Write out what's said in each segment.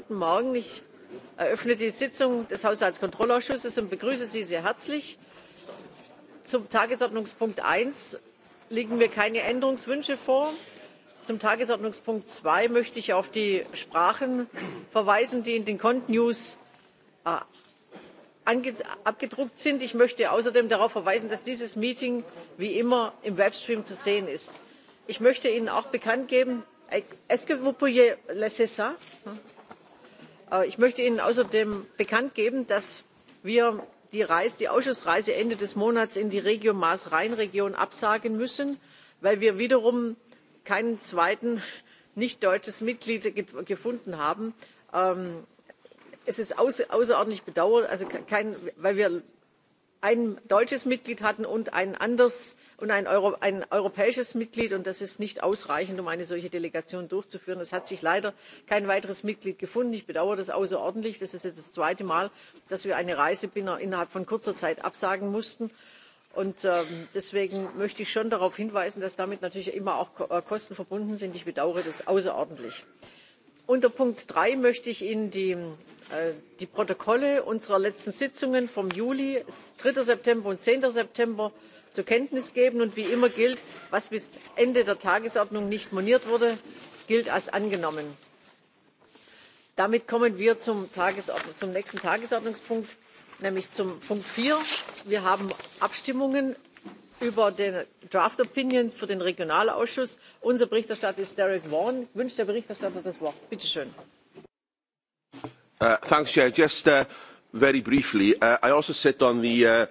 Guten Morgen. Ich eröffne die Sitzung des Haushaltskontrollausschusses und begrüße Sie sehr herzlich. Zum Tagesordnungspunkt 1 liegen mir keine Änderungswünsche vor. Zum Tagesordnungspunkt 2 möchte ich auf die Sprachen verweisen, die in den Cont-News äh, abgedruckt sind. Ich möchte außerdem darauf verweisen, dass dieses Meeting wie immer im Webstream zu sehen ist. Ich möchte Ihnen auch bekannt geben, est-ce que vous pourriez laisser ça? Äh, ich möchte ihnen außerdem bekannt geben dass wir die, ausschussreise ende des monats in die regio maas rhein region absagen müssen weil wir wiederum kein zweites nicht deutsches mitglied gefunden haben. Ähm, es ist außerordentlich bedauerlich weil wir ein deutsches mitglied hatten und ein anderes und ein, Euro, ein europäisches mitglied und das ist nicht ausreichend um eine solche delegation durchzuführen. es hat sich leider kein weiteres mitglied gefunden. ich bedauere das außerordentlich. das ist jetzt das zweite mal dass wir eine reise innerhalb von kurzer zeit absagen mussten. Und ähm, deswegen möchte ich schon darauf hinweisen, dass damit natürlich immer auch äh, Kosten verbunden sind. Ich bedauere das außerordentlich unter punkt drei möchte ich ihnen die, äh, protokolle unserer letzten sitzungen vom juli. drei september und. zehn september zur kenntnis geben und wie immer gilt was bis ende der tagesordnung nicht moniert wurde gilt als angenommen. damit kommen wir zum, zum nächsten tagesordnungspunkt nämlich zum punkt. vier wir haben abstimmungen über den Draft Opinion für den Regionalausschuss. Unser Berichterstatter ist Derek Vaughan. Wünscht der Berichterstatter das Wort? Bitte schön. Uh, thanks, Chair. Just uh, very briefly, uh, I also sit on the, uh,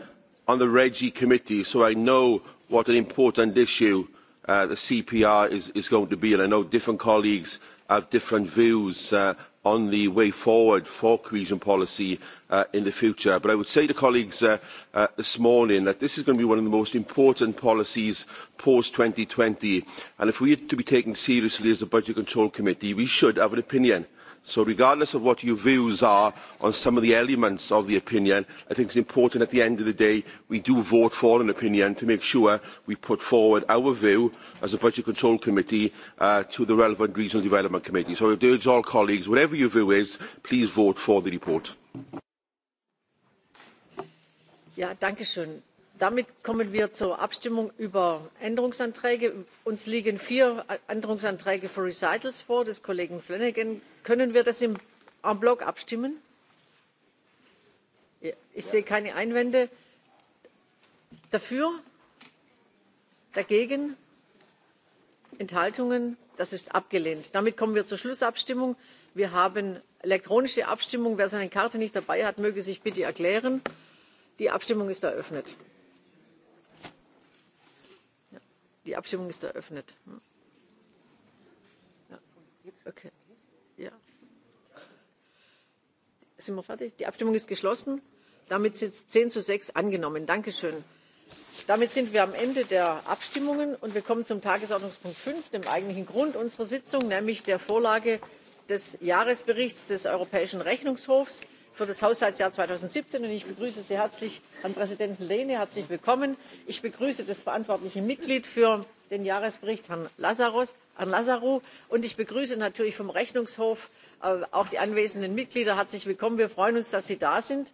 on the Regi committee, so I know what an important issue uh, the CPR is, is going to be, and I know different colleagues have different views uh, on the way forward for cohesion policy uh, in the future. But I would say to colleagues uh, uh, this morning that this is going to be one of the most important policies post-2020. And if we are to be taken seriously as the Budget Control Committee, we should have an opinion So regardless of what your views are on some of the elements of the opinion, I think it's important at the end of the day we do vote for an opinion to make sure we put forward our view as a Budget Control Committee uh, to the relevant Regional Development Committee. So I would urge all colleagues, whatever your view is, please vote for the report. Ja, danke schön damit kommen wir zur abstimmung über änderungsanträge. uns liegen vier änderungsanträge für recitals vor des kollegen flanagan. können wir das en bloc abstimmen? ich sehe keine einwände. dafür? dagegen? enthaltungen? das ist abgelehnt. damit kommen wir zur schlussabstimmung. wir haben elektronische abstimmung. wer seine karte nicht dabei hat möge sich bitte erklären. die abstimmung ist eröffnet. Die Abstimmung ist eröffnet. Hm? Ja. Okay. Ja. Sind wir fertig? Die Abstimmung ist geschlossen. Damit sind es 10 zu 6 angenommen. Dankeschön. Damit sind wir am Ende der Abstimmungen und wir kommen zum Tagesordnungspunkt 5, dem eigentlichen Grund unserer Sitzung, nämlich der Vorlage des Jahresberichts des Europäischen Rechnungshofs für das haushaltsjahr zweitausendsiebzehn und ich begrüße sehr herzlich herrn präsidenten lehne herzlich willkommen. ich begrüße das verantwortliche mitglied für den jahresbericht herrn lazarou und ich begrüße natürlich vom rechnungshof äh, auch die anwesenden mitglieder herzlich willkommen. wir freuen uns dass sie da sind.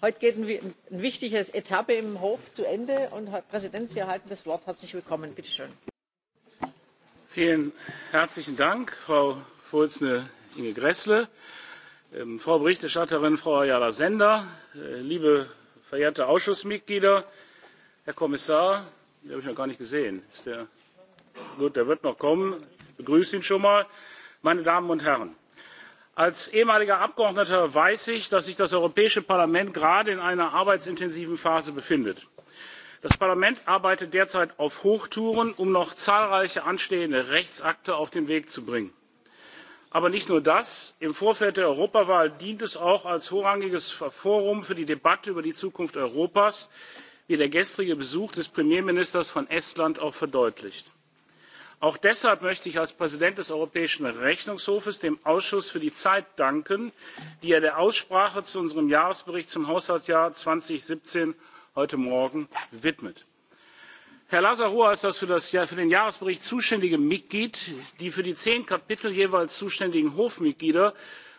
heute geht eine wichtige etappe im hof zu ende und herr präsident sie erhalten das wort. herzlich willkommen bitte schön. vielen herzlichen dank frau vorsitzende inge gräßle! Ähm, Frau Berichterstatterin, Frau Ayala Sender, äh, liebe verehrte Ausschussmitglieder, Herr Kommissar, den habe ich noch gar nicht gesehen. Ist der, gut, der wird noch kommen. Ich begrüße ihn schon mal. Meine Damen und Herren, als ehemaliger Abgeordneter weiß ich, dass sich das Europäische Parlament gerade in einer arbeitsintensiven Phase befindet. Das Parlament arbeitet derzeit auf Hochtouren, um noch zahlreiche anstehende Rechtsakte auf den Weg zu bringen aber nicht nur das im vorfeld der europawahl dient es auch als hochrangiges forum für die debatte über die zukunft europas wie der gestrige besuch des premierministers von estland auch verdeutlicht. auch deshalb möchte ich als präsident des europäischen rechnungshofes dem ausschuss für die zeit danken die er der aussprache zu unserem jahresbericht zum haushaltsjahr zweitausendsiebzehn heute morgen widmet herr lazarou ist das für, das für den jahresbericht zuständige mitglied die für die zehn kapitel jeweils zuständigen hofmitglieder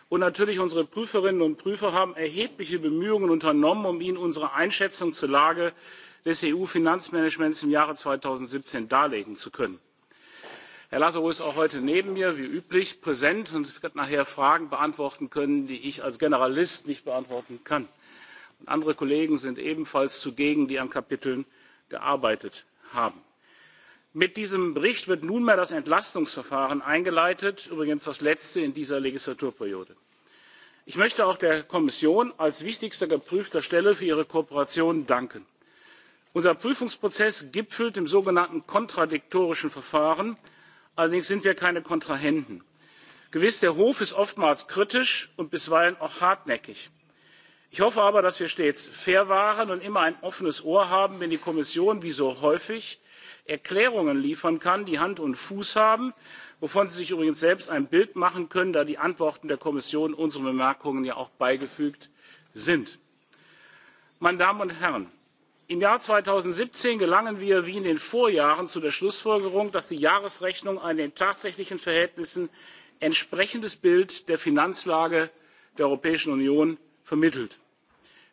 und natürlich unsere prüferinnen und prüfer haben erhebliche bemühungen unternommen um ihnen unsere einschätzung zur lage des eu finanzmanagements im jahre zweitausendsiebzehn darlegen zu können. herr lazarou ist auch heute neben mir wie üblich präsent und wird nachher fragen beantworten können die ich als generalist nicht beantworten kann. Und andere kollegen sind ebenfalls zugegen die an kapiteln gearbeitet haben. mit diesem bericht wird nunmehr das entlastungsverfahren eingeleitet übrigens das letzte in dieser legislaturperiode. ich möchte auch der kommission als wichtigster geprüfter stelle für ihre kooperation danken. unser prüfungsprozess gipfelt im sogenannten kontradiktorischen verfahren allerdings sind wir keine kontrahenten. gewiss der hof ist oftmals kritisch und bisweilen auch hartnäckig ich hoffe aber dass wir stets fair waren und immer ein offenes ohr haben wenn die kommission wie so häufig erklärungen liefern kann die hand und fuß haben wovon sie sich übrigens selbst ein bild machen können da die antworten der kommission unseren bemerkungen ja auch beigefügt sind. meine damen und herren! im jahr zweitausendsiebzehn gelangen wir wie in den vorjahren zu der schlussfolgerung dass die jahresrechnung ein den tatsächlichen verhältnissen entsprechendes bild der finanzlage der europäischen union vermittelt.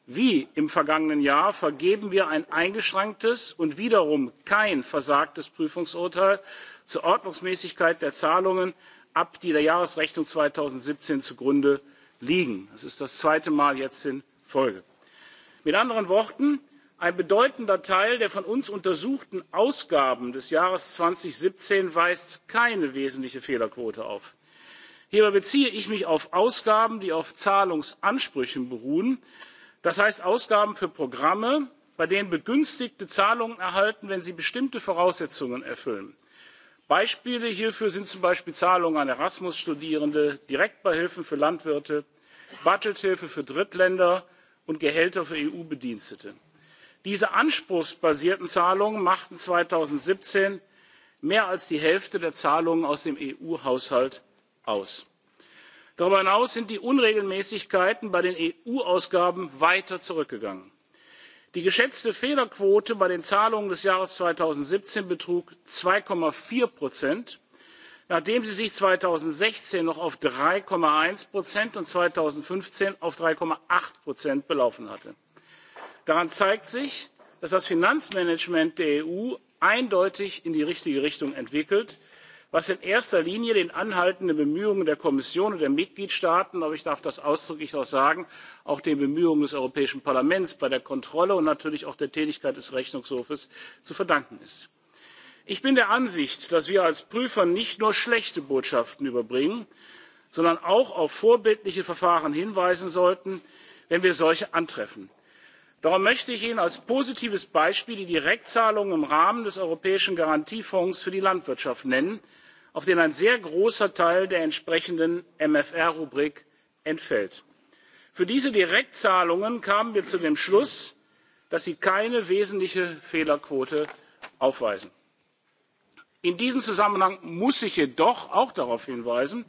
wie im vergangenen jahr vergeben wir ein eingeschränktes und wiederum kein versagtes prüfungsurteil zur ordnungsmäßigkeit der zahlungen ab die der jahresrechnung zweitausendsiebzehn zugrunde liegen. das ist das zweite mal jetzt in folge. mit anderen worten ein bedeutender teil der von uns untersuchten ausgaben des jahres zweitausendsiebzehn weist keine wesentliche fehlerquote auf hierbei beziehe ich mich auf ausgaben die auf zahlungsansprüchen beruhen das heißt ausgaben für programme bei denen begünstigte zahlungen erhalten wenn sie bestimmte voraussetzungen erfüllen. beispiele hierfür sind zum beispiel zahlungen an erasmus studierende direktbeihilfen für landwirte budgethilfe für drittländer und gehälter für eu bedienstete. diese anspruchsbasierten zahlungen machten zweitausendsiebzehn mehr als die hälfte der zahlungen aus dem eu haushalt aus. darüber hinaus sind die unregelmäßigkeiten bei den eu ausgaben weiter zurückgegangen. die geschätzte fehlerquote bei den zahlungen des jahres zweitausendsiebzehn betrug zwei vier nachdem sie sich zweitausendsechzehn noch auf drei eins und zweitausendfünfzehn auf drei acht belaufen hatte. daran zeigt sich dass das finanzmanagement der eu eindeutig in die richtige richtung entwickelt was in erster linie den anhaltenden bemühungen der kommission und der mitgliedstaaten aber ich darf das ausdrücklich auch sagen auch den bemühungen des europäischen parlaments bei der kontrolle und natürlich auch der tätigkeit des rechnungshofs zu verdanken ist. ich bin der ansicht dass wir als prüfer nicht nur schlechte botschaften überbringen sondern auch auf vorbildliche verfahren hinweisen sollten wenn wir solche antreffen. darum möchte ich ihnen als positives beispiel die direktzahlungen im rahmen des europäischen garantiefonds für die landwirtschaft nennen auf den ein sehr großer teil der entsprechenden mfr rubrik entfällt. für diese direktzahlungen kamen wir zu dem schluss dass sie keine wesentliche fehlerquote aufweisen. in diesem zusammenhang muss ich jedoch auch darauf hinweisen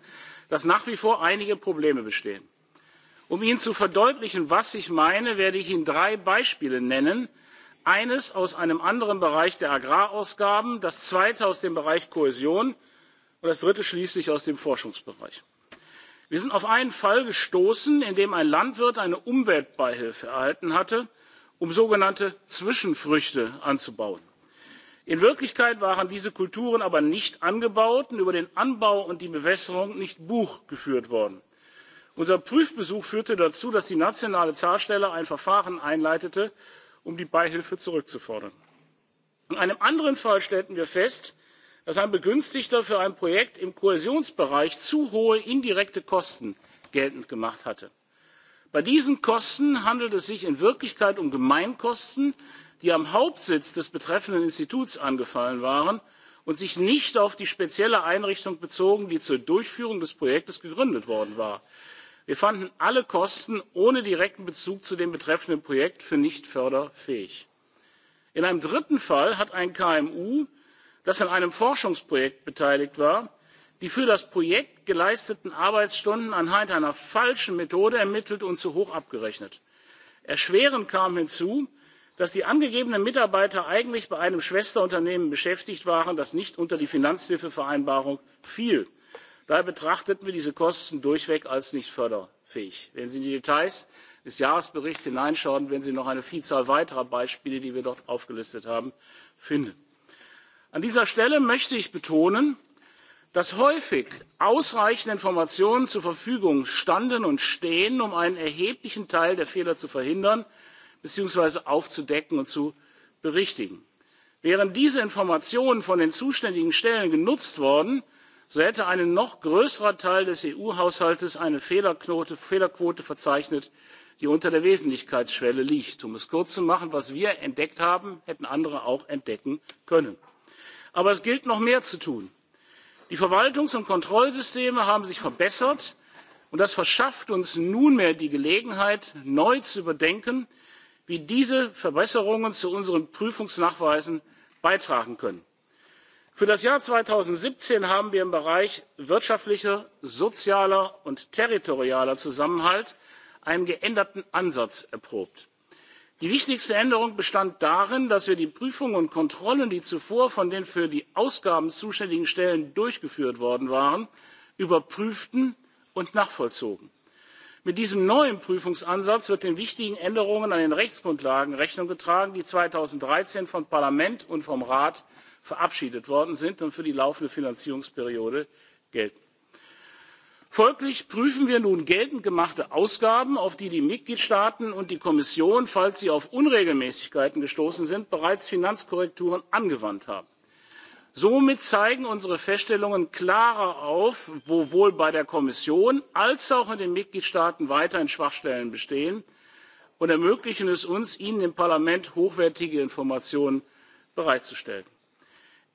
dass nach wie vor einige probleme bestehen. um ihnen zu verdeutlichen was ich meine werde ich ihnen drei beispiele nennen eines aus einem anderen bereich der agrarausgaben das zweite aus dem bereich kohäsion und das dritte schließlich aus dem forschungsbereich. wir sind auf einen fall gestoßen in dem ein landwirt eine umweltbeihilfe erhalten hatte um sogenannte zwischenfrüchte anzubauen. in wirklichkeit waren diese kulturen aber nicht angebaut und über den anbau und die bewässerung nicht buch geführt worden. unser prüfbesuch führte dazu dass die nationale zahlstelle ein verfahren einleitete um die beihilfe zurückzufordern. in einem anderen fall stellten wir fest dass ein begünstigter für ein projekt im kohäsionsbereich zu hohe indirekte kosten geltend gemacht hatte. bei diesen kosten handelt es sich in wirklichkeit um gemeinkosten die am hauptsitz des betreffenden instituts angefallen waren und sich nicht auf die spezielle einrichtung bezogen die zur durchführung des projektes gegründet worden war. wir fanden alle kosten ohne direkten bezug zu dem betreffenden projekt für nicht förderfähig. in einem dritten fall hat ein kmu das an einem forschungsprojekt beteiligt war die für das projekt geleisteten arbeitsstunden anhand einer falschen methode ermittelt und zu hoch abgerechnet. erschwerend kam hinzu dass die angegebenen mitarbeiter eigentlich bei einem schwesterunternehmen beschäftigt waren das nicht unter die finanzhilfevereinbarung fiel. daher betrachteten wir diese kosten durchweg als nicht förderfähig. wenn sie in die details des jahresberichts hineinschauen werden sie noch eine vielzahl weiterer beispiele die wir dort aufgelistet haben finden an dieser stelle möchte ich betonen dass häufig ausreichende informationen zur verfügung standen und stehen um einen erheblichen teil der fehler zu verhindern beziehungsweise aufzudecken und zu berichtigen. wären diese informationen von den zuständigen stellen genutzt worden so hätte ein noch größerer teil des eu haushalts eine fehlerquote verzeichnet die unter der wesentlichkeitsschwelle liegt. um es kurz zu machen was wir entdeckt haben hätten andere auch entdecken können aber es gilt noch mehr zu tun. die verwaltungs und kontrollsysteme haben sich verbessert und das verschafft uns nunmehr die gelegenheit neu zu überdenken wie diese verbesserungen zu unseren prüfungsnachweisen beitragen können. für das jahr zweitausendsiebzehn haben wir im bereich wirtschaftlicher sozialer und territorialer zusammenhalt einen geänderten ansatz erprobt die wichtigste änderung bestand darin dass wir die prüfungen und kontrollen die zuvor von den für die ausgaben zuständigen stellen durchgeführt worden waren überprüften und nachvollzogen. mit diesem neuen prüfungsansatz wird den wichtigen änderungen an den rechtsgrundlagen rechnung getragen die zweitausenddreizehn vom parlament und vom rat verabschiedet worden sind und für die laufende finanzierungsperiode gelten folglich prüfen wir nun geltend gemachte ausgaben auf die die mitgliedstaaten und die kommission falls sie auf unregelmäßigkeiten gestoßen sind bereits finanzkorrekturen angewandt haben. somit zeigen unsere feststellungen klarer auf wo sowohl bei der kommission als auch in den mitgliedstaaten weiterhin schwachstellen bestehen und ermöglichen es uns ihnen im parlament hochwertige informationen bereitzustellen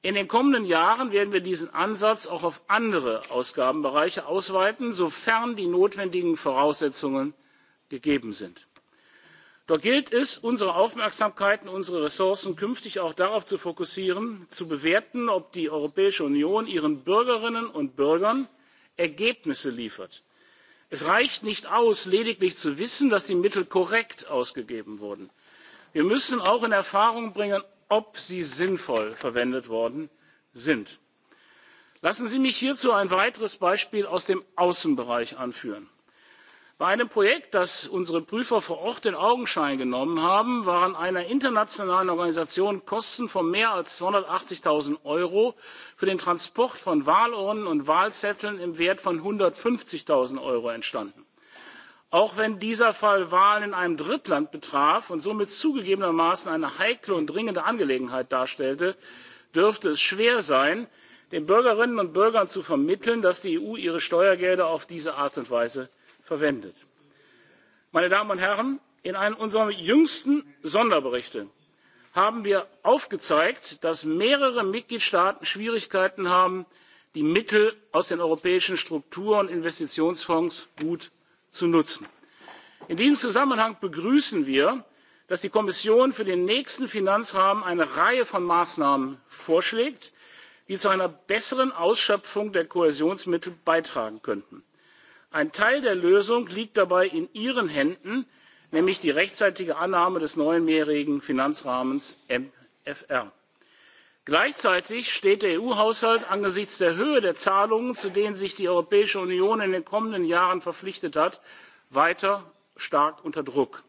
in den kommenden jahren werden wir diesen ansatz auch auf andere ausgabenbereiche ausweiten sofern die notwendigen voraussetzungen gegeben sind. doch gilt es unsere aufmerksamkeit und unsere ressourcen künftig auch darauf zu fokussieren zu bewerten ob die europäische union ihren bürgerinnen und bürgern ergebnisse liefert. es reicht nicht aus lediglich zu wissen dass die mittel korrekt ausgegeben wurden. wir müssen auch in erfahrung ob sie sinnvoll verwendet worden sind. lassen sie mich hierzu ein weiteres beispiel aus dem außenbereich anführen bei einem projekt das unsere prüfer vor ort in augenschein genommen haben waren einer internationalen organisation kosten von mehr als zweihundertachtzig null euro für den transport von wahlurnen und wahlzetteln im wert von einhundertfünfzig null euro entstanden auch wenn dieser fall wahlen in einem drittland betraf und somit zugegebenermaßen eine heikle und dringende angelegenheit darstellte dürfte es schwer sein den bürgerinnen und bürgern zu vermitteln dass die eu ihre steuergelder auf diese art und weise verwendet. meine damen und herren in einem unserer jüngsten sonderberichte haben wir aufgezeigt dass mehrere mitgliedstaaten schwierigkeiten haben die mittel aus den europäischen struktur und investitionsfonds gut zu nutzen. in diesem zusammenhang begrüßen wir dass die kommission für den nächsten finanzrahmen eine reihe von maßnahmen vorschlägt die zu einer besseren ausschöpfung der kohäsionsmittel beitragen könnten. ein teil der lösung liegt dabei in ihren händen nämlich die rechtzeitige annahme des neuen mehrjährigen finanzrahmens mfr gleichzeitig steht der eu haushalt angesichts der höhe der zahlungen zu denen sich die europäische union in den kommenden jahren verpflichtet hat weiter stark unter druck.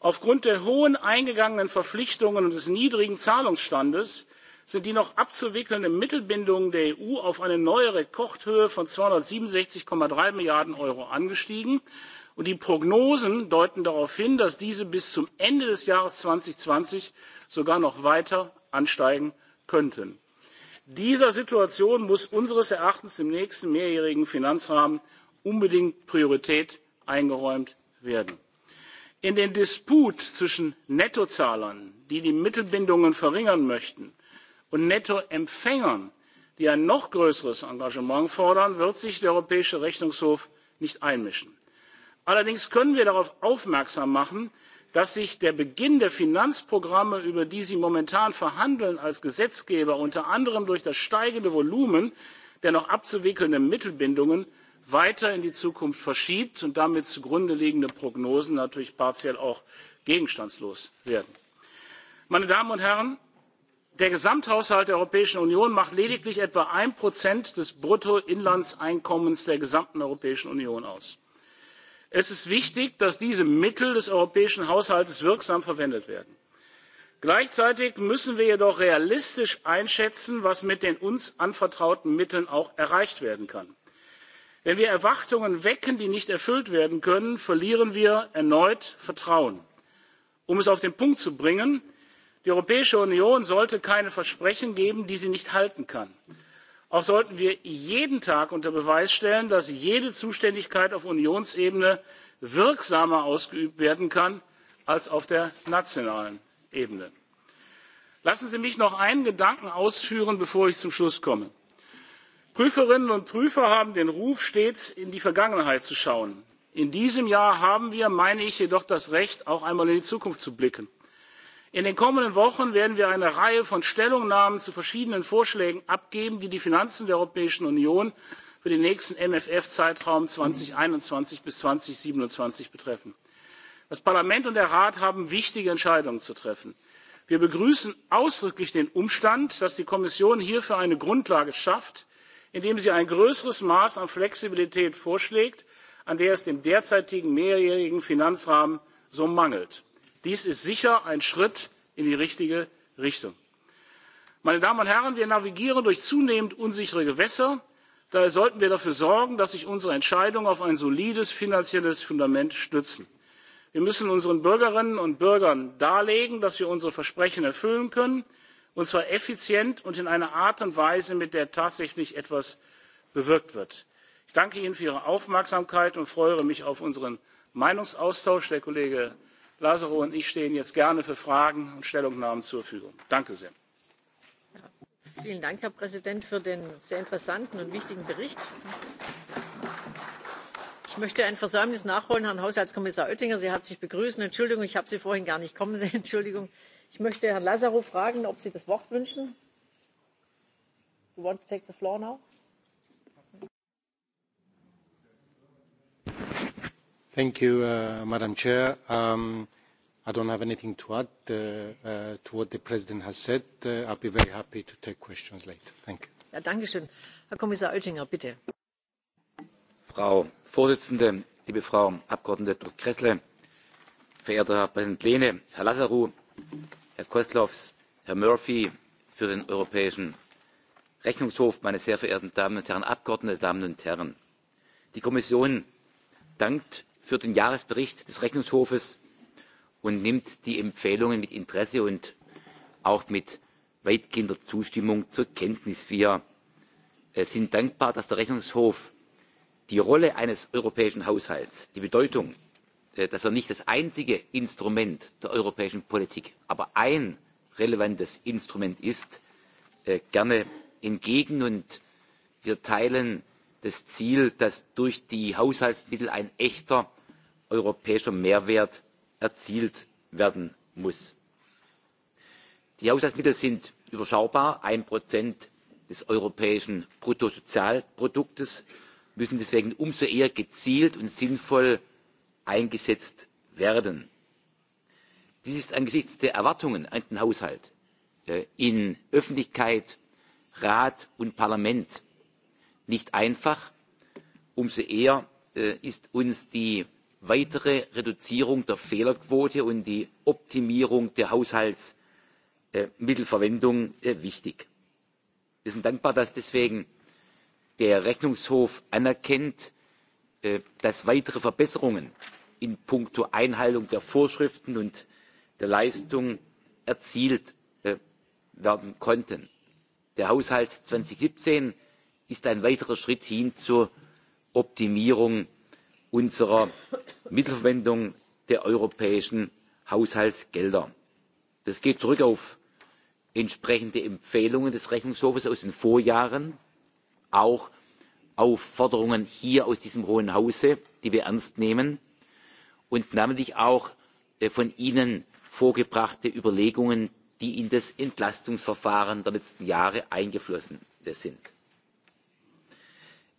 aufgrund der hohen eingegangenen verpflichtungen und des niedrigen zahlungsstandes sind die noch abzuwickelnden mittelbindungen der eu auf eine neue rekordhöhe von zweihundertsiebenundsechzig drei milliarden euro angestiegen und die prognosen deuten darauf hin dass diese bis zum ende des jahres zweitausendzwanzig sogar noch weiter ansteigen könnten. dieser situation muss unseres erachtens im nächsten mehrjährigen finanzrahmen unbedingt priorität eingeräumt werden. in den disput zwischen nettozahlern die die mittelbindungen verringern möchten und nettoempfängern die ein noch größeres engagement fordern wird sich der europäische rechnungshof nicht einmischen. allerdings können wir darauf aufmerksam machen dass sich der beginn der finanzprogramme über die sie momentan verhandeln als gesetzgeber unter anderem durch das steigende volumen der noch abzuwickelnden mittelbindungen weiter in die zukunft verschiebt und damit zugrunde liegende prognosen natürlich partiell auch gegenstandslos werden. meine damen und herren der gesamthaushalt der europäischen union macht lediglich etwa eins des bruttoinlandseinkommens der gesamten europäischen union aus es ist wichtig dass diese mittel des europäischen haushalts wirksam verwendet werden. gleichzeitig müssen wir jedoch realistisch einschätzen was mit den uns anvertrauten mitteln auch erreicht werden kann. wenn wir erwartungen wecken die nicht erfüllt werden können verlieren wir erneut vertrauen. um es auf den punkt zu bringen die europäische union sollte keine versprechen geben die sie nicht halten kann auch sollten wir jeden tag unter beweis stellen dass jede zuständigkeit auf unionsebene wirksamer ausgeübt werden kann als auf der nationalen ebene. lassen sie mich noch einen gedanken ausführen bevor ich zum schluss komme prüferinnen und prüfer haben den ruf stets in die vergangenheit zu schauen. in diesem jahr haben wir meine ich jedoch das recht auch einmal in die zukunft zu blicken in den kommenden wochen werden wir eine reihe von stellungnahmen zu verschiedenen vorschlägen abgeben die die finanzen der europäischen union für den nächsten mfr zeitraum zweitausendeinundzwanzig zweitausendsiebenundzwanzig betreffen. das parlament und der rat haben wichtige entscheidungen zu treffen. wir begrüßen ausdrücklich den umstand dass die kommission hierfür eine grundlage schafft indem sie ein größeres maß an flexibilität vorschlägt an der es dem derzeitigen mehrjährigen finanzrahmen so mangelt dies ist sicher ein schritt in die richtige richtung. meine damen und herren wir navigieren durch zunehmend unsichere gewässer daher sollten wir dafür sorgen dass sich unsere entscheidungen auf ein solides finanzielles fundament stützen. wir müssen unseren bürgerinnen und bürgern darlegen dass wir unsere versprechen erfüllen können und zwar effizient und in einer art und weise mit der tatsächlich etwas bewirkt wird. ich danke ihnen für ihre aufmerksamkeit und freue mich auf unseren meinungsaustausch. der kollege Lazaro und ich stehen jetzt gerne für Fragen und Stellungnahmen zur Verfügung. Danke sehr. Ja, vielen Dank, Herr Präsident, für den sehr interessanten und wichtigen Bericht. Ich möchte ein Versäumnis nachholen, Herrn Haushaltskommissar Oettinger. Sie herzlich begrüßen. Entschuldigung, ich habe Sie vorhin gar nicht kommen sehen. Entschuldigung. Ich möchte Herrn Lazaro fragen, ob Sie das Wort wünschen. You want to take the floor now? Thank you, uh, Madam Chair. Um, I don't have anything to add uh, uh, to what the President has said. Uh, I'll be very happy to take questions later. Thank you. Ja, danke schön. Herr Kommissar Oettinger, bitte. Frau Vorsitzende, liebe Frau Abgeordnete Drück-Kressle, verehrter Herr Präsident Lehne, Herr Lazarou, Herr Koslovs, Herr Murphy für den Europäischen Rechnungshof, meine sehr verehrten Damen und Herren Abgeordnete, Damen und Herren. Die Kommission dankt für den Jahresbericht des rechnungshofs und nimmt die Empfehlungen mit Interesse und auch mit weitgehender Zustimmung zur Kenntnis. Wir äh, sind dankbar, dass der Rechnungshof die Rolle eines europäischen Haushalts, die Bedeutung, äh, dass er nicht das einzige Instrument der europäischen Politik, aber ein relevantes Instrument ist, äh, gerne entgegen. Und wir teilen das Ziel, dass durch die Haushaltsmittel ein echter europäischer Mehrwert erzielt werden muss. Die Haushaltsmittel sind überschaubar. eins des europäischen Bruttosozialproduktes müssen deswegen umso eher gezielt und sinnvoll eingesetzt werden. Dies ist angesichts der Erwartungen an den Haushalt äh, in Öffentlichkeit, Rat und Parlament nicht einfach. Umso eher äh, ist uns die weitere Reduzierung der Fehlerquote und die Optimierung der Haushaltsmittelverwendung äh, wichtig. Wir sind dankbar, dass deswegen der Rechnungshof anerkennt, äh, dass weitere Verbesserungen in puncto Einhaltung der Vorschriften und der Leistung erzielt werden konnten. Der Haushalt zweitausendsiebzehn ist ein weiterer schritt hin zur optimierung unserer mittelverwendung der europäischen haushaltsgelder. das geht zurück auf entsprechende empfehlungen des rechnungshofes aus den vorjahren auch auf forderungen hier aus diesem hohen hause die wir ernst nehmen und namentlich auch äh, von ihnen vorgebrachte überlegungen die in das entlastungsverfahren der letzten jahre eingeflossen sind.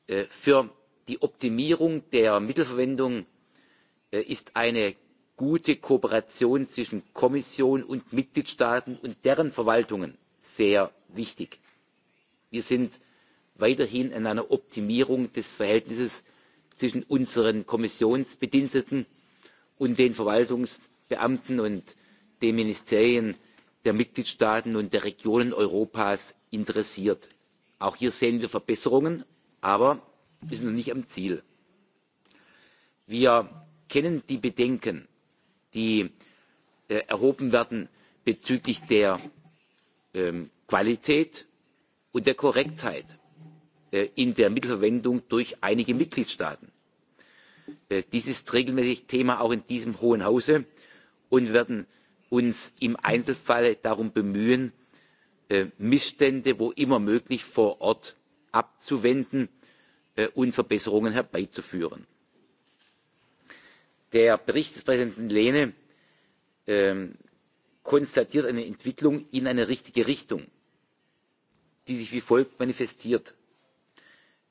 Äh, für die optimierung der mittelverwendung äh, ist eine gute kooperation zwischen kommission und mitgliedstaaten und deren verwaltungen sehr wichtig. wir sind weiterhin an einer optimierung des verhältnisses zwischen unseren kommissionsbediensteten und den verwaltungsbeamten und den ministerien der mitgliedstaaten und der regionen europas interessiert. auch hier sehen wir verbesserungen aber wir sind noch nicht am ziel. wir kennen die bedenken die äh, erhoben werden bezüglich der ähm, qualität und der korrektheit äh, in der mittelverwendung durch einige mitgliedstaaten. Äh, dies ist regelmäßig thema auch in diesem hohen hause und wir werden uns im einzelfall darum bemühen missstände wo immer möglich vor ort abzuwenden Äh, und Verbesserungen herbeizuführen. Der Bericht des Präsidenten Lehne ähm, konstatiert eine Entwicklung in eine richtige Richtung, die sich wie folgt manifestiert.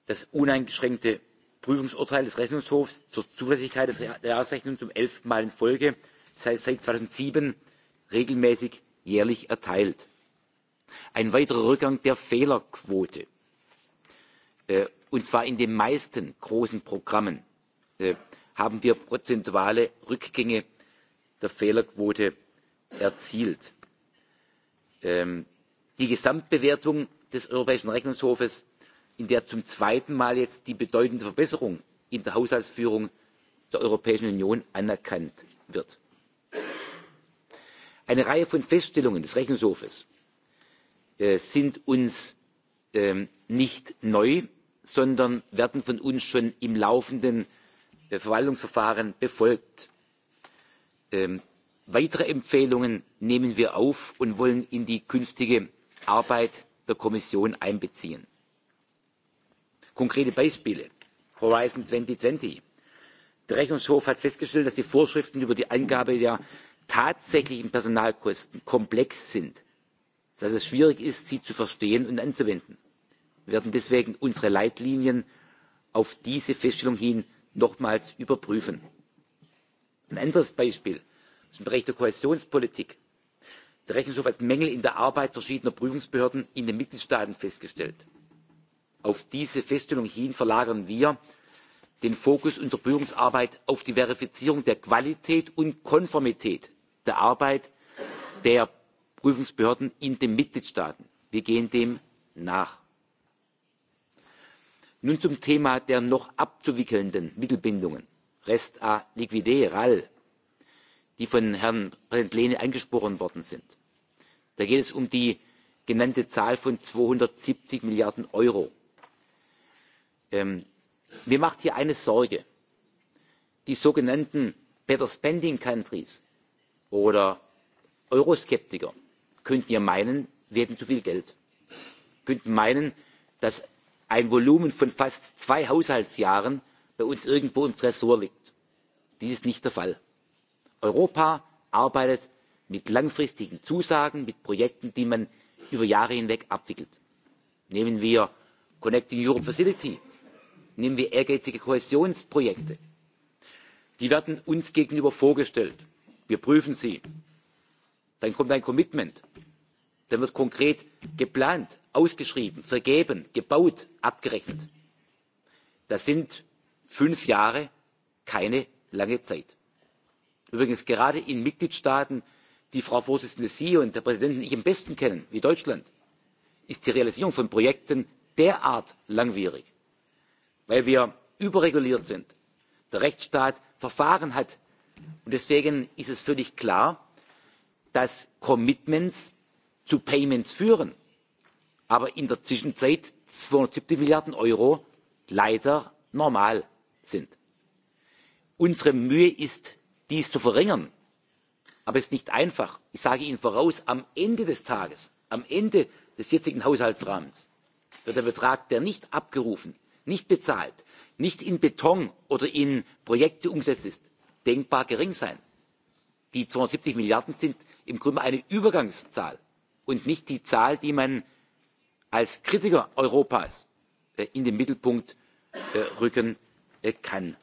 Das uneingeschränkte Prüfungsurteil des Rechnungshofs zur Zuverlässigkeit der Jahresrechnung zum elften Mal in Folge, das heißt seit zweitausendsieben regelmäßig jährlich erteilt. Ein weiterer Rückgang der Fehlerquote äh, und zwar in den meisten großen programmen äh, haben wir prozentuale rückgänge der fehlerquote erzielt. Ähm, die gesamtbewertung des europäischen rechnungshofes in der zum zweiten mal jetzt die bedeutende verbesserung in der haushaltsführung der europäischen union anerkannt wird. eine reihe von feststellungen des rechnungshofes äh, sind uns ähm, nicht neu sondern werden von uns schon im laufenden äh, Verwaltungsverfahren befolgt. Ähm, weitere Empfehlungen nehmen wir auf und wollen in die künftige Arbeit der Kommission einbeziehen. Konkrete Beispiele. Horizon 2020. Der Rechnungshof hat festgestellt, dass die Vorschriften über die Angabe der tatsächlichen Personalkosten komplex sind, dass es schwierig ist, sie zu verstehen und anzuwenden. Wir werden deswegen unsere Leitlinien auf diese Feststellung hin nochmals überprüfen. Ein anderes Beispiel ist im Bereich der Kohäsionspolitik. Der Rechnungshof hat Mängel in der Arbeit verschiedener Prüfungsbehörden in den Mitgliedstaaten festgestellt. Auf diese Feststellung hin verlagern wir den Fokus unserer Prüfungsarbeit auf die Verifizierung der Qualität und Konformität der Arbeit der Prüfungsbehörden in den Mitgliedstaaten. Wir gehen dem nach. Nun zum Thema der noch abzuwickelnden Mittelbindungen, Rest A Liquidae, RAL, die von Herrn Präsident Lehne angesprochen worden sind. Da geht es um die genannte Zahl von 270 Milliarden Euro. Ähm, mir macht hier eine Sorge. Die sogenannten Better Spending Countries oder Euroskeptiker könnten ja meinen, wir hätten zu viel Geld. Könnten meinen, dass ein volumen von fast zwei haushaltsjahren bei uns irgendwo im tresor liegt. dies ist nicht der fall. europa arbeitet mit langfristigen zusagen mit projekten die man über jahre hinweg abwickelt. nehmen wir connecting europe facility nehmen wir ehrgeizige kohäsionsprojekte die werden uns gegenüber vorgestellt wir prüfen sie dann kommt ein commitment Dann wird konkret geplant, ausgeschrieben, vergeben, gebaut, abgerechnet. Das sind fünf Jahre keine lange Zeit. Übrigens gerade in Mitgliedstaaten, die Frau Vorsitzende Sie und der Präsident und ich am besten kennen, wie Deutschland, ist die Realisierung von Projekten derart langwierig, weil wir überreguliert sind, der Rechtsstaat Verfahren hat. Und deswegen ist es völlig klar, dass Commitments zu payments führen aber in der zwischenzeit zweihundertsiebzig milliarden euro leider normal sind. unsere mühe ist dies zu verringern aber es ist nicht einfach. ich sage ihnen voraus am ende des tages am ende des jetzigen haushaltsrahmens wird der betrag der nicht abgerufen nicht bezahlt nicht in beton oder in projekte umgesetzt ist denkbar gering sein. die zweihundertsiebzig milliarden sind im grunde eine übergangszahl und nicht die zahl die man als kritiker europas äh, in den mittelpunkt äh, rücken äh, kann.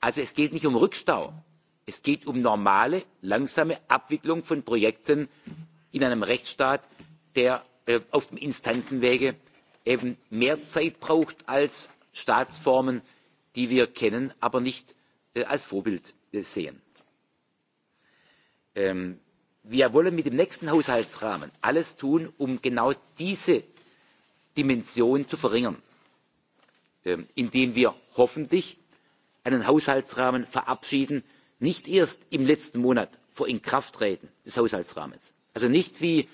also es geht nicht um rückstau es geht um normale langsame abwicklung von projekten in einem rechtsstaat der auf dem instanzenwege eben mehr zeit braucht als staatsformen die wir kennen aber nicht als vorbild sehen. Ähm, wir wollen mit dem nächsten haushaltsrahmen alles tun um genau diese dimension zu verringern ähm, indem wir hoffentlich einen haushaltsrahmen verabschieden nicht erst im letzten monat vor inkrafttreten des haushaltsrahmens also nicht wie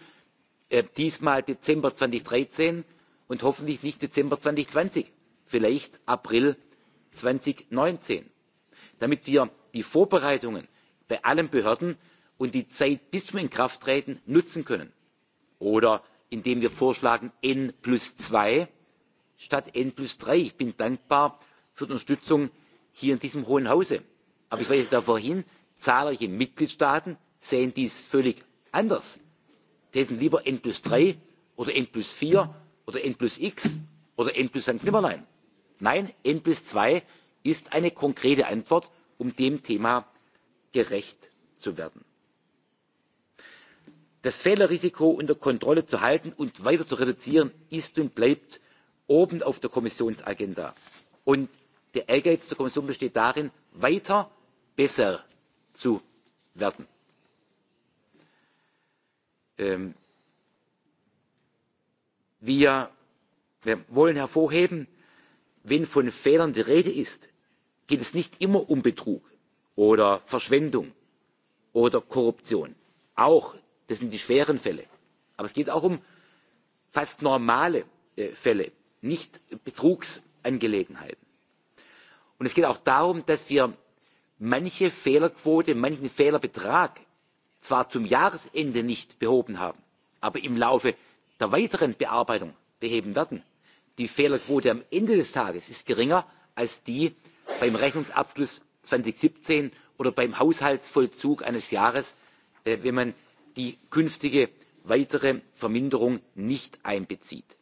äh, diesmal dezember zweitausenddreizehn und hoffentlich nicht dezember zweitausendzwanzig vielleicht april zweitausendneunzehn damit wir die vorbereitungen bei allen behörden und die zeit bis zum inkrafttreten nutzen können oder indem wir vorschlagen n zwei statt n drei. ich bin dankbar für die unterstützung hier in diesem hohen hause aber ich weise darauf hin zahlreiche mitgliedstaaten sehen dies völlig anders die hätten lieber n drei oder n vier oder n x oder n sankt nimmerlein. nein n zwei ist eine konkrete antwort um dem thema gerecht zu werden das fehlerrisiko unter kontrolle zu halten und weiter zu reduzieren ist und bleibt oben auf der kommissionsagenda und der ehrgeiz der kommission besteht darin weiter besser zu werden. Ähm, wir wollen hervorheben wenn von fehlern die rede ist geht es nicht immer um betrug oder verschwendung oder korruption auch das sind die schweren fälle. aber es geht auch um fast normale äh, fälle nicht betrugsangelegenheiten. und es geht auch darum dass wir manche fehlerquote manchen fehlerbetrag zwar zum jahresende nicht behoben haben aber im laufe der weiteren bearbeitung beheben werden. die fehlerquote am ende des tages ist geringer als die beim rechnungsabschluss zweitausendsiebzehn oder beim haushaltsvollzug eines jahres äh, wenn man die künftige weitere verminderung nicht einbezieht.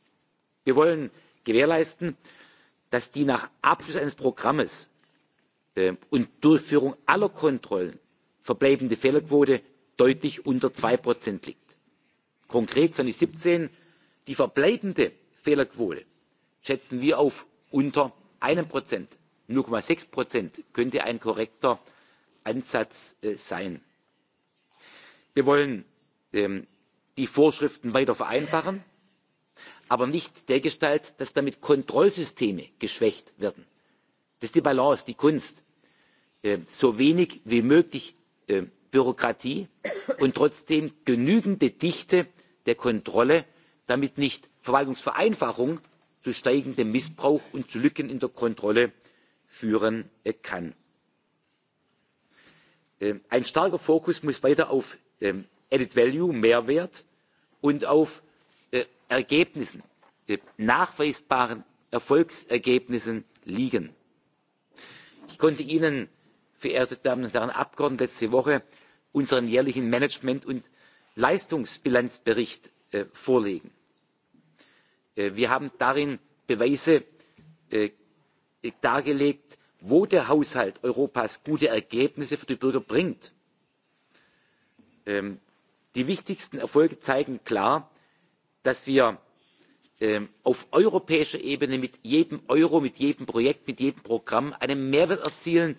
wir wollen gewährleisten dass die nach abschluss eines programms äh, und durchführung aller kontrollen verbleibende fehlerquote deutlich unter zwei liegt. konkret zweitausendsiebzehn die verbleibende fehlerquote schätzen wir auf unter einem prozent null sechs könnte ein korrekter ansatz äh, wir wollen ähm, die vorschriften weiter vereinfachen aber nicht dergestalt dass damit kontrollsysteme geschwächt werden. das ist die balance die kunst äh, so wenig wie möglich äh, bürokratie und trotzdem genügende dichte der kontrolle damit nicht verwaltungsvereinfachung zu steigendem missbrauch und zu lücken in der kontrolle führen äh, kann. ein starker fokus muss weiter Ähm, added value mehrwert und auf äh, ergebnissen äh, nachweisbaren erfolgsergebnissen liegen. ich konnte ihnen verehrte damen und herren abgeordnete letzte woche unseren jährlichen management und leistungsbilanzbericht äh, vorlegen. wir haben darin beweise dargelegt wo der haushalt europas gute ergebnisse für die bürger bringt Ähm, die wichtigsten erfolge zeigen klar dass wir ähm, auf europäischer ebene mit jedem euro mit jedem projekt mit jedem programm einen mehrwert erzielen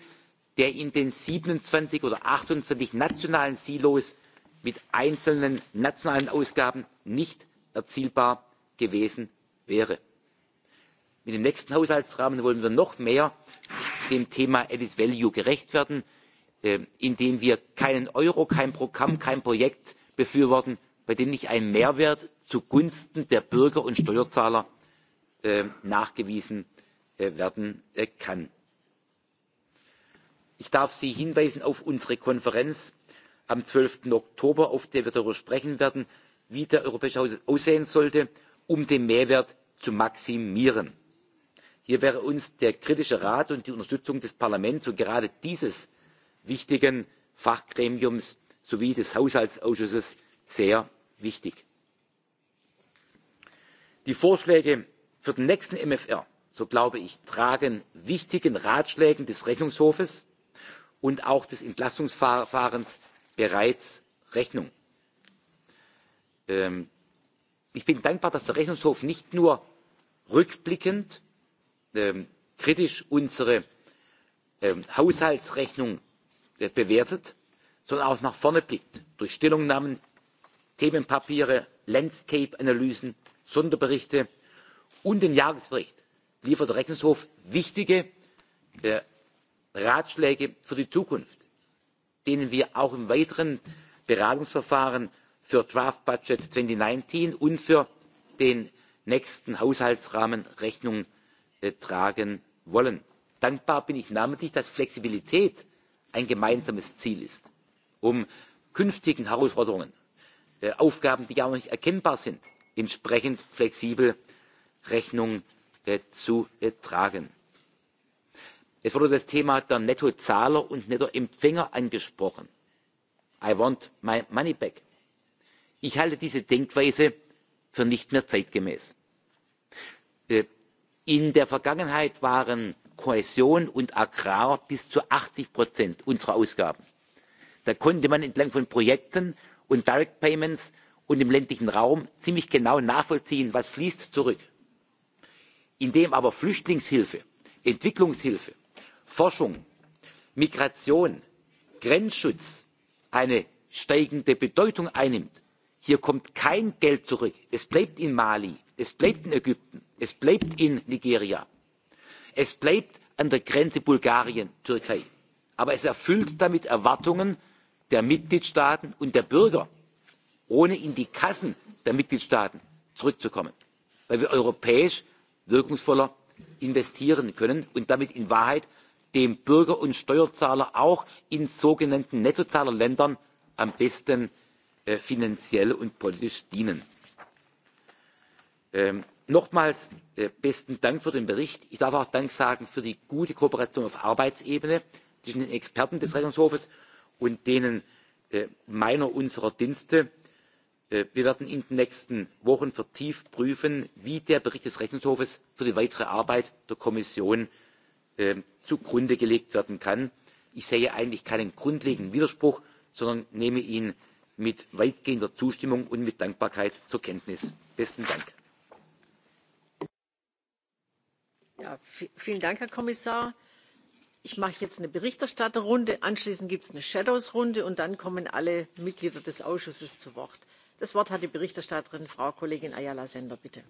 der in den siebenundzwanzig oder achtundzwanzig nationalen silos mit einzelnen nationalen ausgaben nicht erzielbar gewesen wäre. mit dem nächsten haushaltsrahmen wollen wir noch mehr dem thema added value gerecht werden. Äh, indem wir keinen euro kein programm kein projekt befürworten bei dem nicht ein mehrwert zugunsten der bürger und steuerzahler äh, nachgewiesen äh, werden kann. ich darf sie hinweisen auf unsere konferenz am. zwölf oktober auf der wir darüber sprechen werden wie der europäische haushalt aussehen sollte um den mehrwert zu maximieren. hier wäre uns der kritische rat und die unterstützung des parlaments und gerade dieses wichtigen fachgremiums sowie des haushaltsausschusses sehr wichtig. die vorschläge für den nächsten mfr so glaube ich tragen wichtigen ratschlägen des rechnungshofes und auch des entlastungsverfahrens bereits rechnung. Ähm, ich bin dankbar dass der rechnungshof nicht nur rückblickend ähm, kritisch unsere ähm, haushaltsrechnung Äh, bewertet, sondern auch nach vorne blickt durch Stellungnahmen, Themenpapiere, Landscape-Analysen, Sonderberichte und den Jahresbericht liefert der Rechnungshof wichtige äh, Ratschläge für die Zukunft, denen wir auch im weiteren Beratungsverfahren für Draft Budget 2019 und für den nächsten Haushaltsrahmen Rechnung äh, tragen wollen. Dankbar bin ich namentlich, dass Flexibilität ein gemeinsames Ziel ist, um künftigen Herausforderungen, äh, Aufgaben, die gar noch nicht erkennbar sind, entsprechend flexibel Rechnung äh, zu äh, tragen. Es wurde das Thema der Nettozahler und Nettoempfänger angesprochen. I want my money back. Ich halte diese Denkweise für nicht mehr zeitgemäß. In der Vergangenheit waren kohäsion und agrar bis zu achtzig unserer ausgaben. da konnte man entlang von projekten und direct payments und im ländlichen raum ziemlich genau nachvollziehen was fließt zurück. indem aber flüchtlingshilfe entwicklungshilfe forschung migration grenzschutz eine steigende bedeutung einnimmt hier kommt kein geld zurück es bleibt in mali es bleibt in ägypten es bleibt in nigeria es bleibt an der grenze bulgarien türkei aber es erfüllt damit erwartungen der mitgliedstaaten und der bürger ohne in die kassen der mitgliedstaaten zurückzukommen weil wir europäisch wirkungsvoller investieren können und damit in wahrheit dem bürger und steuerzahler auch in sogenannten nettozahlerländern am besten äh, finanziell und politisch dienen. Ähm, nochmals Äh, besten dank für den bericht. ich darf auch dank sagen für die gute kooperation auf arbeitsebene zwischen den experten des rechnungshofs und denen äh, meiner unserer dienste. Äh, wir werden in den nächsten wochen vertieft prüfen wie der bericht des rechnungshofs für die weitere arbeit der kommission zugrunde gelegt werden kann. ich sehe eigentlich keinen grundlegenden widerspruch sondern nehme ihn mit weitgehender zustimmung und mit dankbarkeit zur kenntnis. besten dank. Ja, vielen Dank, Herr Kommissar. Ich mache jetzt eine Berichterstatterrunde, anschließend gibt es eine Shadows-Runde und dann kommen alle Mitglieder des Ausschusses zu Wort. Das Wort hat die Berichterstatterin, Frau Kollegin Ayala Sender, bitte.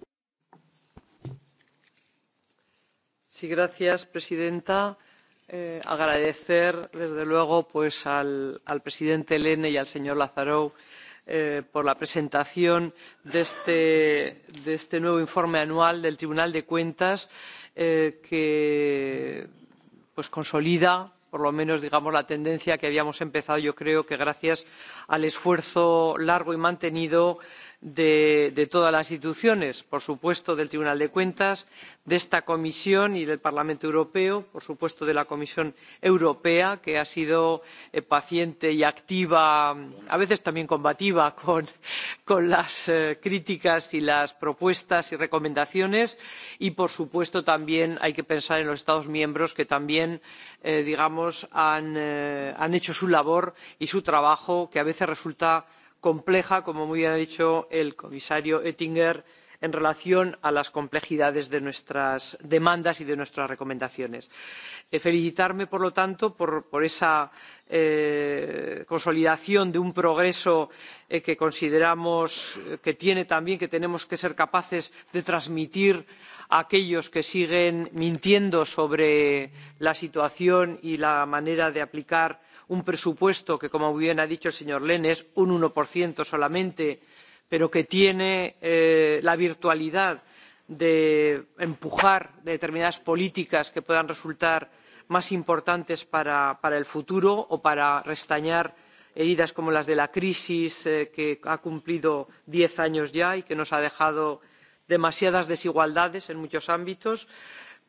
Sí, gracias, presidenta. Eh, agradecer, desde luego, pues, al, al presidente Lehne y al señor Lazarou eh, Eh, por la presentación de este, nuevo informe anual del Tribunal de Cuentas eh, que consolida por lo menos digamos la tendencia que habíamos empezado yo creo que gracias al esfuerzo largo y mantenido de de, todas las instituciones por supuesto del tribunal de cuentas de esta comisión y del parlamento europeo por supuesto de la comisión europea que ha sido eh, paciente y activa a veces también combativa con, las eh, críticas y las propuestas y recomendaciones y por supuesto también hay que pensar en los estados miembros que también eh, digamos han, han hecho su labor y su trabajo que a veces resulta compleja como muy bien ha dicho el comisario oettinger en relación con las complejidades de nuestras demandas y de nuestras recomendaciones. Eh, felicitarme por lo tanto por, esa eh, consolidación de un progreso eh, que consideramos que tiene también que tenemos que ser capaces de transmitir a aquellos que siguen mintiendo sobre la situación y la manera de aplicar un presupuesto que como bien ha dicho el señor lehne es un uno solamente pero que tiene eh, la virtualidad de empujar determinadas políticas que puedan resultar más importantes para, el futuro o para restañar heridas como las de la crisis eh, que ha cumplido diez años ya y que nos ha dejado demasiadas desigualdades en muchos ámbitos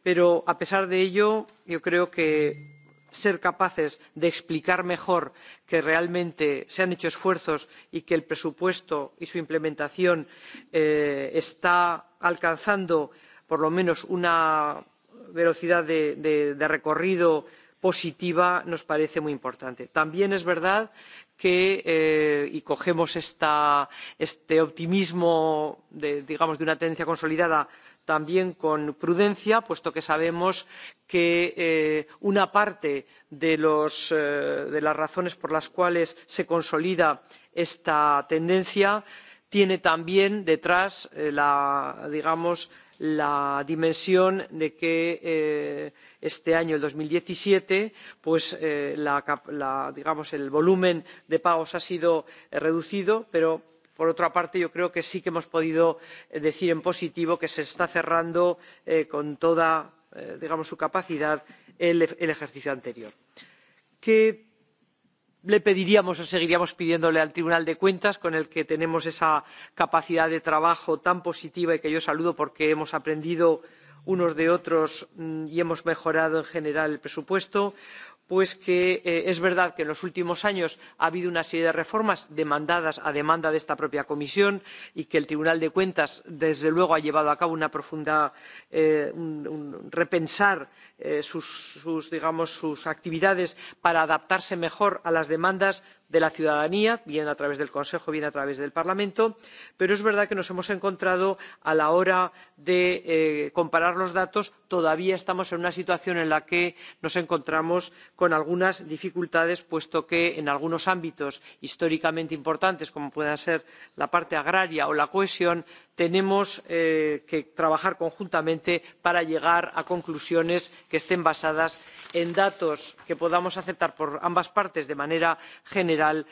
pero a pesar de ello yo creo que ser capaces de explicar mejor que realmente se han hecho esfuerzos y que el presupuesto y su implementación eh, están alcanzando por lo menos una velocidad de, de, de recorrido positiva nos parece muy importante. también es verdad que eh, y cogemos esta, este optimismo de, digamos, de una tendencia consolidada también con prudencia puesto que sabemos que eh, una parte eh, de, las razones por las cuales se consolida esta tendencia tiene también detrás eh, la, digamos, la dimensión de que este año dos mil diecisiete pues, el volumen de pagos ha sido reducido pero por otra parte yo creo que sí que hemos podido eh, decir en positivo que se está cerrando eh, con toda eh, digamos su capacidad el, el ejercicio anterior. qué le pediríamos o seguiríamos pidiéndole al tribunal de cuentas con el que tenemos esa capacidad de trabajo tan positiva y que yo saludo porque hemos aprendido unos de otros mm, y hemos mejorado en general el presupuesto? pues que eh, es verdad que en los últimos años ha habido una serie de reformas demandadas a demanda de esta propia comisión y que el tribunal de cuentas desde luego ha llevado a cabo una profunda eh, un, un repensar eh, sus, sus, digamos, sus actividades para adaptarse mejor a las demandas de la ciudadanía bien a través del consejo bien a través del parlamento pero es verdad que nos hemos encontrado a la hora de eh, comparar los datos todavía estamos en una situación en la que nos encontramos con algunas dificultades puesto que en algunos ámbitos históricamente importantes como pueden ser la parte agraria o la cohesión tenemos eh, que trabajar conjuntamente para llegar a conclusiones que estén basadas en datos que podamos aceptar por ambas partes de manera general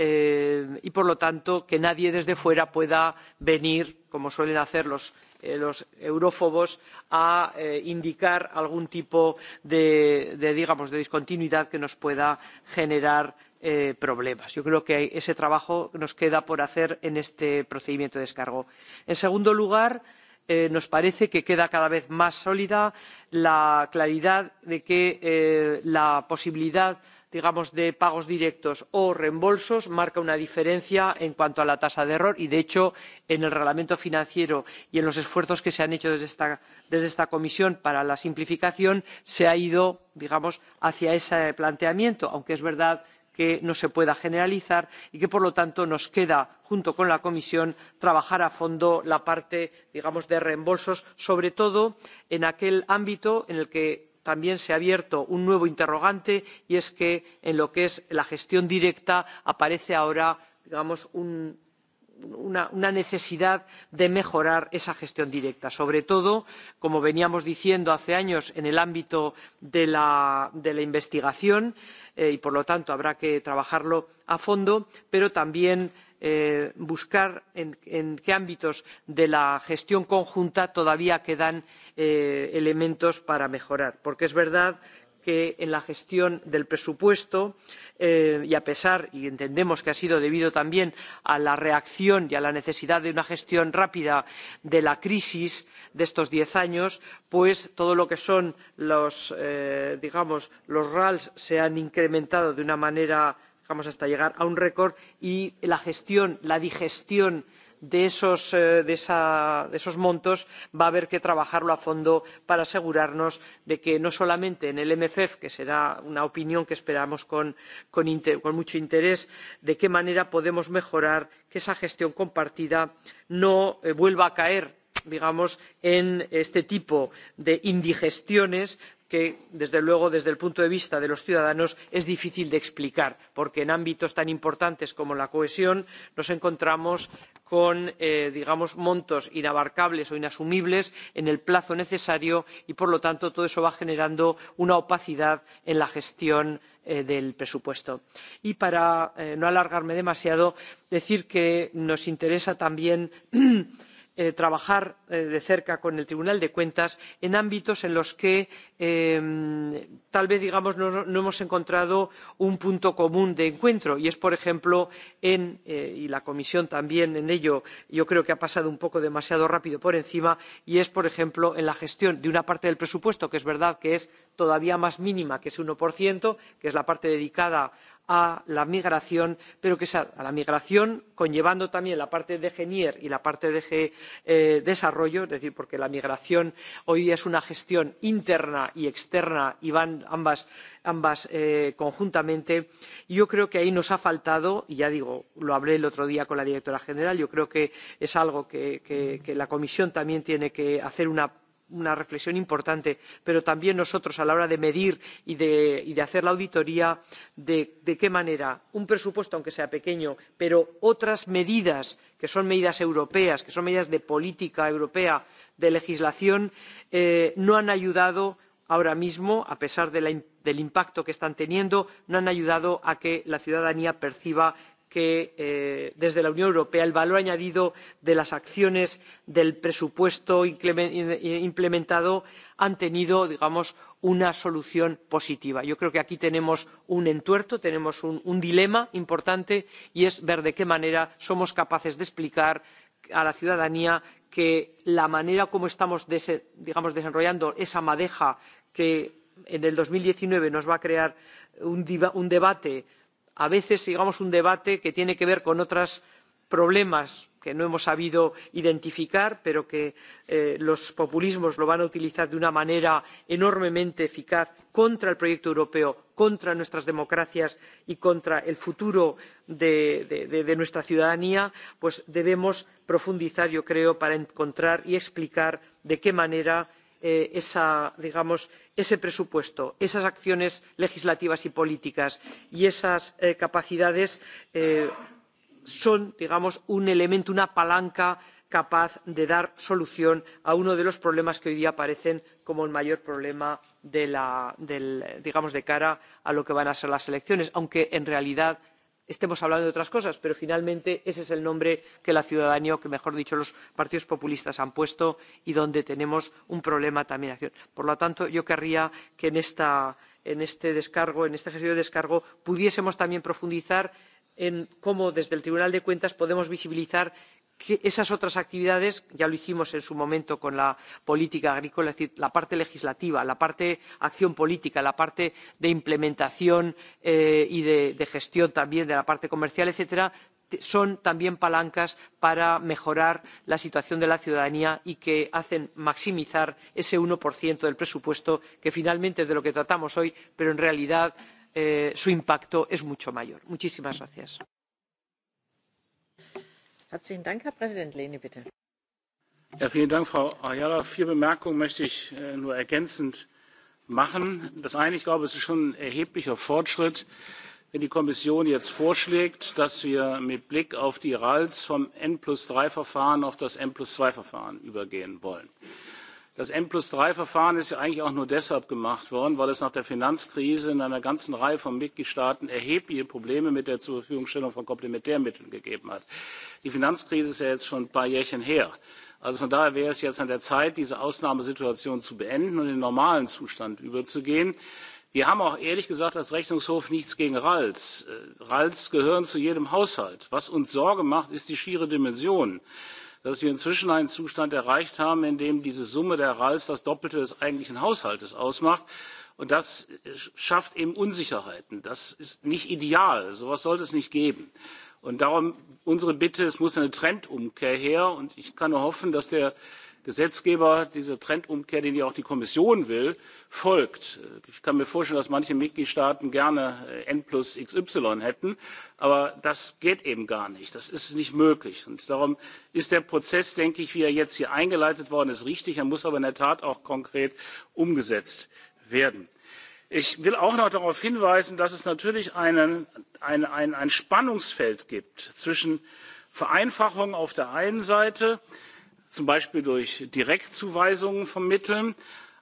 eh, y por lo tanto que nadie desde fuera pueda venir como suelen hacer los, eh, eurófobos a indicar algún tipo de, de, digamos, de discontinuidad que nos pueda generar Eh, problemas. Yo creo que ese trabajo nos queda por hacer en este procedimiento de descargo. En segundo lugar, eh, nos parece que queda cada vez más sólida la claridad de que eh, la posibilidad digamos de pagos directos o reembolsos marca una diferencia en cuanto a la tasa de error y de hecho en el reglamento financiero y en los esfuerzos que se han hecho desde esta, desde esta comisión para la simplificación se ha ido digamos hacia ese planteamiento aunque es verdad que no se pueda generalizar y que por lo tanto nos queda junto con la comisión trabajar a fondo la parte digamos de reembolsos sobre todo en aquel ámbito en el que también se ha abierto un nuevo interrogante y es que en lo que es la gestión directa aparece ahora digamos un una, necesidad de mejorar esa gestión directa sobre todo como veníamos diciendo hace años en el ámbito de la, investigación eh, y por lo tanto habrá que trabajarlo a fondo pero también eh, buscar en, qué ámbitos de la gestión conjunta todavía quedan eh, elementos para mejorar porque es verdad que que en la gestión del presupuesto eh, y a pesar y entendemos que ha sido debido también a la reacción y a la necesidad de una gestión rápida de la crisis de estos diez años pues todo lo que son los eh, digamos los RALs se han incrementado de una manera digamos hasta llegar a un récord y la gestión la digestión de Eh, de esos, montos va a haber que trabajarlo a fondo para asegurarnos de que no solamente en el mfp que será una opinión que esperamos con, mucho interés de qué manera podemos mejorar que esa gestión compartida no eh, vuelva a caer digamos en este tipo de indigestiones que desde luego desde el punto de vista de los ciudadanos es difícil de explicar porque en ámbitos tan importantes como la cohesión nos encontramos con eh, digamos montos inabarcables o inasumibles en el plazo necesario y por lo tanto todo eso va generando una opacidad en la gestión eh, del presupuesto. y para eh, no alargarme demasiado quiero decir que nos interesa también Eh, trabajar eh, de cerca con el tribunal de cuentas en ámbitos en los que tal vez digamos no, hemos encontrado un punto común de encuentro y es por ejemplo en eh, y la comisión también en ello yo creo que ha pasado un poco demasiado rápido por encima y es por ejemplo en la gestión de una parte del presupuesto que es verdad que es todavía más mínima que ese uno que es la parte dedicada a la migración pero que sea a la migración conllevando también la parte de genier y la parte de eh, desarrollo es decir porque la migración hoy día es una gestión interna y externa y van ambas, eh, conjuntamente y yo creo que ahí nos ha faltado y ya digo lo hablé el otro día con la directora general yo creo que es algo que, que, que la comisión también tiene que hacer una una reflexión importante pero también nosotros a la hora de medir y de, y de hacer la auditoría de, de qué manera un presupuesto aunque sea pequeño pero otras medidas que son medidas europeas que son medidas de política europea de legislación eh, no han ayudado ahora mismo a pesar de la, del impacto que están teniendo no han ayudado a que la ciudadanía perciba que eh, desde la unión europea el valor añadido de las acciones del presupuesto implementado ha tenido digamos una solución positiva. yo creo que aquí tenemos un entuerto tenemos un, dilema importante y es ver de qué manera somos capaces de explicar a la ciudadanía que la manera como estamos digamos, desarrollando esa madeja que en dos mil diecinueve nos va a crear un, un debate a veces digamos un debate que tiene que ver con otros problemas que no hemos sabido identificar pero que eh, los populismos van a utilizar de una manera enormemente eficaz contra el proyecto europeo contra nuestras democracias y contra el futuro de nuestra ciudadanía pues debemos profundizar yo creo para encontrar y explicar de qué manera Eh, esa, digamos, ese presupuesto esas acciones legislativas y políticas y esas eh, capacidades eh, son digamos un elemento una palanca capaz de dar solución a uno de los problemas que hoy día aparecen como el mayor problema de, la, digamos, de cara a lo que van a ser las elecciones aunque en realidad estemos hablando de otras cosas pero finalmente ese es el nombre que la ciudadanía o que mejor dicho los partidos populistas han puesto y donde tenemos un problema también por lo tanto yo querría que en, esta, en este descargo en este ejercicio de descargo pudiésemos también profundizar en cómo desde el tribunal de cuentas podemos visibilizar esas otras actividades ya lo hicimos en su momento con la política agrícola es decir la parte legislativa la parte de acción política la parte de implementación eh, y de, de gestión también de la parte comercial etcétera son también palancas para mejorar la situación de la ciudadanía y que hacen maximizar ese uno del presupuesto que finalmente es de lo que tratamos hoy pero en realidad eh, su impacto es mucho mayor. muchísimas gracias. Herr Präsident Lehne, bitte. vielen Dank, Frau Ayala. Vier Bemerkungen möchte ich äh, nur ergänzend machen. Das eine, ich glaube, es ist schon ein erheblicher Fortschritt, wenn die Kommission jetzt vorschlägt, dass wir mit Blick auf die RALs vom N drei Verfahren auf das N zwei Verfahren übergehen wollen. Das M plus 3 Verfahren ist ja eigentlich auch nur deshalb gemacht worden, weil es nach der Finanzkrise in einer ganzen Reihe von Mitgliedstaaten erhebliche Probleme mit der Zurverfügungstellung von Komplementärmitteln gegeben hat. Die Finanzkrise ist ja jetzt schon ein paar Jährchen her. Also von daher wäre es jetzt an der Zeit, diese Ausnahmesituation zu beenden und in den normalen Zustand überzugehen. Wir haben auch ehrlich gesagt als Rechnungshof nichts gegen RALs. Äh, RALs gehören zu jedem Haushalt. Was uns Sorge macht, ist die schiere Dimension dass wir inzwischen einen zustand erreicht haben in dem diese summe der ral das doppelte des eigentlichen haushaltes ausmacht. und das schafft eben unsicherheiten. das ist nicht ideal so etwas sollte es nicht geben. und darum unsere bitte es muss eine trendumkehr her und ich kann nur hoffen dass der Gesetzgeber diese Trendumkehr, den ja auch die Kommission will, folgt. Ich kann mir vorstellen, dass manche Mitgliedstaaten gerne äh, N plus XY hätten, aber das geht eben gar nicht. Das ist nicht möglich. Und darum ist der Prozess, denke ich, wie er jetzt hier eingeleitet worden ist, richtig. Er muss aber in der Tat auch konkret umgesetzt werden. Ich will auch noch darauf hinweisen, dass es natürlich einen, ein, ein, ein Spannungsfeld gibt zwischen Vereinfachung auf der einen Seite, zum Beispiel durch Direktzuweisungen von Mitteln,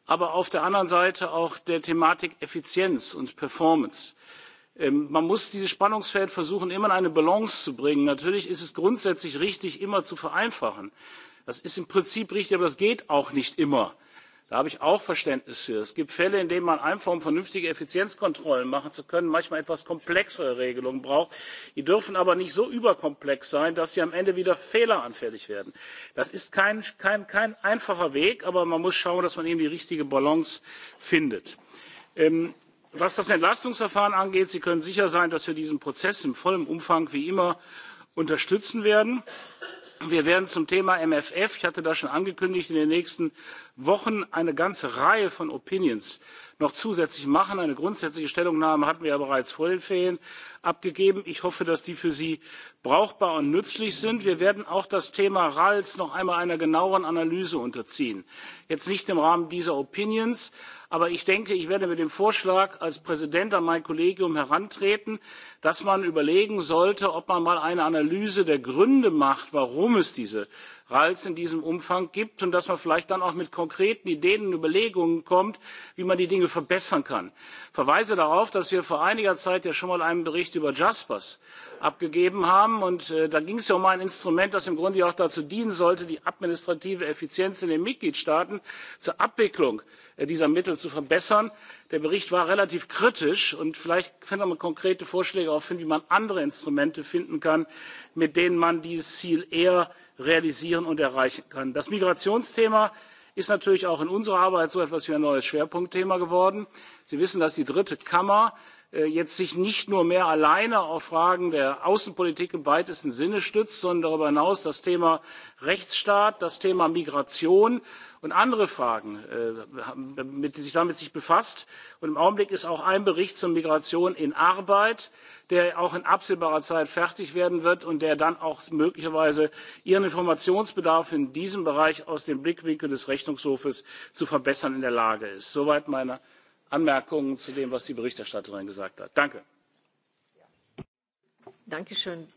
aber auf der anderen Seite auch der Thematik Effizienz und Performance. Ähm, man muss dieses Spannungsfeld versuchen, immer in eine Balance zu bringen. Natürlich ist es grundsätzlich richtig, immer zu vereinfachen. Das ist im Prinzip richtig, aber das geht auch nicht immer. Da habe ich auch Verständnis für. Es gibt Fälle, in denen man einfach, um vernünftige Effizienzkontrollen machen zu können, manchmal etwas komplexere Regelungen braucht. Die dürfen aber nicht so überkomplex sein, dass sie am Ende wieder fehleranfällig werden. Das ist kein, kein, kein einfacher Weg, aber man muss schauen, dass man eben die richtige Balance findet. Ähm, was das Entlastungsverfahren angeht, Sie können sicher sein, dass wir diesen Prozess in vollem Umfang wie immer unterstützen werden wir werden zum thema mfr ich hatte das schon angekündigt in den nächsten wochen eine ganze reihe von opinions noch zusätzlich machen eine grundsätzliche stellungnahme hatten wir ja bereits vor den ferien abgegeben. Ich hoffe, dass die für Sie brauchbar und nützlich sind. Wir werden auch das Thema RALS noch einmal einer genaueren Analyse unterziehen. Jetzt nicht im Rahmen dieser Opinions, aber ich denke, ich werde mit dem Vorschlag als Präsident an mein Kollegium herantreten, dass man überlegen sollte, ob man mal eine Analyse der Gründe macht, warum es diese rals in diesem umfang gibt und dass man vielleicht dann auch mit konkreten ideen und überlegungen kommt wie man die dinge verbessern kann. ich verweise darauf dass wir vor einiger zeit ja schon mal einen bericht über jaspers abgegeben haben und äh, da ging es ja um ein instrument das im grunde auch dazu dienen sollte die administrative effizienz in den mitgliedstaaten zur abwicklung äh, dieser mittel zu verbessern. der bericht war relativ kritisch und vielleicht findet man konkrete vorschläge auch wie man andere instrumente finden kann mit denen man dieses ziel eher realisieren und erreichen kann. das migrationsthema ist natürlich auch in unserer arbeit so etwas wie ein neues schwerpunktthema geworden. sie wissen dass die dritte kammer Äh, jetzt sich nicht nur mehr alleine auf Fragen der Außenpolitik im weitesten Sinne stützt, sondern darüber hinaus das Thema Rechtsstaat, das Thema Migration und andere Fragen, äh, mit, die sich damit sich befasst. Und im Augenblick ist auch ein Bericht zur Migration in Arbeit, der auch in absehbarer Zeit fertig werden wird und der dann auch möglicherweise Ihren Informationsbedarf in diesem Bereich aus dem Blickwinkel des Rechnungshofes zu verbessern in der Lage ist. Soweit meine anmerkungen zu dem was die berichterstatterin gesagt hat. danke!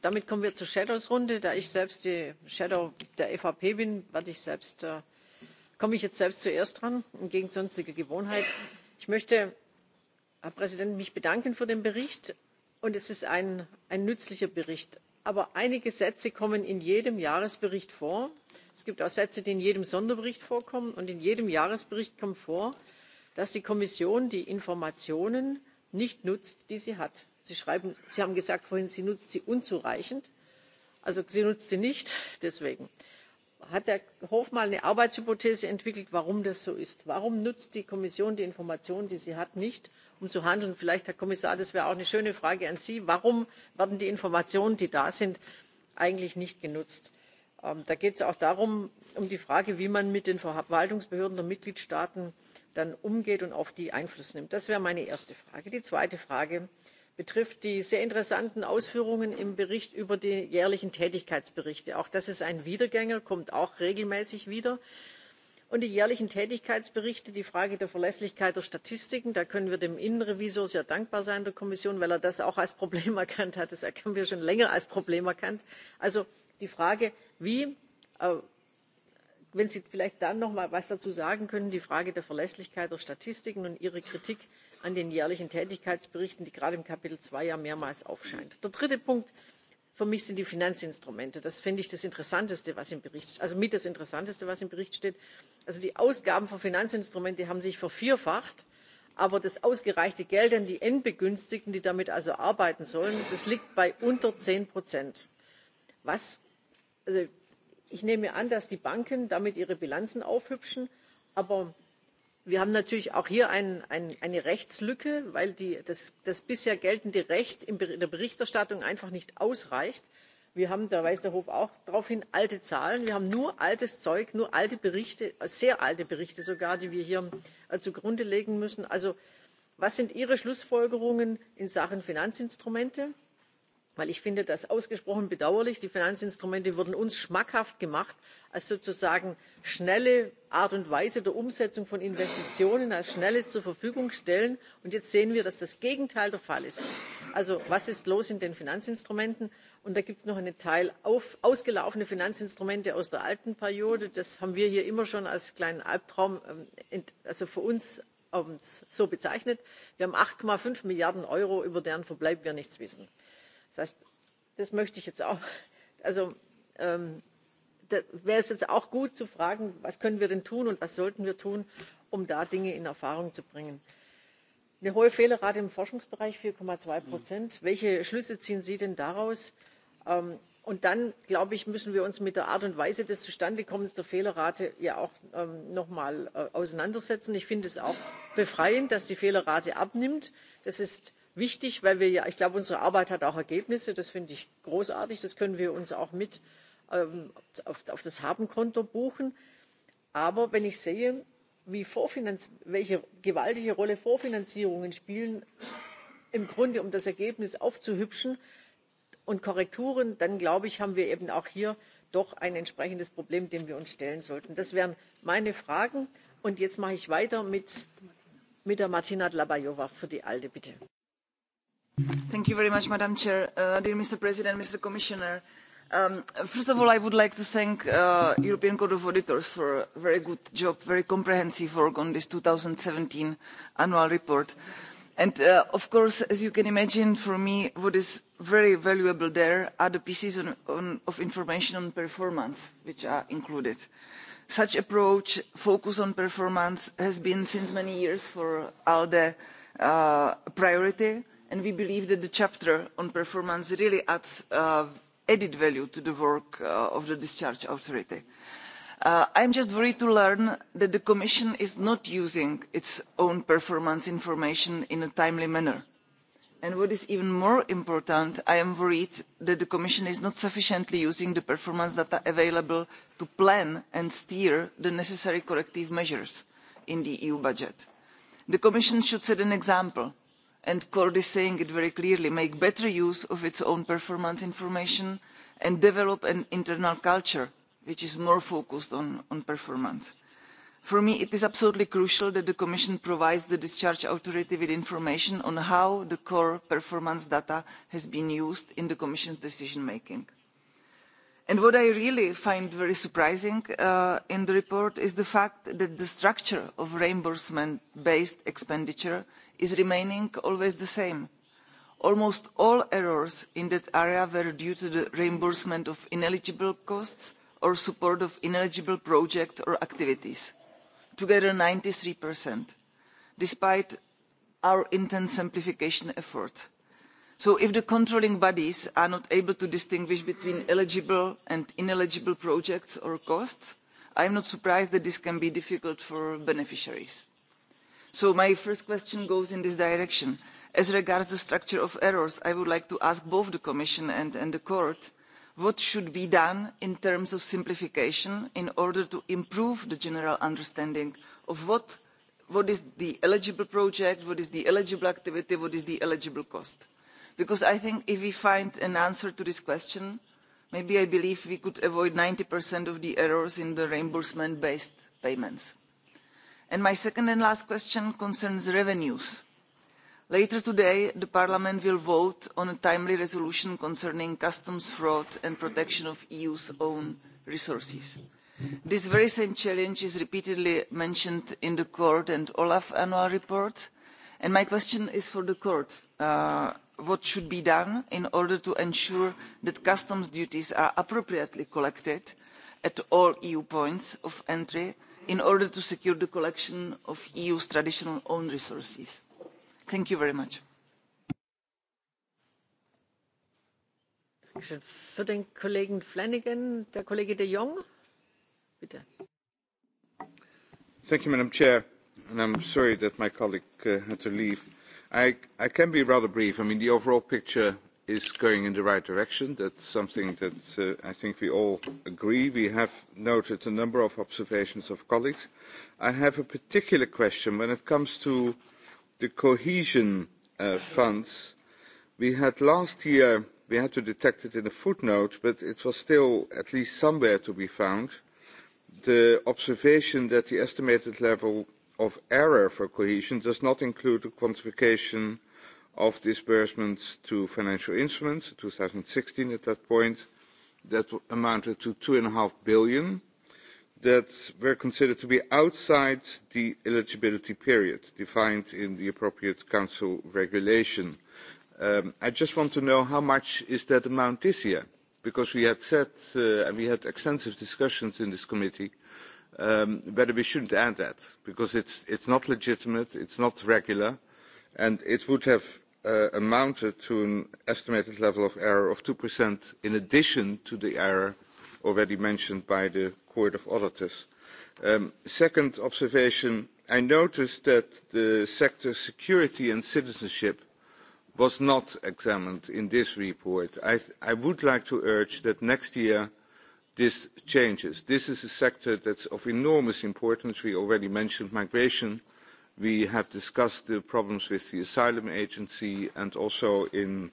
damit kommen wir zur schattenberichterstatter da ich selbst die schattenberichterstatterin der evp bin werde ich selbst äh, komme ich jetzt selbst zuerst dran entgegen sonstiger gewohnheit. ich möchte mich herr präsident bedanken für den bericht und es ist ein, ein nützlicher bericht. aber einige sätze kommen in jedem jahresbericht vor. es gibt auch sätze die in jedem sonderbericht vorkommen und in jedem jahresbericht kommt vor dass die kommission die informationen nicht nutzt die sie hat. sie, haben vorhin gesagt sie nutzt sie unzureichend also sie nutzt sie nicht deswegen. hat herr mal eine arbeitshypothese entwickelt warum das so ist? warum nutzt die kommission die informationen die sie hat nicht um zu handeln? vielleicht herr kommissar das wäre auch eine schöne frage an sie warum werden die informationen die da sind eigentlich nicht genutzt? Ähm, da geht es auch darum um die frage wie man mit den verwaltungsbehörden der mitgliedstaaten dann umgeht und auf die Einfluss nimmt. Das wäre meine erste Frage. Die zweite Frage betrifft die sehr interessanten Ausführungen im Bericht über die jährlichen Tätigkeitsberichte. Auch das ist ein Wiedergänger, kommt auch regelmäßig wieder. Und die jährlichen Tätigkeitsberichte, die Frage der Verlässlichkeit der Statistiken, da können wir dem Innenrevisor sehr dankbar sein, der Kommission, weil er das auch als Problem erkannt hat. Das haben wir schon länger als Problem erkannt. Also die Frage, wie äh, wenn Sie vielleicht dann noch mal etwas dazu sagen können, die Frage der Verlässlichkeit der Statistiken und Ihre Kritik an den jährlichen Tätigkeitsberichten, die gerade im Kapitel 2 ja mehrmals aufscheint. Der dritte Punkt für mich sind die Finanzinstrumente. Das finde ich das Interessanteste, was im Bericht, also mit das Interessanteste, was im Bericht steht. Also die Ausgaben für Finanzinstrumente haben sich vervierfacht aber das ausgereichte Geld an die Endbegünstigten, die damit also arbeiten sollen, das liegt bei unter 10 Prozent. Was, also ich nehme an dass die banken damit ihre bilanzen aufhübschen aber wir haben natürlich auch hier eine rechtslücke weil das bisher geltende recht in der berichterstattung einfach nicht ausreicht. wir haben da weist der hof auch darauf hin alte zahlen wir haben nur altes zeug nur alte berichte sehr alte berichte sogar die wir hier äh, zugrunde legen müssen. also was sind ihre schlussfolgerungen in sachen finanzinstrumente? weil ich finde das ausgesprochen bedauerlich. die finanzinstrumente wurden uns schmackhaft gemacht als sozusagen schnelle art und weise der umsetzung von investitionen als schnelles zur verfügung stellen und jetzt sehen wir dass das gegenteil der fall ist. also was ist los in den finanzinstrumenten? und da gibt es noch einen teil auf, ausgelaufene finanzinstrumente aus der alten periode. das haben wir hier immer schon als kleinen albtraum ähm, also für uns ähm, so bezeichnet. wir haben acht fünf milliarden euro über deren verbleib wir nichts wissen Das das möchte ich jetzt auch. Also ähm, da wäre es jetzt auch gut zu fragen, was können wir denn tun und was sollten wir tun, um da Dinge in Erfahrung zu bringen. Eine hohe Fehlerrate im Forschungsbereich, 4,2 Prozent. Mhm. Welche Schlüsse ziehen Sie denn daraus? Ähm, und dann, glaube ich, müssen wir uns mit der Art und Weise des Zustandekommens der Fehlerrate ja auch ähm, noch mal äh, auseinandersetzen. Ich finde es auch befreiend, dass die Fehlerrate abnimmt. Das ist wichtig, weil wir ja, ich glaube, unsere Arbeit hat auch Ergebnisse. Das finde ich großartig. Das können wir uns auch mit ähm, auf, das Habenkonto buchen. Aber wenn ich sehe, welche gewaltige Rolle Vorfinanzierungen spielen, im Grunde um das Ergebnis aufzuhübschen und Korrekturen, dann glaube ich, haben wir eben auch hier doch ein entsprechendes Problem, dem wir uns stellen sollten. Das wären meine Fragen. Und jetzt mache ich weiter mit, mit der Martina Dlabajowa für die ALDE, bitte. Thank you very much, Madam Chair. Uh, dear Mr. President, Mr. Commissioner, um, first of all, I would like to thank uh, European Court of Auditors for a very good job, very comprehensive work on this 2017 annual report. And uh, of course, as you can imagine, for me, what is very valuable there are the pieces of information on performance, which are included. Such approach, focus on performance, has been since many years for ALDE a uh, priority and we believe that the chapter on performance really adds uh, added value to the work uh, of the discharge authority. Uh, I am just worried to learn that the Commission is not using its own performance information in a timely manner. And what is even more important, I am worried that the Commission is not sufficiently using the performance data available to plan and steer the necessary corrective measures in the EU budget. The Commission should set an example and CORD is saying it very clearly, make better use of its own performance information and develop an internal culture which is more focused on, performance. For me, it is absolutely crucial that the Commission provides the discharge authority with information on how the core performance data has been used in the Commission's decision-making. And what I really find very surprising uh, in the report is the fact that the structure of reimbursement-based expenditure is remaining always the same. Almost all errors in that area were due to the reimbursement of ineligible costs or support of ineligible projects or activities, together 93%, despite our intense simplification efforts. So if the controlling bodies are not able to distinguish between eligible and ineligible projects or costs, I am not surprised that this can be difficult for beneficiaries so my first question goes in this direction. as regards the structure of errors i would like to ask both the commission and, the court what should be done in terms of simplification in order to improve the general understanding of what, what is the eligible project what is the eligible activity what is the eligible cost because i think if we find an answer to this question maybe i believe we could avoid ninety of the errors in the reimbursement based payments. And my second and last question concerns revenues. Later today, the Parliament will vote on a timely resolution concerning customs fraud and protection of EU's own resources. This very same challenge is repeatedly mentioned in the Court and Olaf annual reports. And my question is for the Court. Uh, what should be done in order to ensure that customs duties are appropriately collected at all EU points of entry in order to secure the collection of the eu's traditional own resources. thank you very much. Thank you, Madam Chair, and I'm sorry that my colleague uh, had to leave. I, I can be rather brief. I mean, the overall picture is going in the right direction. That's something that uh, I think we all agree. We have noted a number of observations of colleagues. I have a particular question when it comes to the cohesion uh, funds. We had last year, we had to detect it in a footnote, but it was still at least somewhere to be found, the observation that the estimated level of error for cohesion does not include the quantification of disbursements to financial instruments, 2016 at that point, that amounted to two and a half billion that were considered to be outside the eligibility period defined in the appropriate council regulation. Um, I just want to know how much is that amount this year? Because we had said, uh, and we had extensive discussions in this committee, um, whether we shouldn't add that, because it's, it's not legitimate, it's not regular, and it would have Uh, amounted to an estimated level of error of 2% in addition to the error already mentioned by the Court of Auditors. Um, second observation, I noticed that the sector security and citizenship was not examined in this report. I, would like to urge that next year this changes. This is a sector that's of enormous importance. We already mentioned migration, We have discussed the problems with the asylum agency and also in,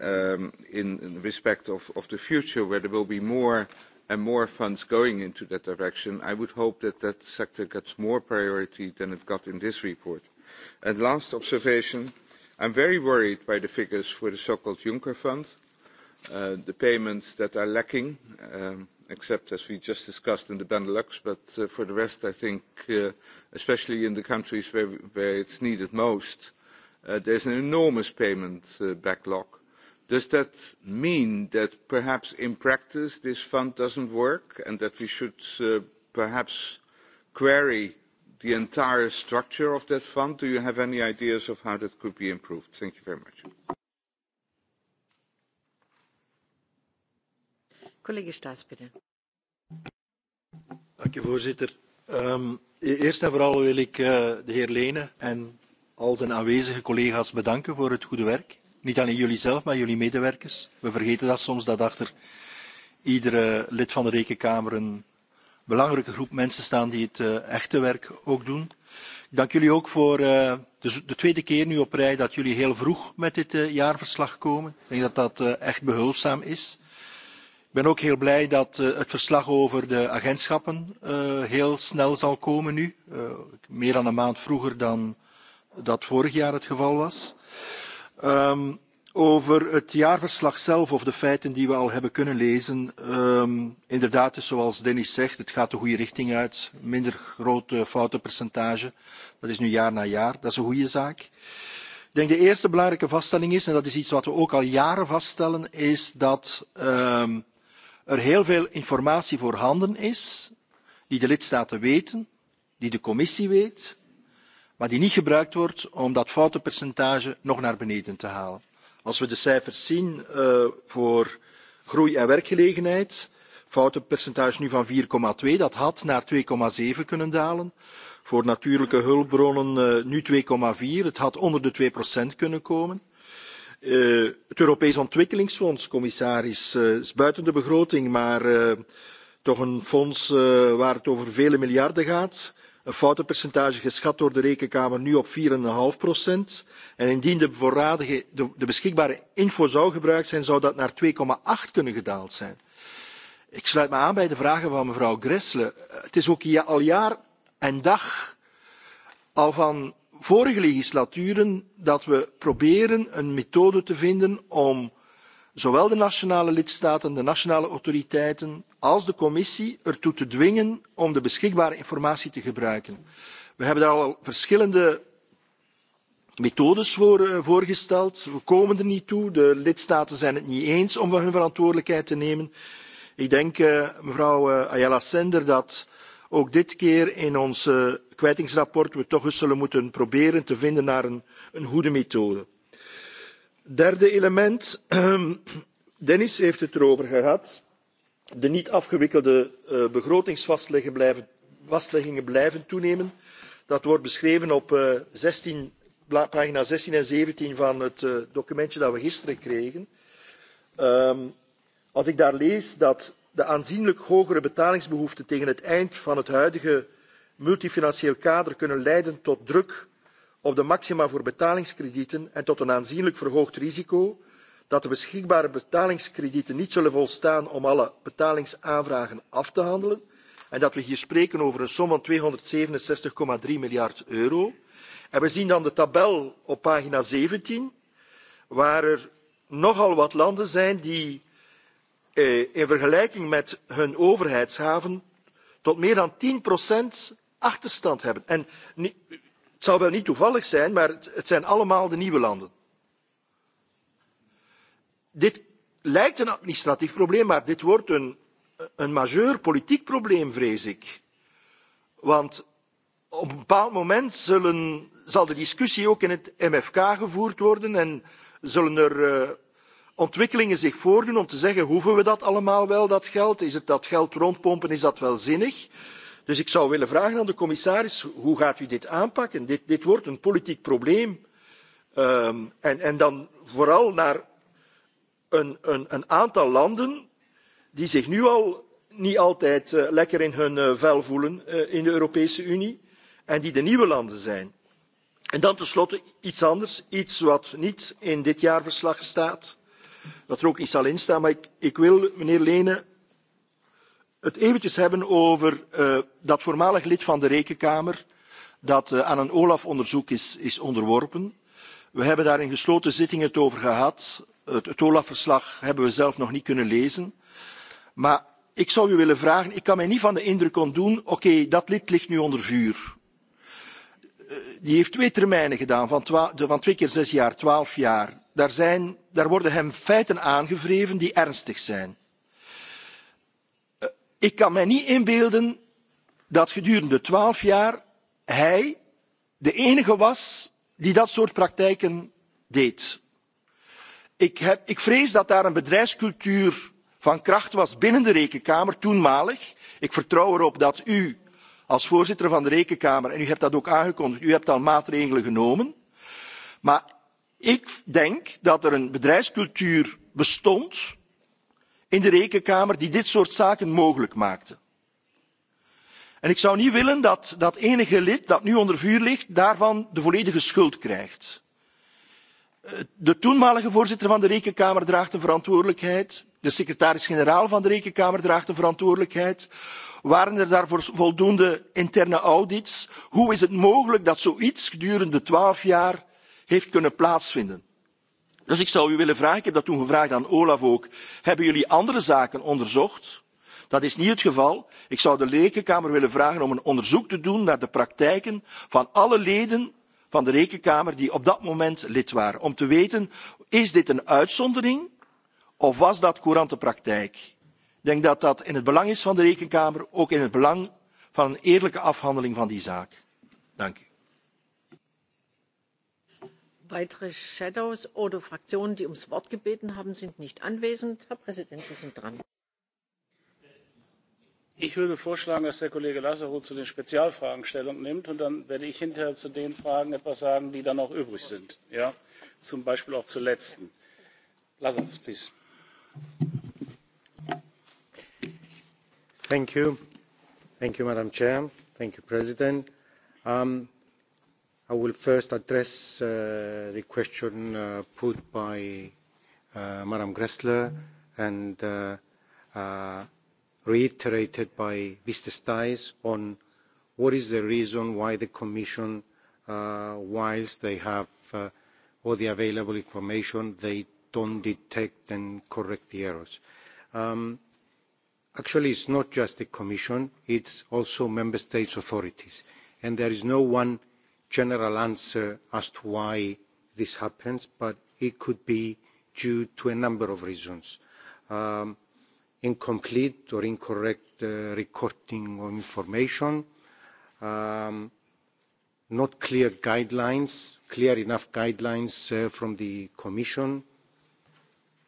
um, in, in respect of, of the future where there will be more and more funds going into that direction. I would hope that that sector gets more priority than it got in this report. And last observation, I'm very worried by the figures for the so-called Juncker Fund, uh, the payments that are lacking. Um, except as we just discussed in the Benelux. But uh, for the rest, I think, uh, especially in the countries where, where it's needed most, uh, there's an enormous payment uh, backlog. Does that mean that perhaps in practice this fund doesn't work and that we should uh, perhaps query the entire structure of that fund? Do you have any ideas of how that could be improved? Thank you very much. Colegi Staes, voorzitter. Ehm, eerst en vooral wil ik eh, de heer lehne en al zijn aanwezige collega's bedanken voor het goede werk. Niet alleen jullie zelf, maar jullie medewerkers. We vergeten dat soms, dat achter ieder lid van de Rekenkamer een belangrijke groep mensen staat die het eh, echte werk ook doen. Ik dank jullie ook voor eh, de, tweede keer nu op rij dat jullie heel vroeg met dit jaarverslag komen. Ik denk dat dat echt behulpzaam is. Ik ben ook heel blij dat uh, het verslag over de agentschappen uh, heel snel zal komen nu. Uh, meer dan een maand vroeger dan dat vorig jaar het geval was. Um, over het jaarverslag zelf of de feiten die we al hebben kunnen lezen. Um, inderdaad, dus zoals Dennis zegt, het gaat de goede richting uit. Minder groot foutenpercentage. Dat is nu jaar na jaar. Dat is een goede zaak. Ik denk de eerste belangrijke vaststelling is, en dat is iets wat we ook al jaren vaststellen, is dat um, er heel veel informatie voorhanden is, die de lidstaten weten, die de commissie weet, maar die niet gebruikt wordt om dat foutenpercentage nog naar beneden te halen. Als we de cijfers zien uh, voor groei en werkgelegenheid, foutenpercentage nu van 4,2, dat had naar 2,7 kunnen dalen. Voor natuurlijke hulpbronnen uh, nu 2,4, het had onder de 2% kunnen komen. Eh, het Europees Ontwikkelingsfonds, commissaris, eh, is buiten de begroting, maar eh, toch een fonds waar het over vele miljarden gaat. Een foutenpercentage geschat door de Rekenkamer nu op 4,5 procent. En indien de, voorradige, de, de beschikbare info zou gebruikt zijn, zou dat naar 2,8 kunnen gedaald zijn. Ik sluit me aan bij de vragen van mevrouw Gressle. Het is ook al jaar en dag al van vorige legislaturen dat we proberen een methode te vinden om zowel de nationale lidstaten, de nationale autoriteiten als de commissie ertoe te dwingen om de beschikbare informatie te gebruiken. We hebben daar al verschillende methodes voor uh, voorgesteld. We komen er niet toe. De lidstaten zijn het niet eens om hun verantwoordelijkheid te nemen. Ik denk, eh, mevrouw eh, Ayala Sender, dat ook dit keer in onze kwijtingsrapport we toch eens zullen moeten proberen te vinden naar een, een goede methode. Derde element, Dennis heeft het erover gehad, de niet afgewikkelde eh, begrotingsvastleggingen blijven, vastleggingen blijven toenemen. Dat wordt beschreven op 16, eh, pagina 16 en 17 van het eh, documentje dat we gisteren kregen. Ehm, als ik daar lees dat de aanzienlijk hogere betalingsbehoeften tegen het eind van het huidige multifinancieel kader kunnen leiden tot druk op de maxima voor betalingskredieten en tot een aanzienlijk verhoogd risico dat de beschikbare betalingskredieten niet zullen volstaan om alle betalingsaanvragen af te handelen en dat we hier spreken over een som van 267,3 miljard euro. En we zien dan de tabel op pagina 17, waar er nogal wat landen zijn die eh, in vergelijking met hun overheidshaven tot meer dan 10% achterstand hebben. En het zou wel niet toevallig zijn, maar het, het zijn allemaal de nieuwe landen. Dit lijkt een administratief probleem, maar dit wordt een, een majeur politiek probleem, vrees ik. Want op een bepaald moment zullen, zal de discussie ook in het MFK gevoerd worden en zullen er uh, ontwikkelingen zich voordoen om te zeggen hoeven we dat allemaal wel, dat geld? Is het dat geld rondpompen, is dat wel zinnig? Uh, Dus ik zou willen vragen aan de commissaris, hoe gaat u dit aanpakken? Dit, dit wordt een politiek probleem. Um, en, en dan vooral naar een, een, een aantal landen die zich nu al niet altijd uh, lekker in hun uh, vel voelen uh, in de Europese Unie en die de nieuwe landen zijn. En dan tenslotte iets anders, iets wat niet in dit jaarverslag staat, wat er ook niet zal instaan, maar ik, ik wil, meneer Lene, het eventjes hebben over uh, dat voormalig lid van de Rekenkamer dat uh, aan een OLAF-onderzoek is, is onderworpen. We hebben daar in gesloten zitting het over gehad. Het, het OLAF-verslag hebben we zelf nog niet kunnen lezen. Maar ik zou u willen vragen, ik kan mij niet van de indruk ontdoen, oké, okay, dat lid ligt nu onder vuur. Eh, die heeft twee termijnen gedaan, van, de, van twee keer zes jaar, twaalf jaar. Daar, zijn, daar worden hem feiten aangevreven die ernstig zijn ik kan mij niet inbeelden dat gedurende twaalf jaar hij de enige was die dat soort praktijken deed. Ik, heb, ik vrees dat daar een bedrijfscultuur van kracht was binnen de rekenkamer toenmalig. ik vertrouw erop dat u als voorzitter van de rekenkamer en u hebt dat ook aangekondigd u hebt al maatregelen genomen maar ik denk dat er een bedrijfscultuur bestond in de rekenkamer die dit soort zaken mogelijk maakte. En ik zou niet willen dat dat enige lid dat nu onder vuur ligt daarvan de volledige schuld krijgt. Eh, de toenmalige voorzitter van de Rekenkamer draagt een verantwoordelijkheid. De secretaris-generaal van de Rekenkamer draagt een verantwoordelijkheid. Waren er daarvoor voldoende interne audits? Hoe is het mogelijk dat zoiets gedurende twaalf jaar heeft kunnen plaatsvinden? Dus ik zou u willen vragen, ik heb dat toen gevraagd aan Olaf ook, hebben jullie andere zaken onderzocht? Dat is niet het geval. Ik zou de Rekenkamer willen vragen om een onderzoek te doen naar de praktijken van alle leden van de Rekenkamer die op dat moment lid waren. Om te weten, is dit een uitzondering of was dat courante praktijk? Ik denk dat dat in het belang is van de Rekenkamer, ook in het belang van een eerlijke afhandeling van die zaak. Dank u weitere shadows oder fraktionen die ums wort gebeten haben sind nicht anwesend. herr präsident sie sind dran. ich würde vorschlagen dass der kollege lazarou zu den spezialfragen stellung nimmt und dann werde ich hinterher zu den fragen etwas sagen die dann noch übrig sind zum beispiel auch zur letzten. lazarou I will first address uh, the question uh, put by uh, Madam Gressler and uh, uh, reiterated by Mr. Stais on what is the reason why the Commission, uh, whilst they have uh, all the available information, they don't detect and correct the errors. Um, actually, it's not just the Commission, it's also Member States authorities. And there is no one general answer as to why this happens, but it could be due to a number of reasons. Um, incomplete or incorrect uh, recording of information, um, not clear guidelines, clear enough guidelines uh, from the Commission,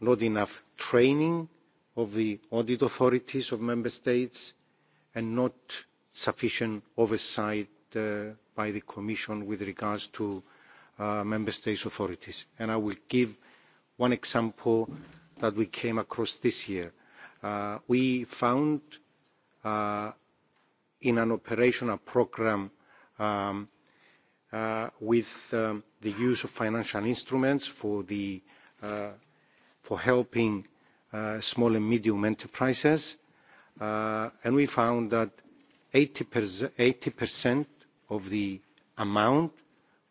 not enough training of the audit authorities of member states, and not sufficient oversight Uh, by the Commission with regards to uh, member states' authorities. And I will give one example that we came across this year. Uh, we found in an operational programme um, uh, with um, the use of financial instruments for, the, uh, for helping uh, small and medium enterprises. and we found that 80%, 80 of the amount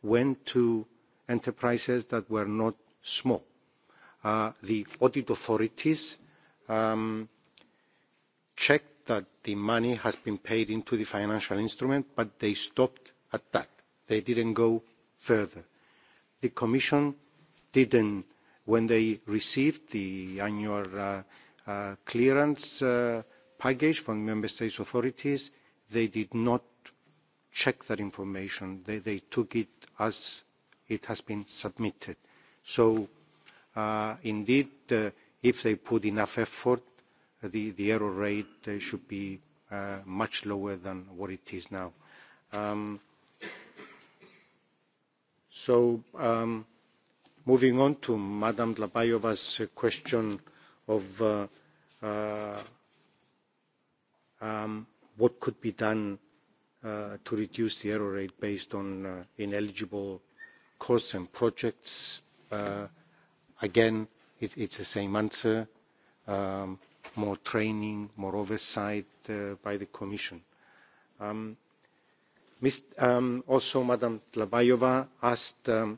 went to enterprises that were not small. Uh, the audit authorities um, checked that the money has been paid into the financial instrument, but they stopped at that. They didn't go further. The Commission didn't, when they received the annual uh, uh, clearance package from member states authorities, they did not check that information. They, they took it as it has been submitted. So uh, indeed, uh, if they put enough effort, the, the error rate uh, should be uh, much lower than what it is now. Um, so um, moving on to Madam Dlabayova's uh, question of uh, uh, um, what could be done uh, to reduce the error rate based on uh, ineligible costs and projects. Uh, again, it, it's the same answer. Um, more training, more oversight uh, by the Commission. Um, Ms, um, also, Madam Tlabayova asked um,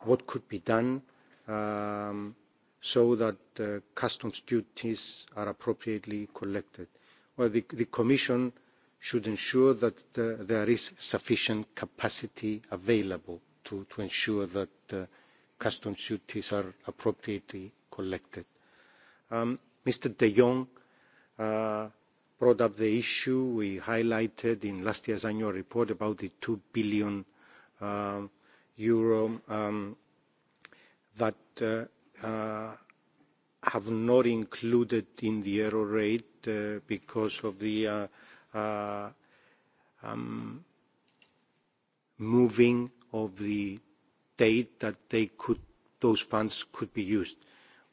what could be done um, so that uh, customs duties are appropriately collected. Well, the, the Commission uh, should ensure that uh, there is sufficient capacity available to, to ensure that uh, customs duties are appropriately collected. Um, Mr. de Jong uh, brought up the issue we highlighted in last year's annual report about the 2 billion uh, euro um, that uh, uh, have not included in the error rate uh, because of the uh, uh, um, moving of the date that they could, those funds could be used.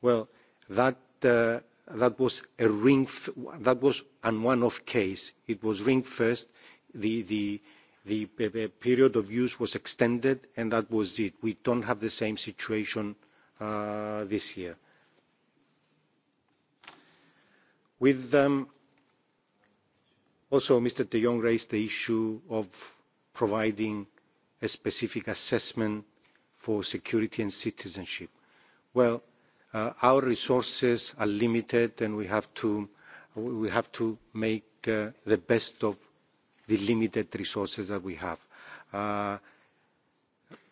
Well, that, uh, that was a ring, that was an one-off case. It was ring first. The, the, the period of use was extended, and that was it. We don't have the same situation uh, this year. With um, Also, Mr. de Jong raised the issue of providing a specific assessment for security and citizenship. Well, uh, our resources are limited and we have to, we have to make uh, the best of the limited resources that we have. Uh,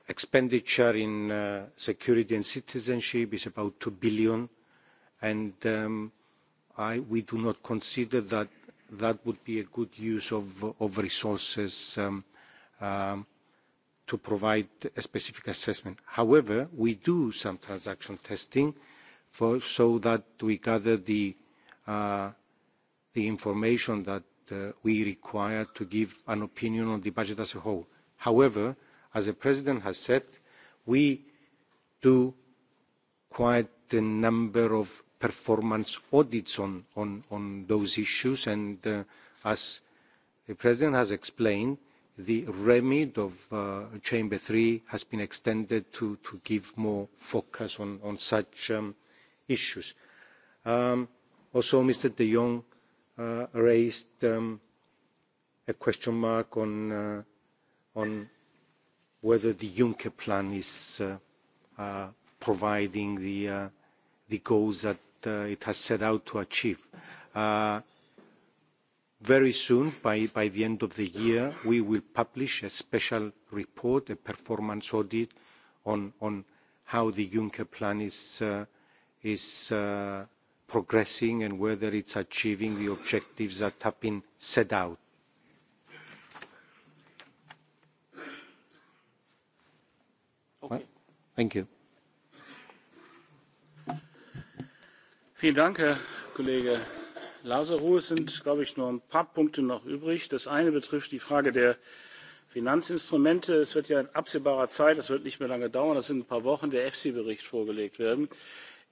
expenditure in uh, security and citizenship is about 2 billion and um, I, we do not consider that that would be a good use of, of resources um, um, to provide a specific assessment. However, we do some transaction testing for, so that we gather the, uh, the information that uh, we require to give an opinion on the budget as a whole. However, as the President has said, we do quite a number of performance audits on, on, on those issues. And uh, as the President has explained, the remit of uh, Chamber 3 has been extended to, to give more focus on, on such um, issues. Um, also, Mr. de Jong uh, raised um, a question mark on, uh, on whether the Juncker plan is uh, uh, providing the, uh, the goals that Uh, it has set out to achieve. Uh, very soon, by, by the end of the year, we will publish a special report, a performance audit on, on how the Juncker plan is, uh, is uh, progressing and whether it's achieving the objectives that have been set out. Okay. thank you. Vielen Dank, Herr Kollege Lazarow. Es sind, glaube ich, nur ein paar Punkte noch übrig. Das eine betrifft die Frage der Finanzinstrumente. Es wird ja in absehbarer Zeit, das wird nicht mehr lange dauern, das sind ein paar Wochen, der EFSI-Bericht vorgelegt werden.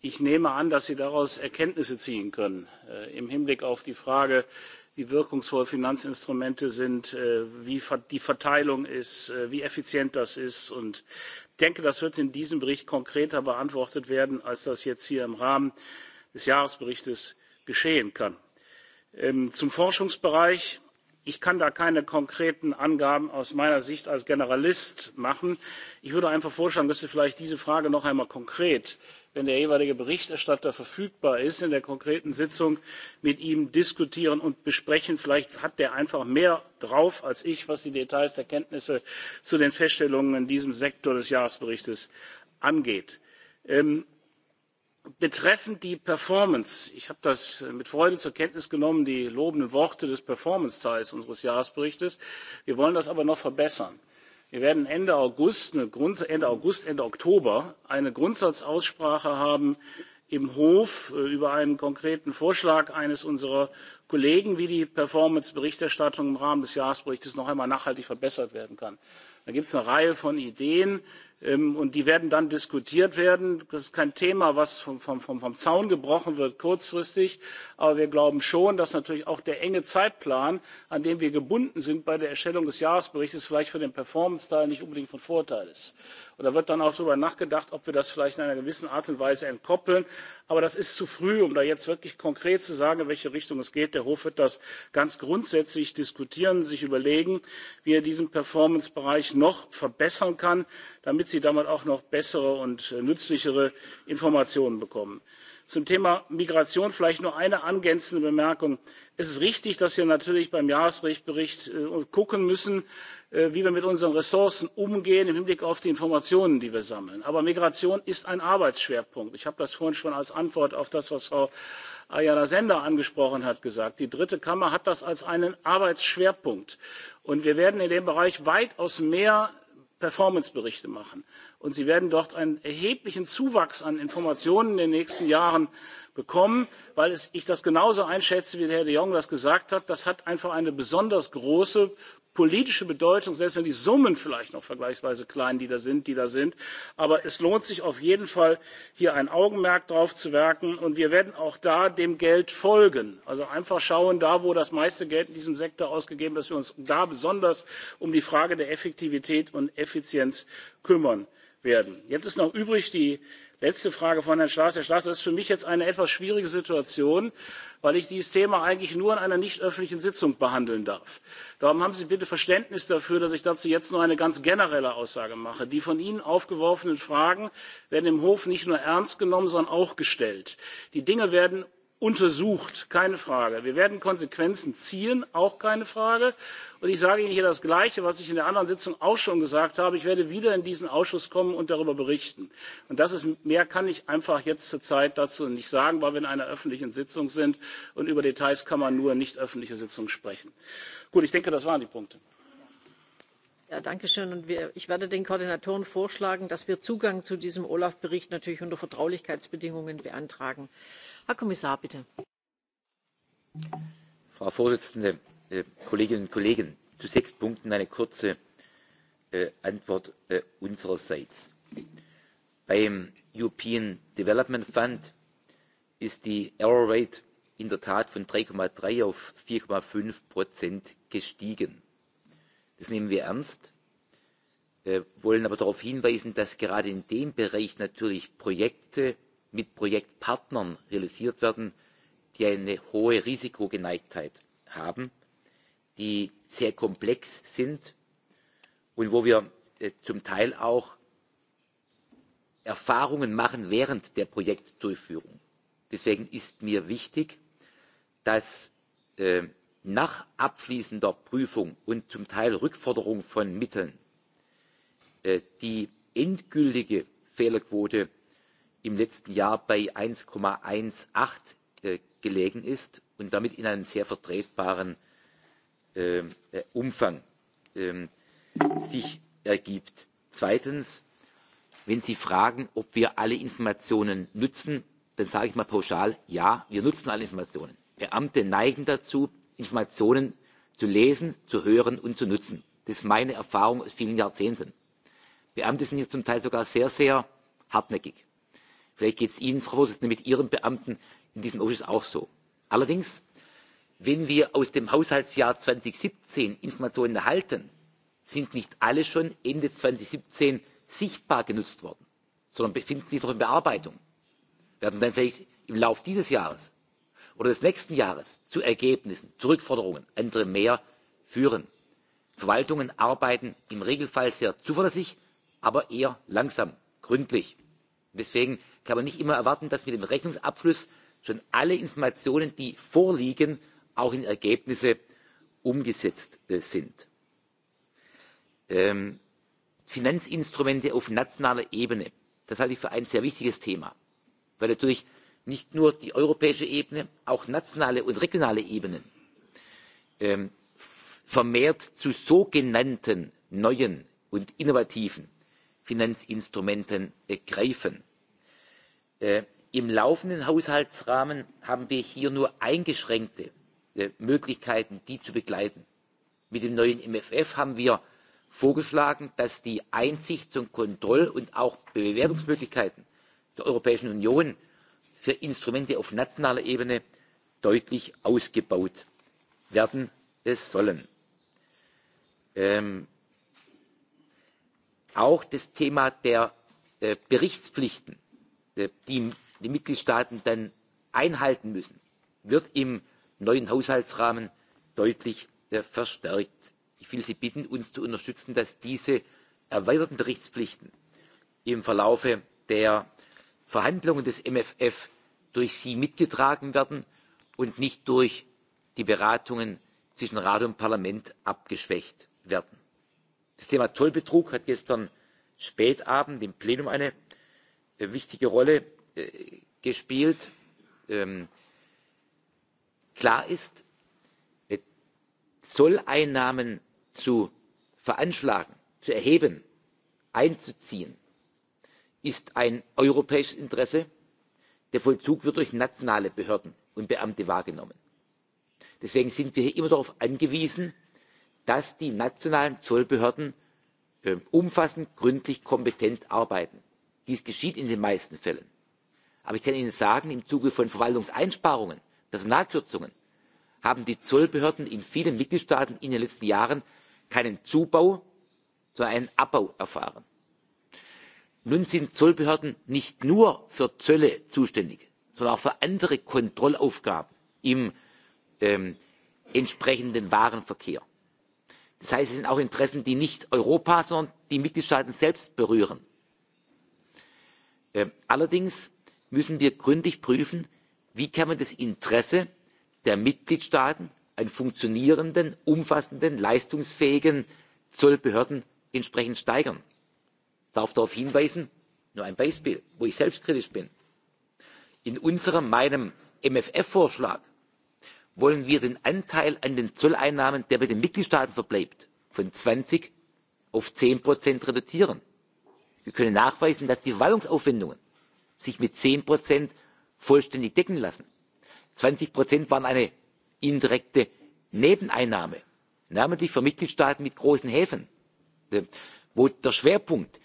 Ich nehme an, dass Sie daraus Erkenntnisse ziehen können äh, im Hinblick auf die Frage, wie wirkungsvoll Finanzinstrumente sind, äh, wie ver die Verteilung ist, äh, wie effizient das ist. Und ich denke, das wird in diesem Bericht konkreter beantwortet werden, als das jetzt hier im Rahmen des Jahresberichtes geschehen kann. Ähm, zum Forschungsbereich. Ich kann da keine konkreten Angaben aus meiner Sicht als Generalist machen. Ich würde einfach vorschlagen, dass wir vielleicht diese Frage noch einmal konkret, wenn der jeweilige Berichterstatter verfügbar ist, in der konkreten Sitzung mit ihm diskutieren und besprechen. Vielleicht hat der einfach mehr drauf als ich, was die Details der Kenntnisse zu den Feststellungen in diesem Sektor des Jahresberichtes angeht. Ähm, betreffend die performance ich habe das äh, mit freude zur kenntnis genommen die lobenden worte des performance teils unseres jahresberichts wir wollen das aber noch verbessern. wir werden ende august ende August, Ende oktober eine grundsatzaussprache haben im hof äh, über einen konkreten vorschlag eines unserer kollegen wie die performance berichterstattung im rahmen des jahresberichts noch einmal nachhaltig verbessert werden kann. da gibt es eine reihe von ideen. Ähm, und die werden dann diskutiert werden. das ist kein thema das vom, vom, vom zaun gebrochen wird kurzfristig aber wir glauben schon dass natürlich auch der enge zeitplan an den wir gebunden sind bei der erstellung des jahresberichts vielleicht für den performance teil nicht unbedingt von vorteil ist. Und da wird dann auch darüber nachgedacht, ob wir das vielleicht in einer gewissen Art und Weise entkoppeln. Aber das ist zu früh, um da jetzt wirklich konkret zu sagen, in welche Richtung es geht. Der Hof wird das ganz grundsätzlich diskutieren, sich überlegen, wie er diesen Performance-Bereich noch verbessern kann, damit Sie damit auch noch bessere und äh, nützlichere Informationen bekommen. Zum Thema Migration vielleicht nur eine angänzende Bemerkung. Es ist richtig, dass wir natürlich beim Jahresbericht äh, gucken müssen, Äh, wie wir mit unseren ressourcen umgehen im hinblick auf die informationen die wir sammeln. aber migration ist ein arbeitsschwerpunkt. ich habe das vorhin schon als antwort auf das was frau ayala sender angesprochen hat gesagt. die dritte kammer hat das als einen arbeitsschwerpunkt und wir werden in dem bereich weitaus mehr performanceberichte machen und sie werden dort einen erheblichen zuwachs an informationen in den nächsten jahren bekommen weil es, ich das genauso einschätze wie herr de jong das gesagt hat das hat einfach eine besonders große politische Bedeutung, selbst wenn die Summen vielleicht noch vergleichsweise klein, die da sind, die da sind. Aber es lohnt sich auf jeden Fall, hier ein Augenmerk drauf zu werken. Und wir werden auch da dem Geld folgen. Also einfach schauen, da wo das meiste Geld in diesem Sektor ausgegeben ist, dass wir uns da besonders um die Frage der Effektivität und Effizienz kümmern werden. Jetzt ist noch übrig die letzte frage von herrn staes herr staes das ist für mich jetzt eine etwas schwierige situation weil ich dieses thema eigentlich nur in einer nicht öffentlichen sitzung behandeln darf. darum haben sie bitte verständnis dafür dass ich dazu jetzt nur eine ganz generelle aussage mache. die von ihnen aufgeworfenen fragen werden im hof nicht nur ernst genommen sondern auch gestellt. die dinge werden untersucht keine frage. wir werden konsequenzen ziehen auch keine frage. Und ich sage Ihnen hier das Gleiche, was ich in der anderen Sitzung auch schon gesagt habe. Ich werde wieder in diesen Ausschuss kommen und darüber berichten. Und das ist, mehr kann ich einfach jetzt zurzeit dazu nicht sagen, weil wir in einer öffentlichen Sitzung sind und über Details kann man nur in nicht öffentlicher Sitzung sprechen. Gut, ich denke, das waren die Punkte. Ja, danke schön. Und wir, ich werde den Koordinatoren vorschlagen, dass wir Zugang zu diesem Olaf-Bericht natürlich unter Vertraulichkeitsbedingungen beantragen. Herr Kommissar, bitte. Frau Vorsitzende, Äh, Kolleginnen und Kollegen, zu sechs Punkten eine kurze äh, Antwort äh, unsererseits. Beim European Development Fund ist die Error Rate in der Tat von 3,3 auf 4,5 Prozent gestiegen. Das nehmen wir ernst, wollen aber darauf hinweisen, dass gerade in dem Bereich natürlich Projekte mit Projektpartnern realisiert werden, die eine hohe Risikogeneigtheit haben die sehr komplex sind und wo wir äh, zum teil auch erfahrungen machen während der projektdurchführung. deswegen ist mir wichtig dass äh, nach abschließender prüfung und zum teil rückforderung von mitteln äh, die endgültige fehlerquote im letzten jahr bei eins achtzehn gelegen ist und damit in einem sehr vertretbaren Ähm, äh, Umfang ähm, sich ergibt. Zweitens, wenn Sie fragen, ob wir alle Informationen nutzen, dann sage ich mal pauschal, ja, wir nutzen alle Informationen. Beamte neigen dazu, Informationen zu lesen, zu hören und zu nutzen. Das ist meine Erfahrung aus vielen Jahrzehnten. Beamte sind hier zum Teil sogar sehr, sehr hartnäckig. Vielleicht geht es Ihnen, Frau Vorsitzende, mit Ihren Beamten in diesem Ausschuss auch so. Allerdings wenn wir aus dem haushaltsjahr zweitausendsiebzehn informationen erhalten sind nicht alle schon ende zweitausendsiebzehn sichtbar genutzt worden sondern befinden sich noch in bearbeitung werden dann vielleicht im lauf dieses jahres oder des nächsten jahres zu ergebnissen zu rückforderungen andere mehr führen. verwaltungen arbeiten im regelfall sehr zuverlässig aber eher langsam gründlich. deswegen kann man nicht immer erwarten dass mit dem rechnungsabschluss schon alle informationen die vorliegen auch in Ergebnisse umgesetzt äh, sind. Ähm, Finanzinstrumente auf nationaler Ebene, das halte ich für ein sehr wichtiges Thema, weil natürlich nicht nur die europäische Ebene, auch nationale und regionale Ebenen ähm, vermehrt zu sogenannten neuen und innovativen Finanzinstrumenten äh, greifen. Äh, Im laufenden Haushaltsrahmen haben wir hier nur eingeschränkte Äh, Möglichkeiten, die zu begleiten. Mit dem neuen MFF haben wir vorgeschlagen, dass die Einsichts- und Kontroll- und auch Bewertungsmöglichkeiten der Europäischen Union für Instrumente auf nationaler Ebene deutlich ausgebaut werden sollen. Ähm, auch das Thema der äh, Berichtspflichten, äh, die die Mitgliedstaaten dann einhalten müssen, wird im neuen haushaltsrahmen deutlich äh, verstärkt. ich will sie bitten uns zu unterstützen dass diese erweiterten berichtspflichten im verlauf der verhandlungen des mfr durch sie mitgetragen werden und nicht durch die beratungen zwischen rat und parlament abgeschwächt werden. das thema zollbetrug hat gestern spät abend im plenum eine äh, wichtige rolle äh, gespielt. Ähm, klar ist zolleinnahmen zu veranschlagen zu erheben einzuziehen ist ein europäisches interesse der vollzug wird durch nationale behörden und beamte wahrgenommen. deswegen sind wir hier immer darauf angewiesen dass die nationalen zollbehörden ähm, umfassend gründlich kompetent arbeiten. dies geschieht in den meisten fällen. aber ich kann ihnen sagen im zuge von verwaltungseinsparungen personalkürzungen haben die zollbehörden in vielen mitgliedstaaten in den letzten jahren keinen zubau sondern einen abbau erfahren. nun sind zollbehörden nicht nur für zölle zuständig sondern auch für andere kontrollaufgaben im ähm, entsprechenden warenverkehr. das heißt es sind auch interessen die nicht europa sondern die mitgliedstaaten selbst berühren. Ähm, allerdings müssen wir gründlich prüfen wie kann man das interesse der mitgliedstaaten an funktionierenden umfassenden leistungsfähigen zollbehörden entsprechend steigern? ich darf darauf hinweisen nur ein beispiel wo ich selbstkritisch bin in unserem meinem mfr vorschlag wollen wir den anteil an den zolleinnahmen der bei den mitgliedstaaten verbleibt von zwanzig auf zehn prozent reduzieren. wir können nachweisen dass die verwaltungsaufwendungen sich mit zehn vollständig decken lassen. zwanzig waren eine indirekte nebeneinnahme namentlich für mitgliedstaaten mit großen häfen äh, wo der schwerpunkt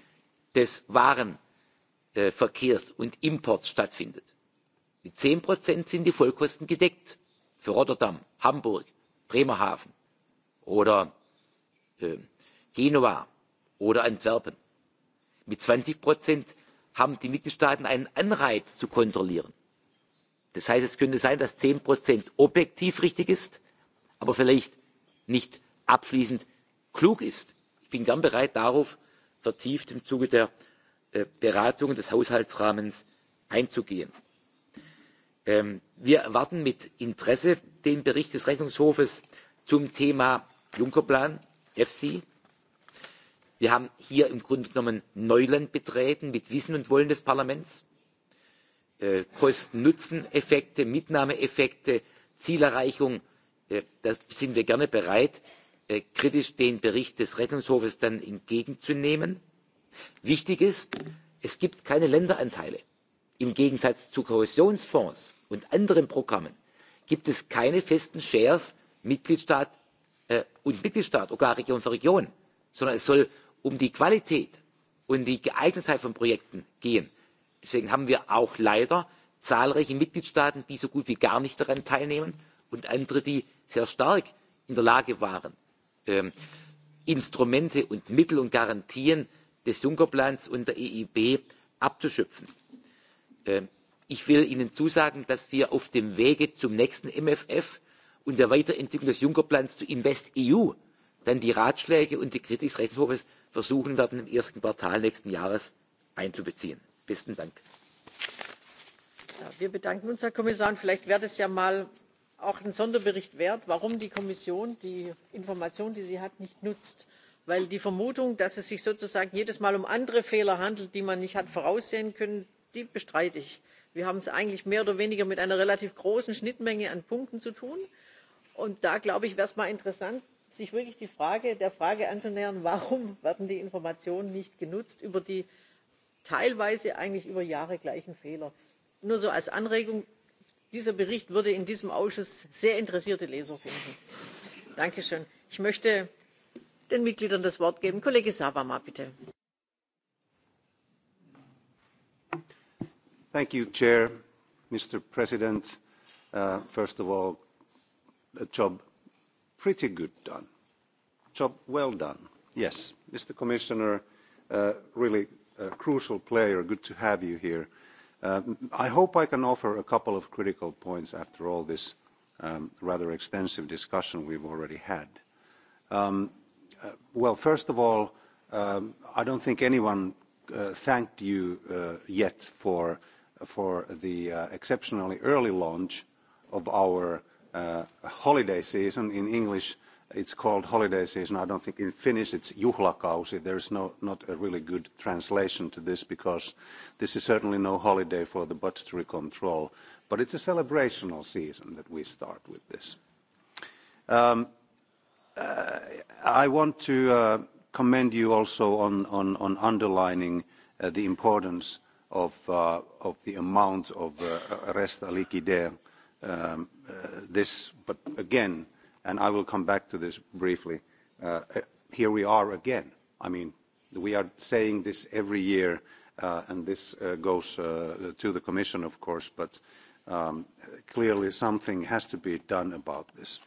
des warenverkehrs und imports stattfindet. mit zehn sind die vollkosten gedeckt für rotterdam hamburg bremerhaven oder äh, genua oder antwerpen. mit zwanzig haben die mitgliedstaaten einen anreiz zu kontrollieren Das heißt, es könnte sein, dass 10% objektiv richtig ist, aber vielleicht nicht abschließend klug ist. Ich bin gern bereit, darauf vertieft im Zuge der äh, Beratungen des Haushaltsrahmens einzugehen. Ähm, wir erwarten mit Interesse den Bericht des Rechnungshofes zum Thema Junckerplan, EFSI. Wir haben hier im Grunde genommen Neuland betreten mit Wissen und Wollen des Parlaments. Äh, Kosten-Nutzen-Effekte, Mitnahmeeffekte, Zielerreichung, äh, da sind wir gerne bereit, äh, kritisch den Bericht des rechnungshofs dann entgegenzunehmen. Wichtig ist, es gibt keine Länderanteile. Im Gegensatz zu Kohäsionsfonds und anderen Programmen gibt es keine festen Shares Mitgliedstaat und Mitgliedstaat, sogar Region für Region, sondern es soll um die Qualität und die Geeignetheit von Projekten gehen. Deswegen haben wir auch leider zahlreiche Mitgliedstaaten, die so gut wie gar nicht daran teilnehmen und andere, die sehr stark in der Lage waren, ähm, Instrumente und Mittel und Garantien des Juncker-Plans und der EIB abzuschöpfen. Ähm, ich will Ihnen zusagen, dass wir auf dem Wege zum nächsten MFF und der Weiterentwicklung des Juncker-Plans zu InvestEU dann die Ratschläge und die Kritik des Rechnungshofes versuchen werden, im ersten Quartal nächsten Jahres einzubeziehen besten dank. wir bedanken uns herr kommissar und vielleicht wäre es ja mal auch ein sonderbericht wert warum die kommission die information die sie hat nicht nutzt denn die vermutung dass es sich sozusagen jedes mal um andere fehler handelt die man nicht hat voraussehen können die bestreite ich. wir haben es eigentlich mehr oder weniger mit einer relativ großen schnittmenge an punkten zu tun und da glaube ich wäre es mal interessant sich wirklich die frage, der frage anzunähern warum werden die informationen nicht genutzt über die teilweise eigentlich über jahre gleichen fehler. nur so als anregung dieser bericht würde in diesem ausschuss sehr interessierte leser finden. danke schön. ich möchte den mitgliedern das wort geben. kollege sarvamaa bitte. Thank you, Chair, Mr. President. Uh, first of all, a job pretty good done. Job well done. Yes, Mr. Commissioner, uh, really a crucial player. Good to have you here. Uh, I hope I can offer a couple of critical points after all this um, rather extensive discussion we've already had. Um, uh, well, first of all, um, I don't think anyone uh, thanked you uh, yet for, for the uh, exceptionally early launch of our uh, holiday season in English it's called holiday season. I don't think in Finnish it's juhlakausi. There is no, not a really good translation to this because this is certainly no holiday for the budgetary control, but it's a celebrational season that we start with this. Um, uh, I want to uh, commend you also on, on, on underlining uh, the importance of, uh, of the amount of uh, resta liquidae. Um, uh, this, but again, and I will come back to this briefly. Uh, uh, here we are again. I mean, we are saying this every year, uh, and this goes to the Commission, of course, but um, clearly something has to be done about this.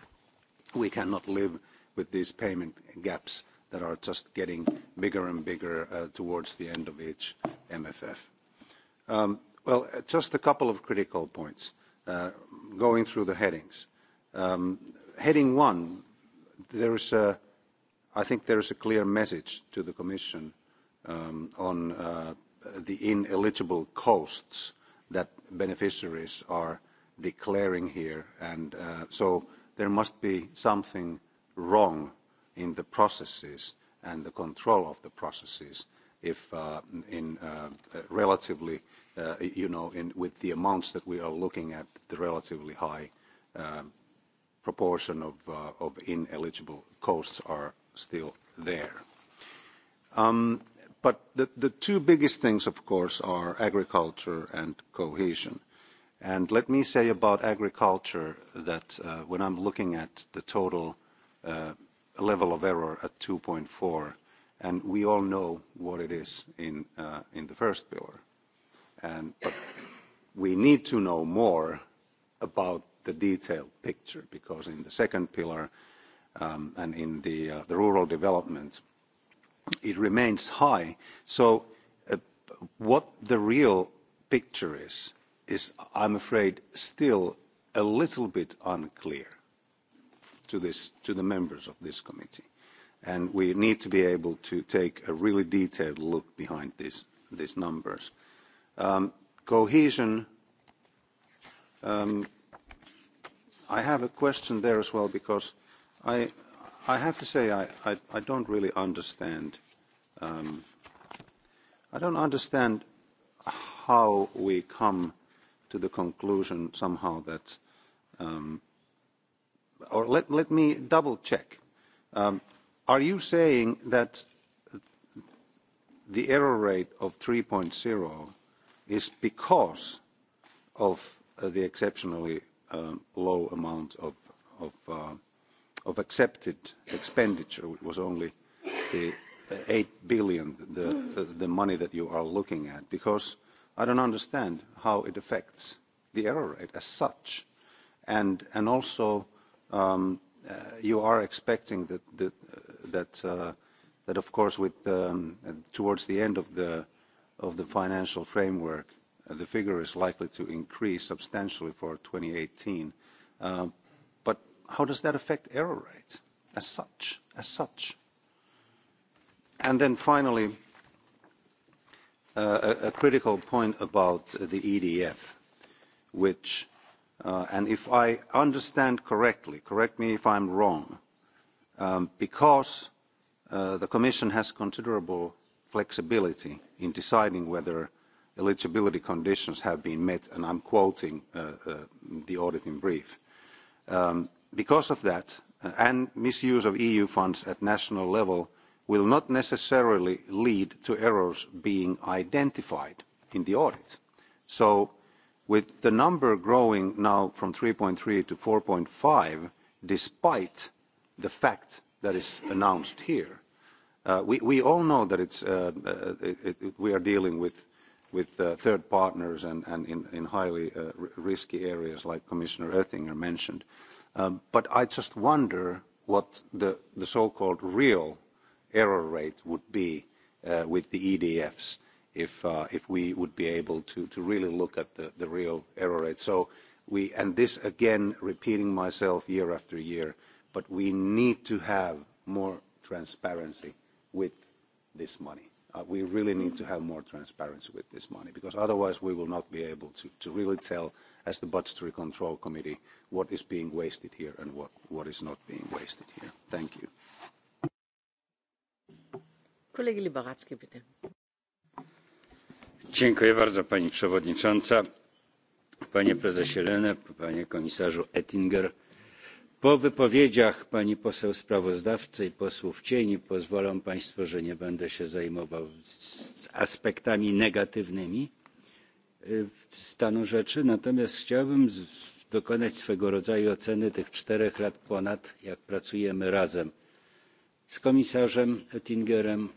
We cannot live with these payment gaps that are just getting bigger and bigger towards the end of each MFF. Um, well, just a couple of critical points going through the headings. Um, heading one, there is a, I think there is a clear message to the Commission um, on uh, the ineligible costs that beneficiaries are declaring here. And uh, so there must be something wrong in the processes and the control of the processes if uh, in uh, relatively, uh, you know, in, with the amounts that we are looking at, the relatively high um, proportion of, uh, of ineligible costs are still there. Um, but the, the two biggest things, of course, are agriculture and cohesion. And let me say about agriculture that uh, when I'm looking at the total uh, level of error at 2.4, and we all know what it is in, uh, in the first pillar. And, but we need to know more about the detailed picture because in the second pillar um, and in the, uh, the rural development, it remains high. So uh, what the real picture is, is, I'm afraid, still a little bit unclear to, this, to the members of this committee. And we need to be able to take a really detailed look behind these, these numbers. Um, cohesion, um, I have a question there as well because I, I have to say I, I, I don't really understand. Um, I don't understand how we come to the conclusion somehow that, um, or let, let me double check. Um, are you saying that the error rate of 3.0 is because of uh, the exceptionally Um, low amount of, of, uh, of accepted expenditure. It was only the 8 uh, billion, the, uh, the, money that you are looking at, because I don't understand how it affects the error rate as such. And, and also, um, uh, you are expecting that, that, that, uh, that of course, with, um, towards the end of the, of the financial framework, Uh, the figure is likely to increase substantially for 2018. Um, but how does that affect error rate? as such? As such? And then finally, uh, a, critical point about the EDF, which, uh, and if I understand correctly, correct me if I'm wrong, um, because the Commission has considerable flexibility in deciding whether eligibility conditions have been met, and I'm quoting uh, uh, the audit in brief. Um, because of that, uh, and misuse of EU funds at national level will not necessarily lead to errors being identified in the audit. So with the number growing now from 3.3 to 4.5, despite the fact that is announced here, we, all know that it's, we are dealing with with uh, third partners and, in, highly uh, risky areas like Commissioner Oettinger mentioned. Um, but I just wonder what the, so-called real error rate would be uh, with the EDFs if, we would be able to, really look at the, the real error rate. So we, and this again, repeating myself year after year, but we need to have more transparency with this money uh, we really need to have more transparency with this money because otherwise we will not be able to, to really tell as the Budgetary Control Committee what is being wasted here and what, what is not being wasted here. Thank you. Kollege Liberacki, bitte. Dziękuję bardzo Pani Przewodnicząca, Panie Prezesie Lene, Panie Komisarzu Ettinger Po wypowiedziach pani poseł sprawozdawcy i posłów cieni pozwolą państwo, że nie będę się zajmował aspektami negatywnymi stanu rzeczy, natomiast chciałbym dokonać swego rodzaju oceny tych czterech lat ponad, jak pracujemy razem z komisarzem Oettingerem,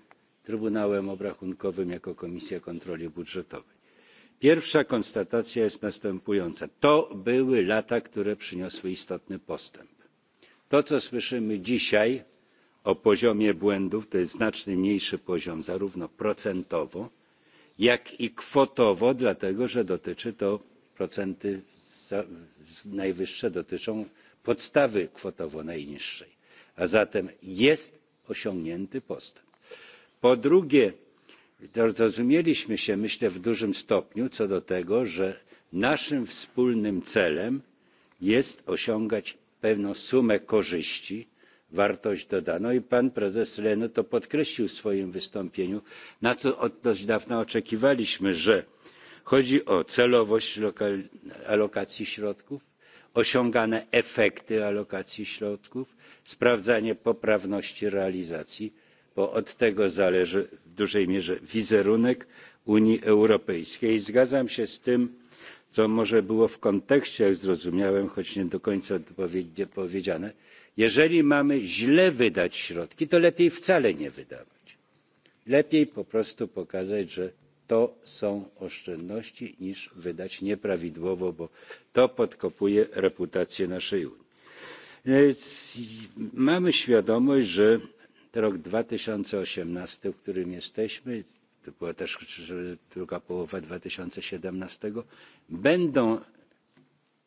Trybunałem Obrachunkowym jako Komisja Kontroli Budżetowej pierwsza konstatacja jest następująca to były lata które przyniosły istotny postęp. to co słyszymy dzisiaj o poziomie błędów to jest znacznie mniejszy poziom zarówno procentowo jak i kwotowo dlatego że dotyczy to procenty najwyższe dotyczą podstawy kwotowo najniższej a zatem jest osiągnięty postęp. po drugie Zrozumieliśmy się, myślę, w dużym stopniu co do tego, że naszym wspólnym celem jest osiągać pewną sumę korzyści, wartość dodaną i pan prezes Lehne to podkreślił w swoim wystąpieniu, na co od dość dawna oczekiwaliśmy, że chodzi o celowość lokal, alokacji środków, osiągane efekty alokacji środków, sprawdzanie poprawności realizacji bo od tego zależy w dużej mierze wizerunek unii europejskiej. zgadzam się z tym co może było w kontekście jak zrozumiałem choć nie do końca odpowiednio powiedziane jeżeli mamy źle wydać środki to lepiej wcale nie wydawać lepiej po prostu pokazać że to są oszczędności niż wydać nieprawidłowo bo to podkopuje reputację naszej unii. mamy świadomość że To rok 2018, w którym jesteśmy, to była też druga połowa 2017, będą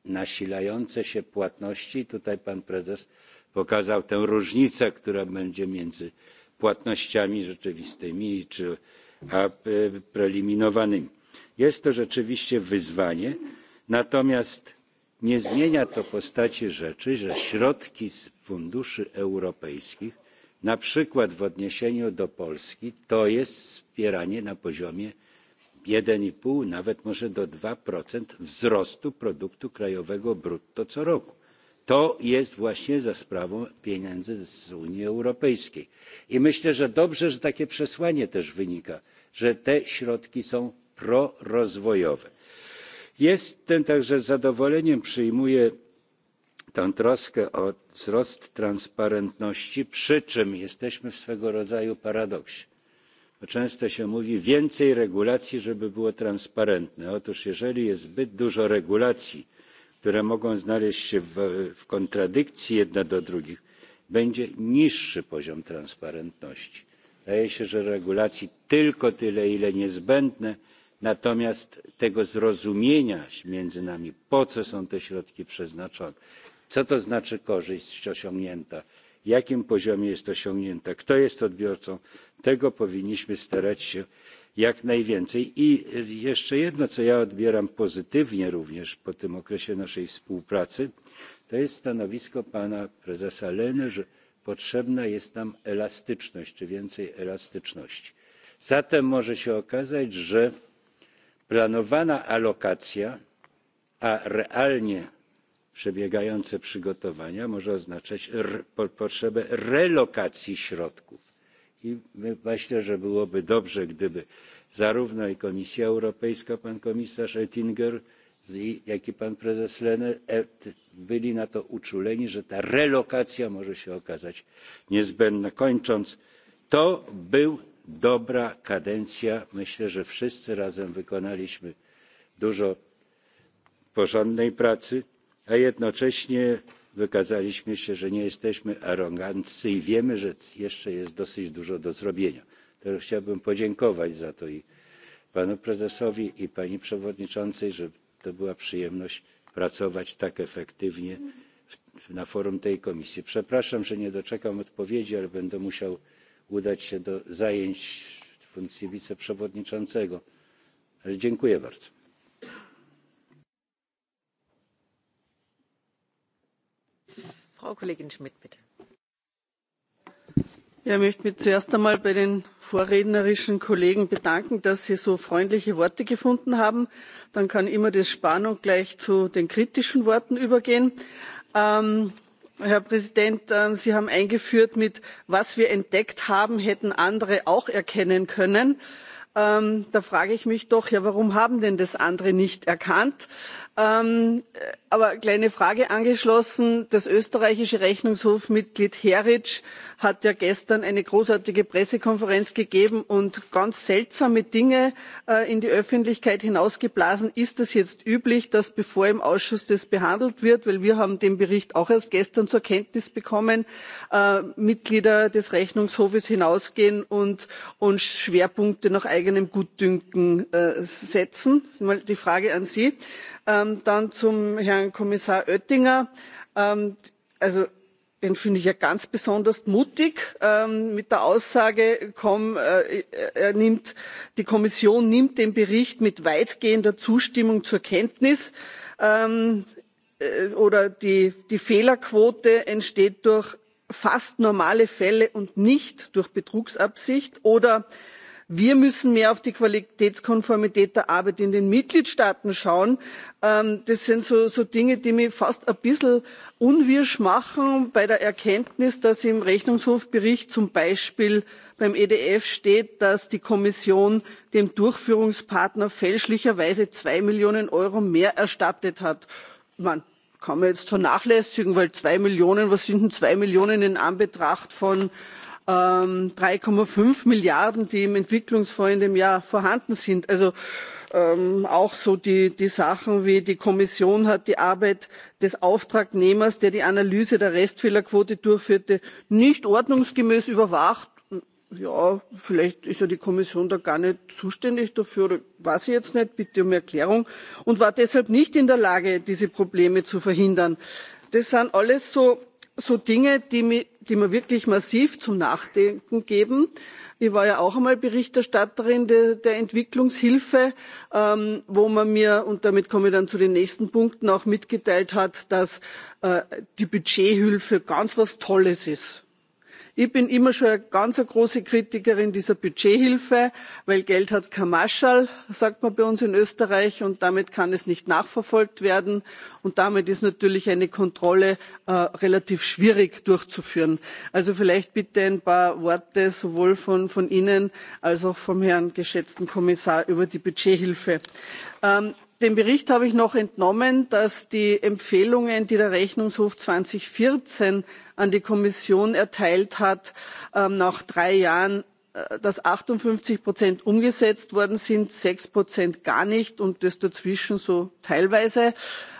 nasilające się płatności. Tutaj pan prezes pokazał tę różnicę, która będzie między płatnościami rzeczywistymi czy a preliminowanymi. Jest to rzeczywiście wyzwanie, natomiast nie zmienia to postaci rzeczy, że środki z funduszy europejskich na przykład w odniesieniu do polski to jest wspieranie na poziomie jeden pięć nawet może do dwa wzrostu produktu krajowego brutto co roku. to jest właśnie za sprawą pieniędzy z unii europejskiej i myślę że dobrze że takie przesłanie też wynika że te środki są prorozwojowe. jestem także z zadowoleniem przyjmuję tę troskę o wzrost transparentności przy czym jesteśmy w swego rodzaju paradoksie bo często się mówi więcej regulacji żeby było transparentne. otóż jeżeli jest zbyt dużo regulacji które mogą znaleźć się w, w kontradykcji jedna do drugich będzie niższy poziom transparentności. wydaje się że regulacji tylko tyle ile niezbędne natomiast tego zrozumienia między nami po co są te środki przeznaczone co to znaczy korzyść osiągnięta na jakim poziomie jest osiągnięta kto jest odbiorcą tego powinniśmy starać się jak najwięcej. i jeszcze jedno co ja odbieram pozytywnie również po tym okresie naszej współpracy to jest stanowisko pana prezesa lehne że potrzebna jest nam elastyczność czy więcej elastyczności. zatem może się okazać że planowana alokacja a realnie przebiegające przygotowania może oznaczać potrzebę relokacji środków. I myślę, że byłoby dobrze, gdyby zarówno i Komisja Europejska, pan komisarz Oettinger, jak i pan prezes Lehne byli na to uczuleni, że ta relokacja może się okazać niezbędna. Kończąc, to był dobra kadencja. Myślę, że wszyscy razem wykonaliśmy dużo porządnej pracy a jednocześnie wykazaliśmy się że nie jesteśmy aroganccy i wiemy że jeszcze jest dosyć dużo do zrobienia. dlatego chciałbym podziękować za to i panu prezesowi i pani przewodniczącej że to była przyjemność pracować tak efektywnie na forum tej komisji. przepraszam że nie doczekam odpowiedzi ale będę musiał udać się do zajęć funkcji wiceprzewodniczącego ale dziękuję bardzo. ich möchte mich zuerst einmal bei den vorrednerischen Kollegen bedanken, dass sie so freundliche Worte gefunden haben. Dann kann immer das Spannung gleich zu den kritischen Worten übergehen. Ähm, Herr Präsident, ähm, Sie haben eingeführt mit, was wir entdeckt haben, hätten andere auch erkennen können. Ähm, da frage ich mich doch, warum haben denn das andere nicht erkannt? Ähm, äh, aber eine kleine Frage angeschlossen. Das österreichische Rechnungshofmitglied Heric hat ja gestern eine großartige Pressekonferenz gegeben und ganz seltsame Dinge äh, in die Öffentlichkeit hinausgeblasen. Ist es jetzt üblich, dass bevor im Ausschuss das behandelt wird, denn wir haben den Bericht auch erst gestern zur Kenntnis bekommen, äh, Mitglieder des Rechnungshofes hinausgehen und, Schwerpunkte nach eigenem Gutdünken setzen? Das ist mal die Frage an Sie Ähm, dann zum Herrn Kommissar Oettinger. Ähm, also den finde ich ja ganz besonders mutig ähm, mit der Aussage, komm, äh, er, er nimmt, die Kommission nimmt den Bericht mit weitgehender Zustimmung zur Kenntnis. Ähm, äh, oder die, die Fehlerquote entsteht durch fast normale Fälle und nicht durch Betrugsabsicht. Oder wir müssen mehr auf die qualitätskonformität der arbeit in den mitgliedstaaten schauen. Ähm, das sind so, dinge die mich fast ein bisschen unwirsch machen bei der erkenntnis dass im rechnungshofbericht zum beispiel beim edf steht dass die kommission dem durchführungspartner fälschlicherweise zwei millionen euro mehr erstattet hat. man kann jetzt vernachlässigen weil zwei millionen was sind denn zwei millionen in anbetracht von Ähm, drei fünf milliarden die im entwicklungsfonds in dem jahr vorhanden sind. also ähm, auch so die, die sachen wie die kommission hat die arbeit des auftragnehmers der die analyse der restfehlerquote durchführte nicht ordnungsgemäß überwacht. ja vielleicht ist ja die kommission da gar nicht zuständig dafür oder weiß ich jetzt nicht bitte um erklärung und war deshalb nicht in der lage diese probleme zu verhindern. das sind alles so, so dinge die, die mir wirklich massiv zum Nachdenken geben. Ich war ja auch einmal Berichterstatterin de, der Entwicklungshilfe, ähm, wo man mir, und damit komme ich dann zu den nächsten Punkten, auch mitgeteilt hat, dass äh, die Budgethilfe ganz was Tolles ist ich bin immer schon eine ganz große kritikerin dieser budgethilfe weil geld hat kein mascherl sagt man bei uns in österreich und damit kann es nicht nachverfolgt werden und damit ist natürlich eine kontrolle äh, relativ schwierig durchzuführen. also vielleicht bitte ein paar worte sowohl von, von ihnen als auch vom herrn geschätzten kommissar über die budgethilfe. Ähm, dem bericht habe ich noch entnommen dass die empfehlungen die der rechnungshof zweitausendvierzehn an die kommission erteilt hat ähm, nach drei jahren äh, dass achtundfünfzig umgesetzt worden sind sechs gar nicht und das dazwischen so teilweise.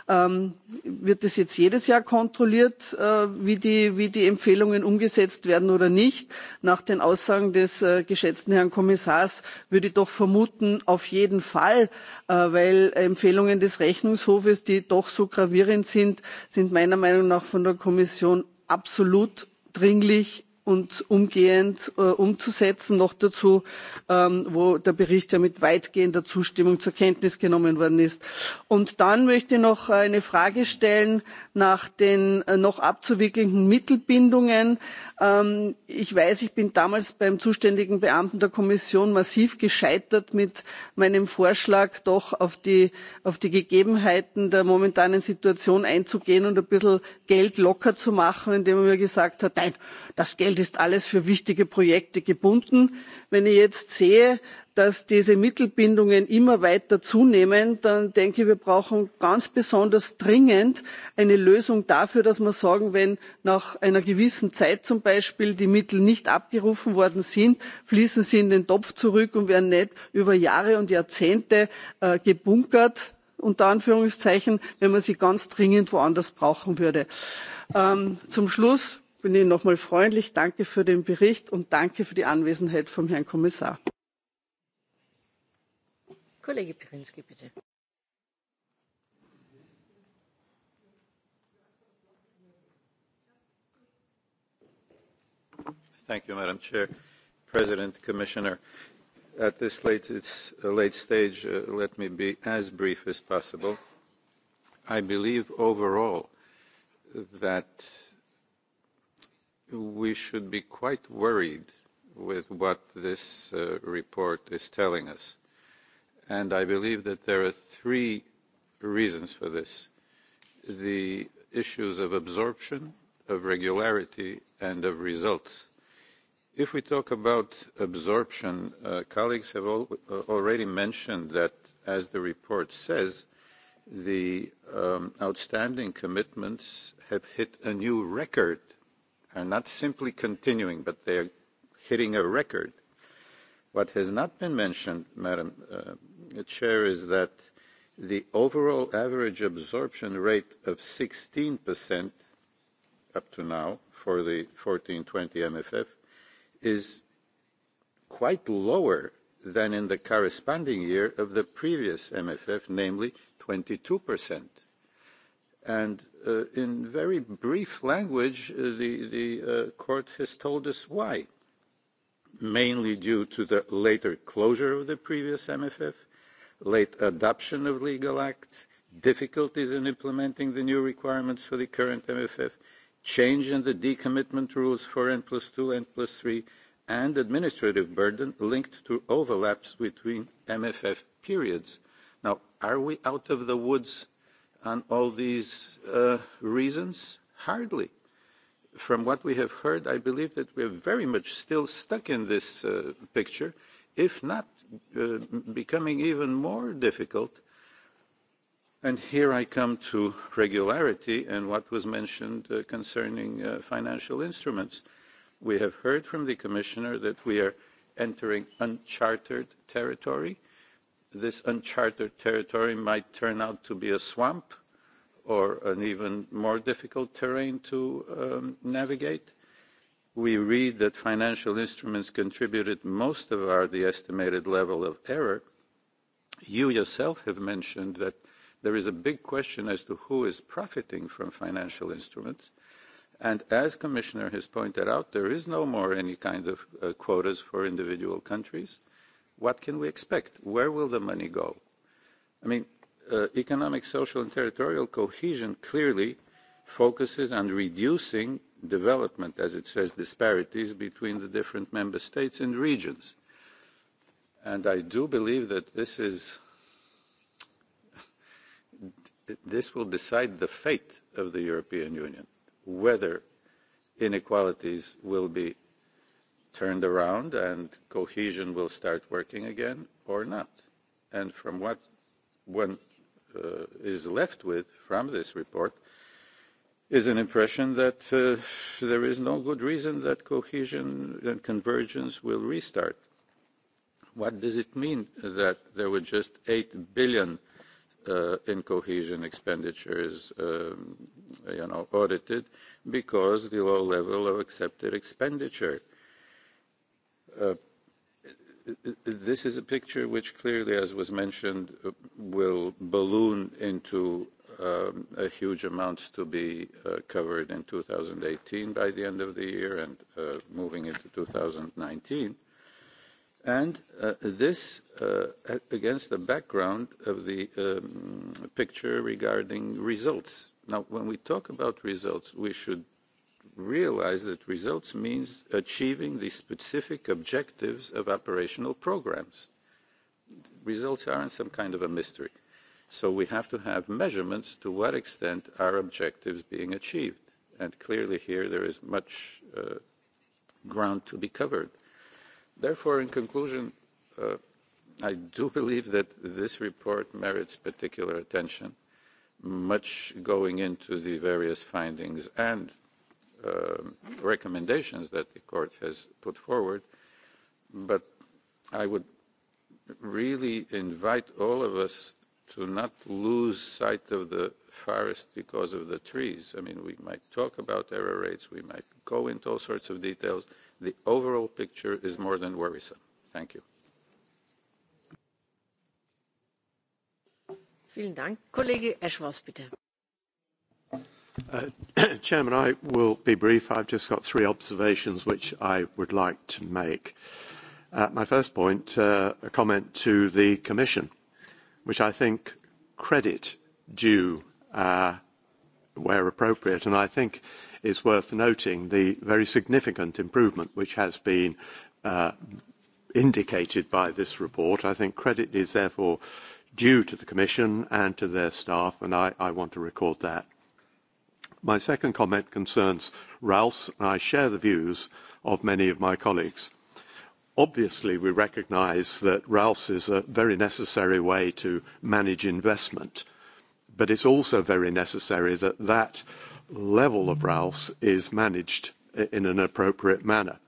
Ähm, wird das jetzt jedes Jahr kontrolliert, äh, wie, die, wie die Empfehlungen umgesetzt werden oder nicht? Nach den Aussagen des äh, geschätzten Herrn Kommissars würde ich doch vermuten, auf jeden Fall, äh, weil Empfehlungen des Rechnungshofes, die doch so gravierend sind, sind meiner Meinung nach von der Kommission absolut dringlich und umgehend äh, umzusetzen. Noch dazu, ähm, wo der Bericht ja mit weitgehender Zustimmung zur Kenntnis genommen worden ist. Und dann möchte ich noch eine Frage stellen nach den äh, noch abzuwickelnden Mittelbindungen. Ähm, ich weiß, ich bin damals beim zuständigen Beamten der Kommission massiv gescheitert mit meinem Vorschlag, doch auf die, auf die Gegebenheiten der momentanen Situation einzugehen und ein bisschen Geld locker zu machen, indem man er mir gesagt hat, nein, Das Geld ist alles für wichtige Projekte gebunden. Wenn ich jetzt sehe, dass diese Mittelbindungen immer weiter zunehmen, dann denke ich, wir brauchen ganz besonders dringend eine Lösung dafür, dass wir sagen, wenn nach einer gewissen Zeit zum Beispiel die Mittel nicht abgerufen worden sind, fließen sie in den Topf zurück und werden nicht über Jahre und Jahrzehnte äh, gebunkert, unter Anführungszeichen, wenn man sie ganz dringend woanders brauchen würde. Ähm, zum Schluss bin Ihnen nochmal freundlich. Danke für den Bericht und danke für die Anwesenheit vom Herrn Kommissar. Kollege Pirinski, bitte. Thank you, Madam Chair, President, Commissioner. At this late, late stage, uh, let me be as brief as possible. I believe overall that we should be quite worried with what this uh, report is telling us. And I believe that there are three reasons for this. The issues of absorption, of regularity, and of results. If we talk about absorption, uh, colleagues have al uh, already mentioned that, as the report says, the um, outstanding commitments have hit a new record are not simply continuing, but they are hitting a record. What has not been mentioned, Madam uh, Chair, is that the overall average absorption rate of 16% up to now for the 14-20 MFF is quite lower than in the corresponding year of the previous MFF, namely 22%. And uh, in very brief language, uh, the, the uh, court has told us why. Mainly due to the later closure of the previous MFF, late adoption of legal acts, difficulties in implementing the new requirements for the current MFF, change in the decommitment rules for N plus 2, N plus 3, and administrative burden linked to overlaps between MFF periods. Now, are we out of the woods on all these uh, reasons? Hardly. From what we have heard, I believe that we are very much still stuck in this uh, picture, if not uh, becoming even more difficult. And here I come to regularity and what was mentioned uh, concerning uh, financial instruments. We have heard from the Commissioner that we are entering uncharted territory. Uh, this uncharted territory might turn out to be a swamp or an even more difficult terrain to um, navigate. We read that financial instruments contributed most of our the estimated level of error. You yourself have mentioned that there is a big question as to who is profiting from financial instruments. And as Commissioner has pointed out, there is no more any kind of uh, quotas for individual countries. Uh, what can we expect? Where will the money go? I mean, uh, economic, social and territorial cohesion clearly focuses on reducing development, as it says, disparities between the different member states and regions. And I do believe that this is this will decide the fate of the European Union, whether inequalities will be turned around and cohesion will start working again or not. And from what one uh, is left with from this report is an impression that uh, there is no good reason that cohesion and convergence will restart. What does it mean that there were just 8 billion uh, in cohesion expenditures, um, you know, audited because the low level of accepted expenditure? Uh, this is a picture which clearly, as was mentioned, uh, will balloon into um, a huge amount to be uh, covered in 2018 by the end of the year and uh, moving into 2019. And uh, this uh, against the background of the um, picture regarding results. Now, when we talk about results, we should realize that results means achieving the specific objectives of operational programs. Results aren't some kind of a mystery. So we have to have measurements to what extent our objectives being achieved. And clearly here there is much uh, ground to be covered. Therefore, in conclusion, uh, I do believe that this report merits particular attention, much going into the various findings and Uh, recommendations that the court has put forward. But I would really invite all of us to not lose sight of the forest because of the trees. I mean, we might talk about error rates, we might go into all sorts of details. The overall picture is more than worrisome. Thank you. Vielen Dank. Kollege Eschwas, bitte. Uh, Chairman, I will be brief. I've just got three observations which I would like to make. Uh, my first point, uh, a comment to the Commission, which I think credit due uh, where appropriate, and I think it's worth noting the very significant improvement which has been uh, indicated by this report. I think credit is therefore due to the Commission and to their staff, and I, I want to record that. My second comment concerns Rouse, and I share the views of many of my colleagues. Obviously, we recognise that Rouse is a very necessary way to manage investment, but it's also very necessary that that level of Rouse is managed in an appropriate manner.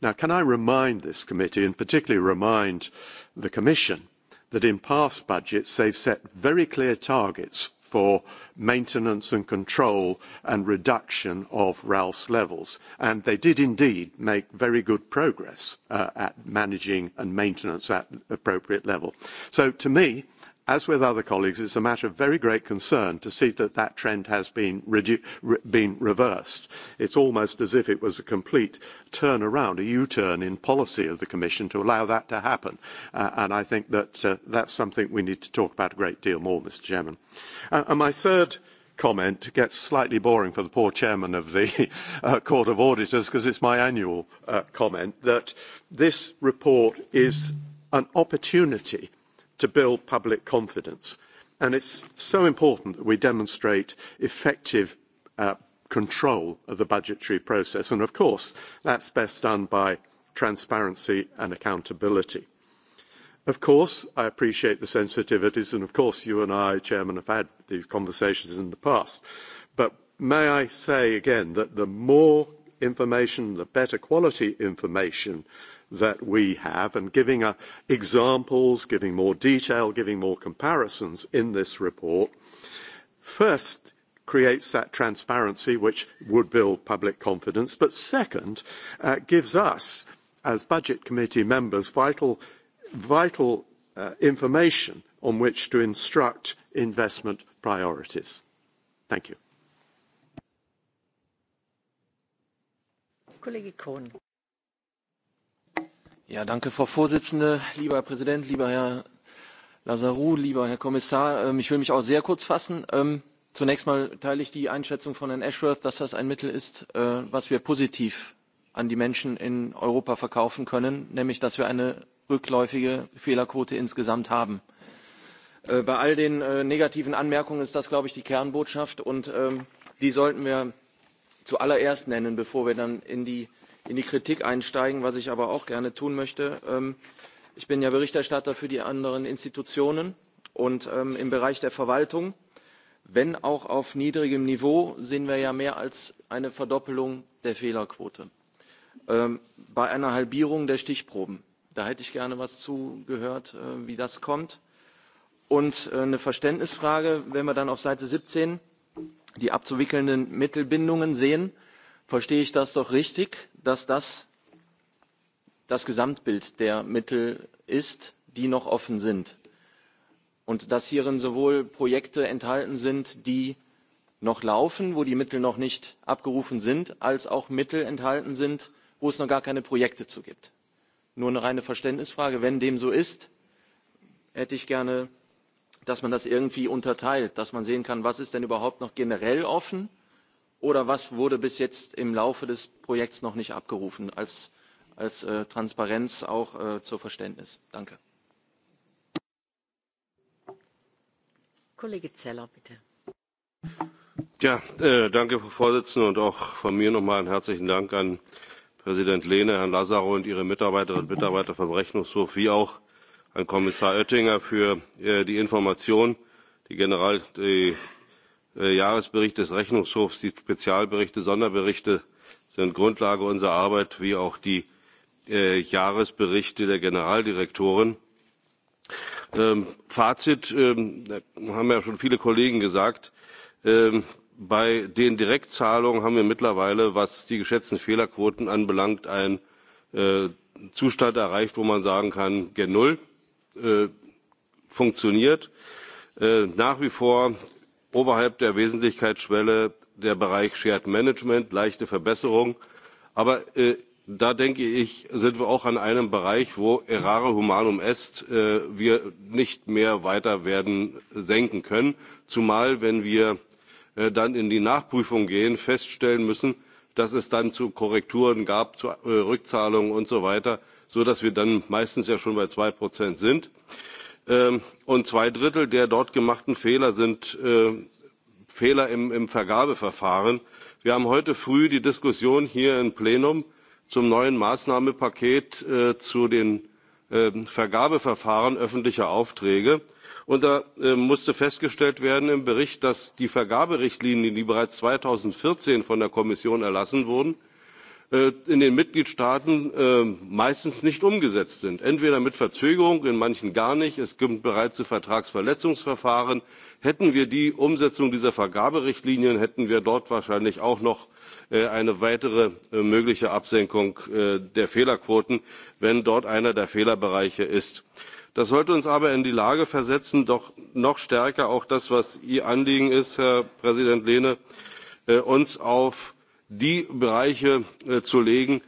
Now, can I remind this committee, and particularly remind the Commission, that in past budgets they've set very clear targets for maintenance and control and reduction of RALS levels. And they did indeed make very good progress uh, at managing and maintenance at appropriate level. So to me, as with other colleagues, it's a matter of very great concern to see that that trend has been, re been reversed. It's almost as if it was a complete turnaround, a U-turn in policy of the Commission to allow that to happen. Uh, and I think that uh, that's something we need to talk about a great deal more, Mr. Chairman. Uh, and my third comment gets slightly boring for the poor chairman of the uh, Court of Auditors because it's my annual uh, comment that this report is an opportunity to build public confidence. And it's so important that we demonstrate effective uh, control of the budgetary process. And of course, that's best done by transparency and accountability. Of course, I appreciate the sensitivities, and of course, you and I, Chairman, have had these conversations in the past. But may I say again that the more information, the better quality information that we have and giving uh, examples, giving more detail, giving more comparisons in this report, first creates that transparency which would build public confidence, but second uh, gives us as budget committee members vital, vital uh, information on which to instruct investment priorities. Thank you. Colleague Cohen. Ja, danke, Frau Vorsitzende, lieber Herr Präsident, lieber Herr Lazarou, lieber Herr Kommissar. Ähm, ich will mich auch sehr kurz fassen. Ähm, zunächst mal teile ich die Einschätzung von Herrn Ashworth, dass das ein Mittel ist, äh, was wir positiv an die Menschen in Europa verkaufen können, nämlich dass wir eine rückläufige Fehlerquote insgesamt haben. Äh, bei all den äh, negativen Anmerkungen ist das, glaube ich, die Kernbotschaft und ähm, die sollten wir zuallererst nennen, bevor wir dann in die in die Kritik einsteigen, was ich aber auch gerne tun möchte. Ähm, ich bin ja Berichterstatter für die anderen Institutionen und ähm, im Bereich der Verwaltung, wenn auch auf niedrigem Niveau, sehen wir ja mehr als eine Verdoppelung der Fehlerquote. Ähm, bei einer Halbierung der Stichproben. Da hätte ich gerne was zugehört, äh, wie das kommt. Und äh, eine Verständnisfrage, wenn wir dann auf Seite 17 die abzuwickelnden Mittelbindungen sehen, verstehe ich das doch richtig, dass das das Gesamtbild der Mittel ist, die noch offen sind. Und dass hierin sowohl Projekte enthalten sind, die noch laufen, wo die Mittel noch nicht abgerufen sind, als auch Mittel enthalten sind, wo es noch gar keine Projekte zu gibt. Nur eine reine Verständnisfrage. Wenn dem so ist, hätte ich gerne, dass man das irgendwie unterteilt, dass man sehen kann, was ist denn überhaupt noch generell offen oder was wurde bis jetzt im Laufe des Projekts noch nicht abgerufen, als, als äh, Transparenz auch äh, zur Verständnis. Danke. Kollege Zeller, bitte. Ja, äh, danke, Frau Vorsitzende, und auch von mir nochmal einen herzlichen Dank an Präsident Lehne, Herrn Lazaro und Ihre Mitarbeiterinnen und Mitarbeiter vom Rechnungshof, wie auch an Kommissar Oettinger für äh, die Information. Die, General, die Äh, Jahresbericht des Rechnungshofs, die Spezialberichte, Sonderberichte sind Grundlage unserer Arbeit, wie auch die äh, Jahresberichte der Generaldirektoren. Ähm, Fazit, ähm, da haben ja schon viele Kollegen gesagt, ähm, bei den Direktzahlungen haben wir mittlerweile, was die geschätzten Fehlerquoten anbelangt, einen äh, Zustand erreicht, wo man sagen kann, gen Null äh, funktioniert. Äh, nach wie vor oberhalb der Wesentlichkeitsschwelle der Bereich Shared Management, leichte Verbesserung. Aber äh, da denke ich, sind wir auch an einem Bereich, wo errare humanum est äh, wir nicht mehr weiter werden senken können. Zumal, wenn wir äh, dann in die Nachprüfung gehen, feststellen müssen, dass es dann zu Korrekturen gab, zu äh, Rückzahlungen und so weiter, sodass wir dann meistens ja schon bei 2% sind. Äh, Ähm, und zwei drittel der dort gemachten fehler sind äh, fehler im, im vergabeverfahren. wir haben heute früh die diskussion hier im plenum zum neuen maßnahmenpaket äh, zu den ähm, vergabeverfahren öffentlicher aufträge und da ähm, musste festgestellt werden im bericht dass die vergaberichtlinien die bereits zweitausendvierzehn von der kommission erlassen wurden Äh, in den Mitgliedstaaten äh, meistens nicht umgesetzt sind. Entweder mit Verzögerung, in manchen gar nicht. Es gibt bereits Vertragsverletzungsverfahren. Hätten wir die Umsetzung dieser Vergaberichtlinien, hätten wir dort wahrscheinlich auch noch äh, eine weitere mögliche Absenkung der Fehlerquoten, wenn dort einer der Fehlerbereiche ist. Das sollte uns aber in die Lage versetzen, doch noch stärker auch das, was Ihr Anliegen ist, Herr Präsident Lehne, uns auf die Bereiche äh, zu legen,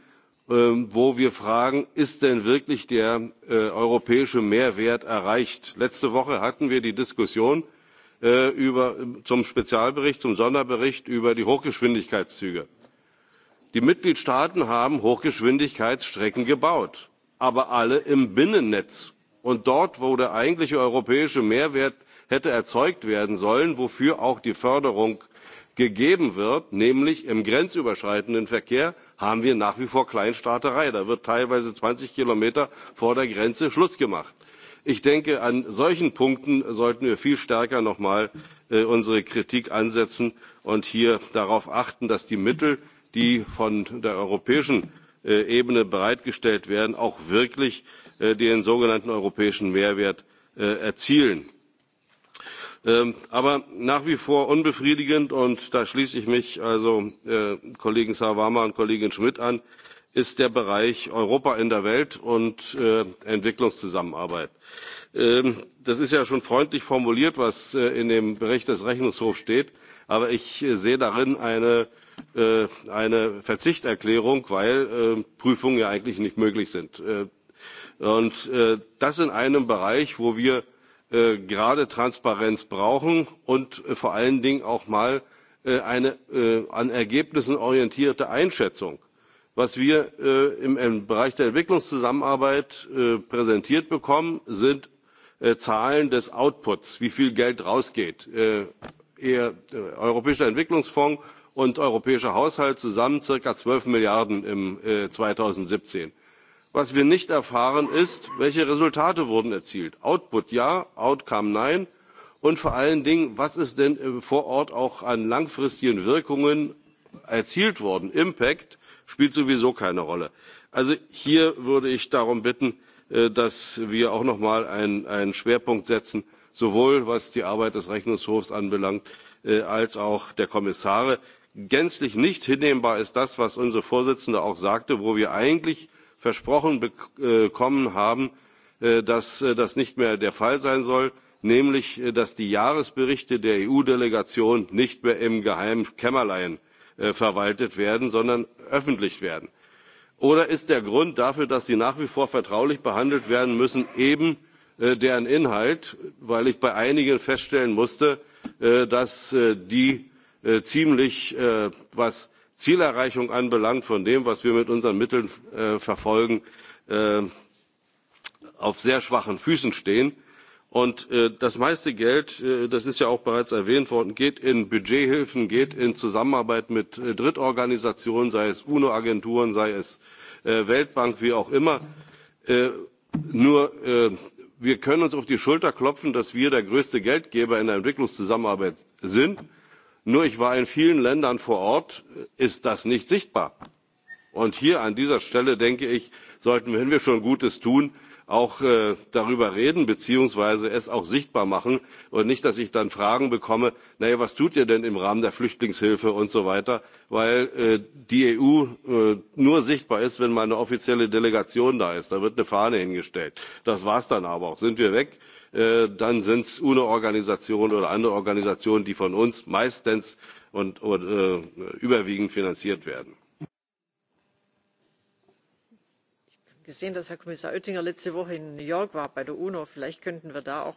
ähm, wo wir fragen, ist denn wirklich der äh, europäische Mehrwert erreicht? Letzte Woche hatten wir die Diskussion äh, über, zum Spezialbericht, zum Sonderbericht über die Hochgeschwindigkeitszüge. Die Mitgliedstaaten haben Hochgeschwindigkeitsstrecken gebaut, aber alle im Binnennetz. Und dort, wo der eigentliche europäische Mehrwert hätte erzeugt werden sollen, wofür auch die Förderung gegeben wird nämlich im grenzüberschreitenden verkehr haben wir nach wie vor kleinstaaterei da wird teilweise zwanzig kilometer vor der grenze schluss gemacht. ich denke an solchen punkten sollten wir viel stärker noch mal äh, unsere kritik ansetzen und hier darauf achten dass die mittel die von der europäischen äh, ebene bereitgestellt werden auch wirklich äh, den sogenannten europäischen mehrwert erzielen. Ähm, aber nach wie vor unbefriedigend und da schließe ich mich also äh, kollegen sarvamaa und kollegin schmidt an ist der bereich europa in der welt und äh, entwicklungszusammenarbeit. Ähm, das ist ja schon freundlich formuliert was äh, in dem bericht des rechnungshofs steht aber ich äh, sehe darin eine, äh, eine verzichterklärung weil äh, prüfungen ja eigentlich nicht möglich sind. und das in einem bereich wo wir Äh, gerade Transparenz brauchen und äh, vor allen Dingen auch mal äh, eine an Ergebnissen orientierte Einschätzung. Was wir im Bereich der Entwicklungszusammenarbeit präsentiert bekommen, sind Zahlen des Outputs, wie viel Geld rausgeht. Eher Europäischer Entwicklungsfonds und europäischer Haushalt zusammen circa 12 Milliarden im 2017 was wir nicht erfahren ist welche resultate wurden erzielt? output ja outcome nein und vor allen dingen was ist denn äh, vor ort auch an langfristigen wirkungen erzielt worden? impact spielt sowieso keine rolle. also hier würde ich darum bitten äh, dass wir auch noch mal einen, einen schwerpunkt setzen sowohl was die arbeit des rechnungshofs anbelangt äh, als auch der kommissare. gänzlich nicht hinnehmbar ist das was unsere vorsitzende auch sagte wo wir eigentlich versprochen bekommen äh, haben äh, dass äh, das nicht mehr der fall sein soll nämlich dass die jahresberichte der eu delegation nicht mehr im geheimen kämmerlein verwaltet werden sondern öffentlich werden? oder ist der grund dafür dass sie nach wie vor vertraulich behandelt werden müssen eben deren inhalt weil ich bei einigen feststellen musste dass die ziemlich was zielerreichung anbelangt von dem was wir mit unseren mitteln äh, verfolgen äh, auf sehr schwachen füßen stehen. Und äh, das meiste Geld, äh, das ist ja auch bereits erwähnt worden, geht in Budgethilfen, geht in Zusammenarbeit mit äh, Drittorganisationen, sei es UNO-Agenturen, sei es äh, Weltbank, wie auch immer. Äh, nur äh, wir können uns auf die Schulter klopfen, dass wir der größte Geldgeber in der Entwicklungszusammenarbeit sind nur ich war in vielen ländern vor ort ist das nicht sichtbar. und hier an dieser stelle denke ich sollten wir wenn wir schon gutes tun auch äh, darüber reden beziehungsweise es auch sichtbar machen und nicht, dass ich dann Fragen bekomme, naja, was tut ihr denn im Rahmen der Flüchtlingshilfe und so weiter, weil äh, die EU äh, nur sichtbar ist, wenn mal eine offizielle Delegation da ist. Da wird eine Fahne hingestellt. Das war's dann aber auch. Sind wir weg, dann sind es UNO-Organisationen oder andere Organisationen, die von uns meistens und, und äh, überwiegend finanziert werden. gesehen, dass Herr Kommissar Oettinger letzte Woche in New York war bei der UNO. Vielleicht könnten wir da auch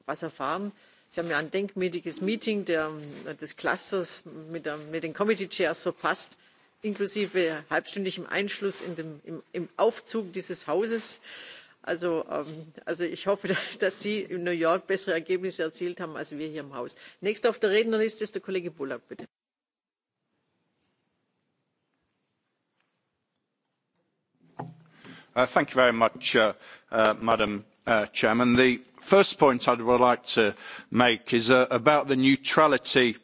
etwas erfahren. Sie haben ja ein denkmäßiges Meeting des Clusters mit, den Committee Chairs verpasst, inklusive halbstündigem Einschluss im, Aufzug dieses Hauses. Also, ähm, ich hoffe, dass Sie in New York bessere Ergebnisse erzielt haben als wir hier im Haus. Nächster auf der Rednerliste ist der Kollege Bullock, Uh, thank you very much, uh, uh, Madam president The first point I would like to make is about the neutrality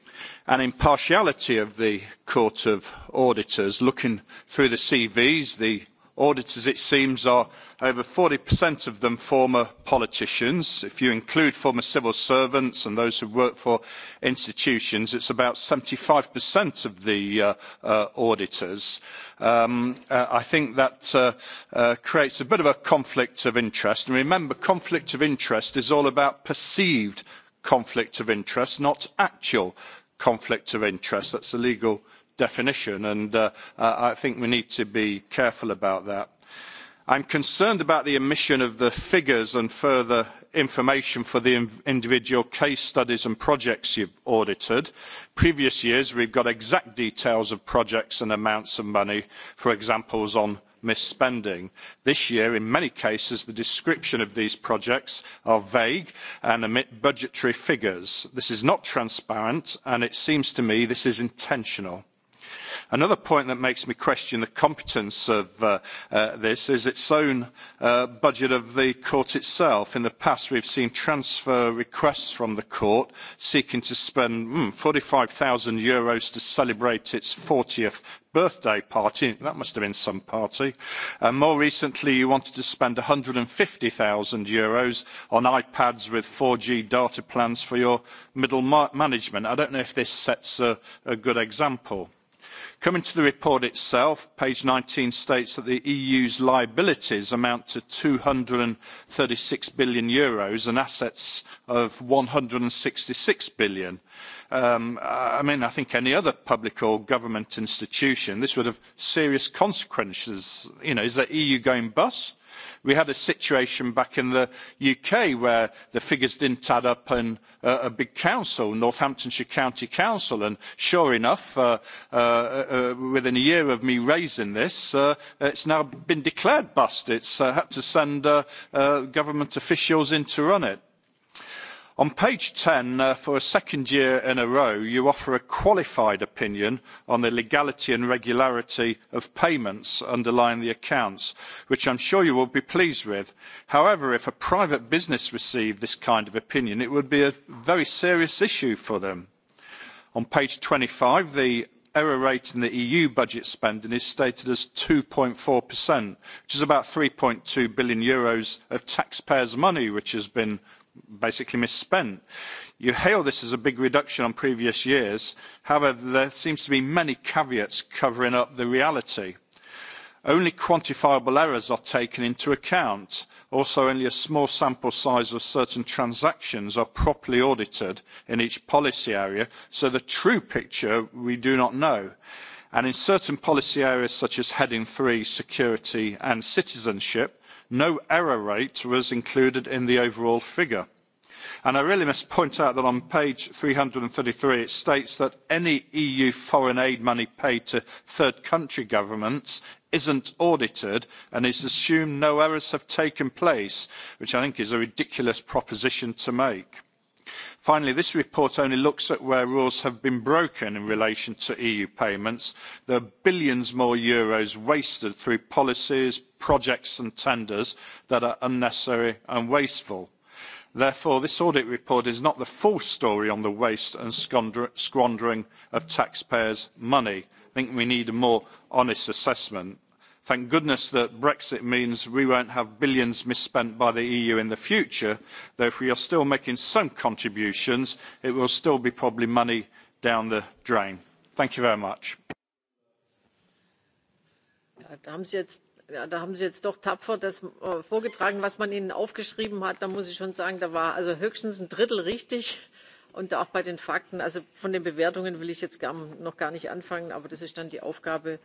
and impartiality of the Court of Auditors. Looking through the CVs, the Auditors, it seems, are over 40% of them former politicians. If you include former civil servants and those who work for institutions, it's about 75% of the uh, uh, auditors. Um, uh, I think that uh, uh, creates a bit of a conflict of interest. And remember, conflict of interest is all about perceived conflict of interest, not actual conflict of interest. That's a legal definition, and uh, I think we need to be careful about that. I'm concerned about the omission of the figures and further information for the individual case studies and projects you've audited. Previous years, we've got exact details of projects and amounts of money, for examples on misspending. This year, in many cases, the description of these projects are vague and omit budgetary figures. This is not transparent, and it seems to me this is intentional. Another point that makes me question the competence of uh, uh, this is its own uh, budget of the court itself. In the past, we've seen transfer requests from the court seeking to spend mm, 45,000 euros to celebrate its 40th birthday party. That must have been some party. And more recently, you wanted to spend 150,000 euros on iPads with 4G data plans for your middle management. I don't know if this sets a, a good example. Coming to the report itself, page 19 states that the EU's liabilities amount to 236 billion euros and assets of 166 billion euros um, I mean, I think any other public or government institution, this would have serious consequences. You know, is the EU going bust? We had a situation back in the UK where the figures didn't add up in uh, a big council, Northamptonshire County Council, and sure enough, uh, uh, uh within a year of me raising this, uh, it's now been declared bust. It's uh, had to send government officials in to run it. On page 10, uh, for a second year in a row, you offer a qualified opinion on the legality and regularity of payments underlying the accounts, which I'm sure you will be pleased with. However, if a private business received this kind of opinion, it would be a very serious issue for them. On page 25, the error rate in the EU budget spending is stated as 2.4%, which is about 3.2 billion euros of taxpayers' money which has been basically misspent. You hail this as a big reduction on previous years. However, there seems to be many caveats covering up the reality. Only quantifiable errors are taken into account. Also, only a small sample size of certain transactions are properly audited in each policy area, so the true picture we do not know. And in certain policy areas such as Heading 3, Security and Citizenship, No error rate was included in the overall figure. And I really must point out that on page 333 it states that any EU foreign aid money paid to third country governments isn't audited and is assumed no errors have taken place, which I think is a ridiculous proposition to make. Finally, this report only looks at where rules have been broken in relation to EU payments. There are billions more euros wasted through policies, projects and tenders that are unnecessary and wasteful. Therefore, this audit report is not the full story on the waste and squandering of taxpayers' money. I think we need a more honest assessment. Thank goodness that Brexit means we won't have billions misspent by the EU in the future, though if we are still making some contributions, it will still be probably money down the drain. Thank you very much. Da haben Sie jetzt Ja, da haben sie jetzt doch tapfer das äh, vorgetragen was man ihnen aufgeschrieben hat da muss ich schon sagen da war also höchstens ein drittel richtig und auch bei den fakten also von den bewertungen will ich jetzt gar, noch gar nicht anfangen aber das ist dann die aufgabe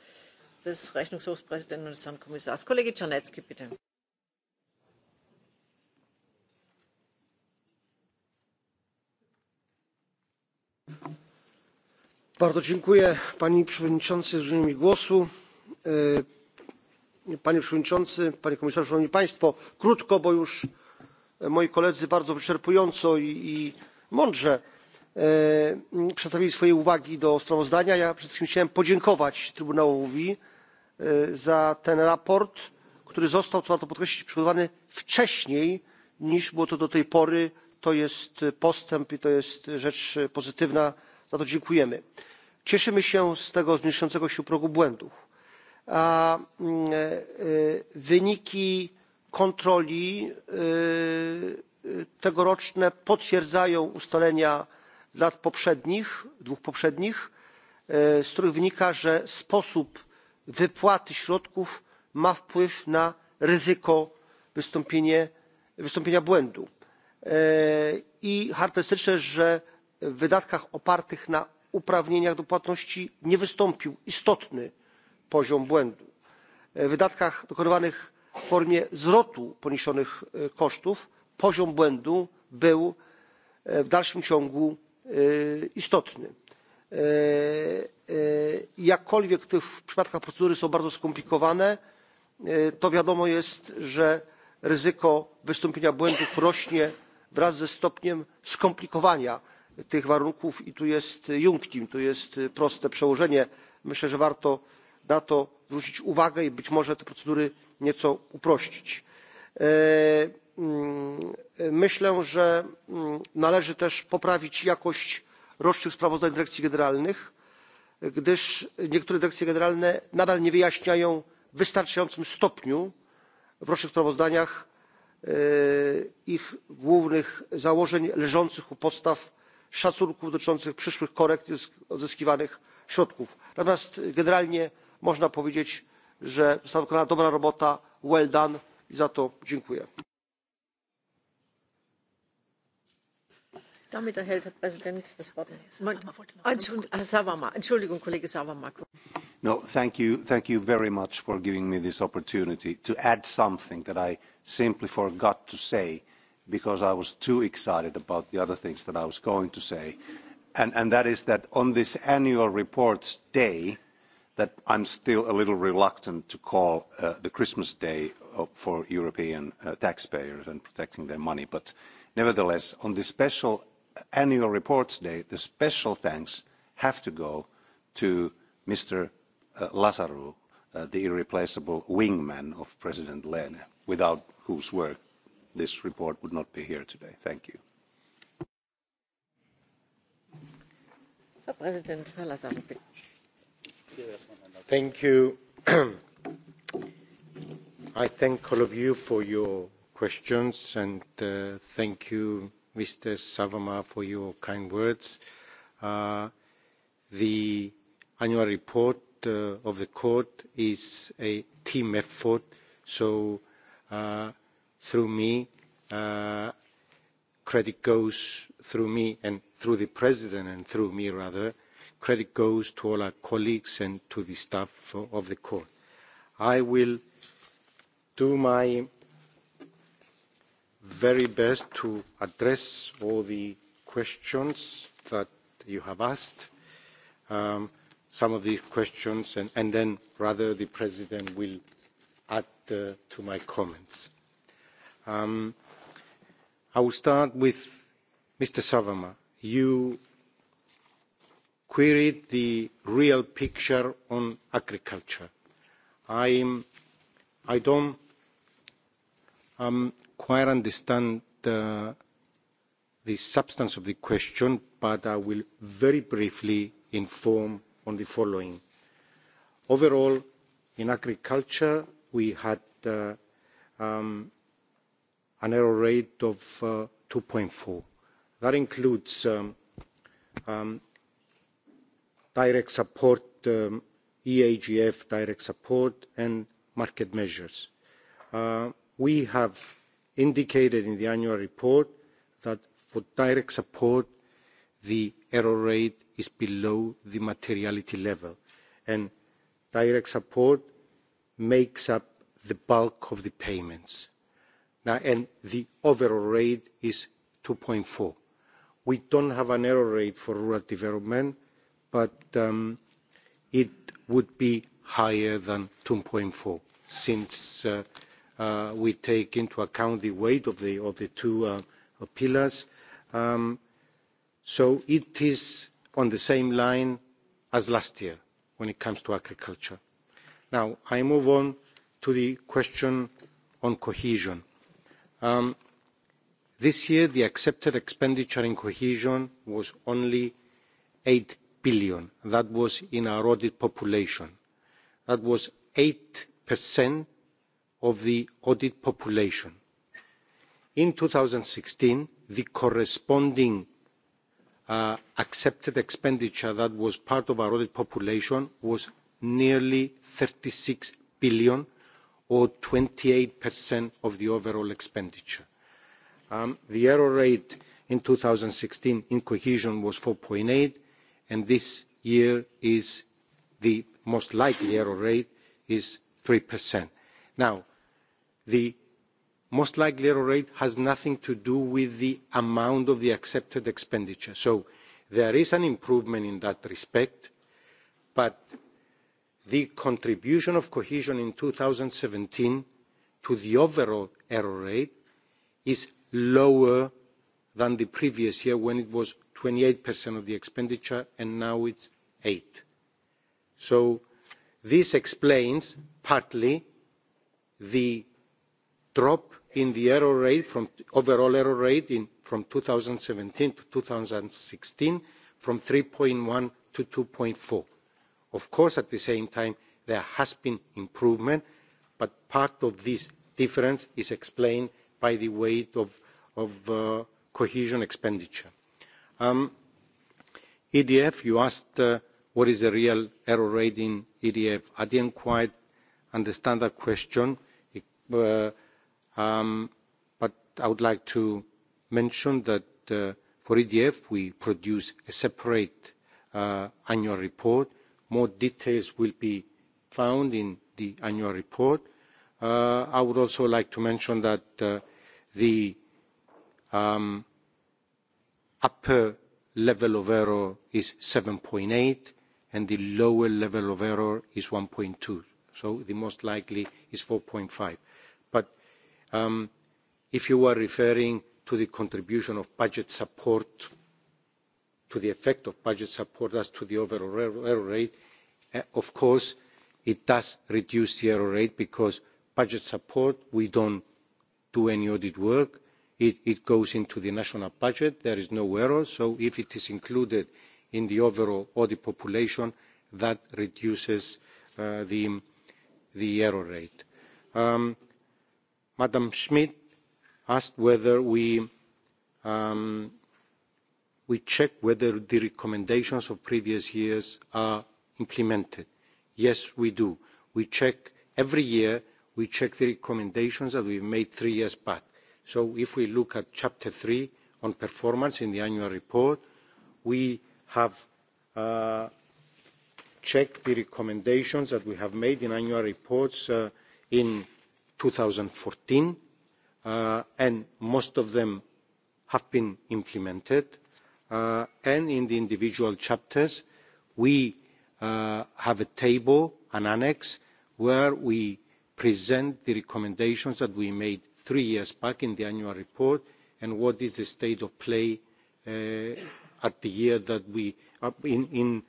des Rechnungshofpräsidenten und des Herrn Kommissars. Kollege Czarnecki, bitte. Bardzo dziękuję Pani Przewodniczący za udzielenie mi głosu. Panie Przewodniczący, Panie Komisarzu, Szanowni Państwo, krótko, bo już moi koledzy bardzo wyczerpująco i, i mądrze przedstawili swoje uwagi do sprawozdania. ja przede wszystkim chciałem podziękować trybunałowi za to sprawozdanie które zostało co warto podkreślić przygotowane wcześniej niż było to do tej pory. to jest postęp i to jest rzecz pozytywna za to dziękujemy. cieszymy się z tego zmniejszającego się progu błędów. Mm, wyniki kontroli tegoroczne potwierdzają ustalenia z lat poprzednich dwóch poprzednich z których wynika że sposób wypłaty środków ma wpływ na ryzyko wystąpienia błędu i charakterystyczne że w wydatkach opartych na uprawnieniach do płatności nie wystąpił istotny poziom błędu. w wydatkach dokonywanych w formie zwrotu poniesionych kosztów poziom błędu był w dalszym ciągu istotny jakkolwiek w tych przypadkach procedury są bardzo skomplikowane to wiadomo jest że ryzyko wystąpienia błędów rośnie wraz ze stopniem skomplikowania tych warunków i tu jest iunctim tu jest proste przełożenie. myślę że warto na to zwrócić uwagę i być może te procedury nieco uprościć. Mm, myślę że mm, należy też poprawić jakość rocznych sprawozdań dyrekcji generalnych gdyż niektóre dyrekcje generalne nadal nie wyjaśniają w wystarczającym stopniu w rocznych sprawozdaniach ich głównych założeń leżących u podstaw szacunków dotyczących przyszłych korekt i odzyskiwanych środków. natomiast generalnie można powiedzieć że została wykonana dobra robota well done i za to dziękuję. Damit erhält Herr Präsident das Wort. Savama, Entschuldigung, Kollege Savama. No, thank you, thank you very much for giving me this opportunity to add something that I simply forgot to say because I was too excited about the other things that I was going to say. And, and that is that on this annual reports day, that I'm still a little reluctant to call uh, the Christmas day uh, for European uh, taxpayers and protecting their money. But nevertheless, on this special annual reports day, the special thanks have to go to Mr. Uh, Lazarou, uh, the irreplaceable wingman of President Lehne, without whose work this report would not be here today. Thank you. Uh, thank you. I thank all of you for your questions and thank you Mr. Savama, for your kind words. Uh, the annual report uh, of the court is a team effort, so uh, through me, uh, credit goes through me and through the president and through me rather, credit goes to all our colleagues and to the staff of the court. I will do my very best to address all the questions that you have asked, um, some of the questions, and, and then rather the President will add uh, to my comments. Um, I will start with Mr. Savama. You queried the real picture on agriculture. I'm, I don't um, quite understand uh, the substance of the question, but I will very briefly inform on the following. Overall, in agriculture, we had uh, um, an error rate of uh, 2.4. That includes um, um, direct support, um, EAGF direct support, and market measures. Uh, we have indicated in the annual report that for direct support, the error rate is below the materiality level, and direct support makes up the bulk of the payments. Now, and the overall rate is 2.4. We don't have an error rate for rural development, but um, it would be higher than 2.4 since uh, Uh, we take into account the weight of the, two uh, pillars. Um, so it is on the same line as last year when it comes to agriculture. Now, I move on to the question on cohesion. Um, this year, the accepted expenditure in cohesion was only 8 billion. That was in our audit population. That was 8% of the audit population. In 2016, the corresponding uh, accepted expenditure that was part of our audit population was nearly 36 billion or 28% of the overall expenditure. Um, the error rate in 2016 in cohesion was 4.8, and this year is the most likely error rate is 3%. Now, the most likely error rate has nothing to do with the amount of the accepted expenditure. So there is an improvement in that respect, but the contribution of cohesion in 2017 to the overall error rate is lower than the previous year when it was 28% of the expenditure, and now it's 8%. So this explains partly the drop in the error rate from overall error rate in, from 2017 to 2016 from 3.1 to 2.4. Of course, at the same time, there has been improvement, but part of this difference is explained by the weight of, of uh, cohesion expenditure. Um, EDF, you asked uh, what is the real error rate in EDF. I didn't quite understand that question. It, uh, Um, but I would like to mention that uh, for EDF we produce a separate uh, annual report. More details will be found in the annual report. Uh, I would also like to mention that the um, upper level of error is 7.8 and the lower level of error is 1.2. So the most likely is 4.5. Um, if you were referring to the contribution of budget support, to the effect of budget support as to the overall error rate, uh, of course, it does reduce the error rate because budget support, we don't do any audit work. It, goes into the national budget. There is no error. So if it is included in the overall audit population, that reduces uh, the, error rate. Um, Madam Schmidt asked whether we, um, we check whether the recommendations of previous years are implemented. Yes, we do. We check every year, we check the recommendations that we made three years back. So if we look at Chapter 3 on performance in the annual report, we have uh, checked the recommendations that we have made in annual reports uh, in 2014, uh, and most of them have been implemented. Uh, and in the individual chapters, we uh, have a table, an annex, where we present the recommendations that we made three years back in the annual report and what is the state of play uh, at the year that we uh, in, in,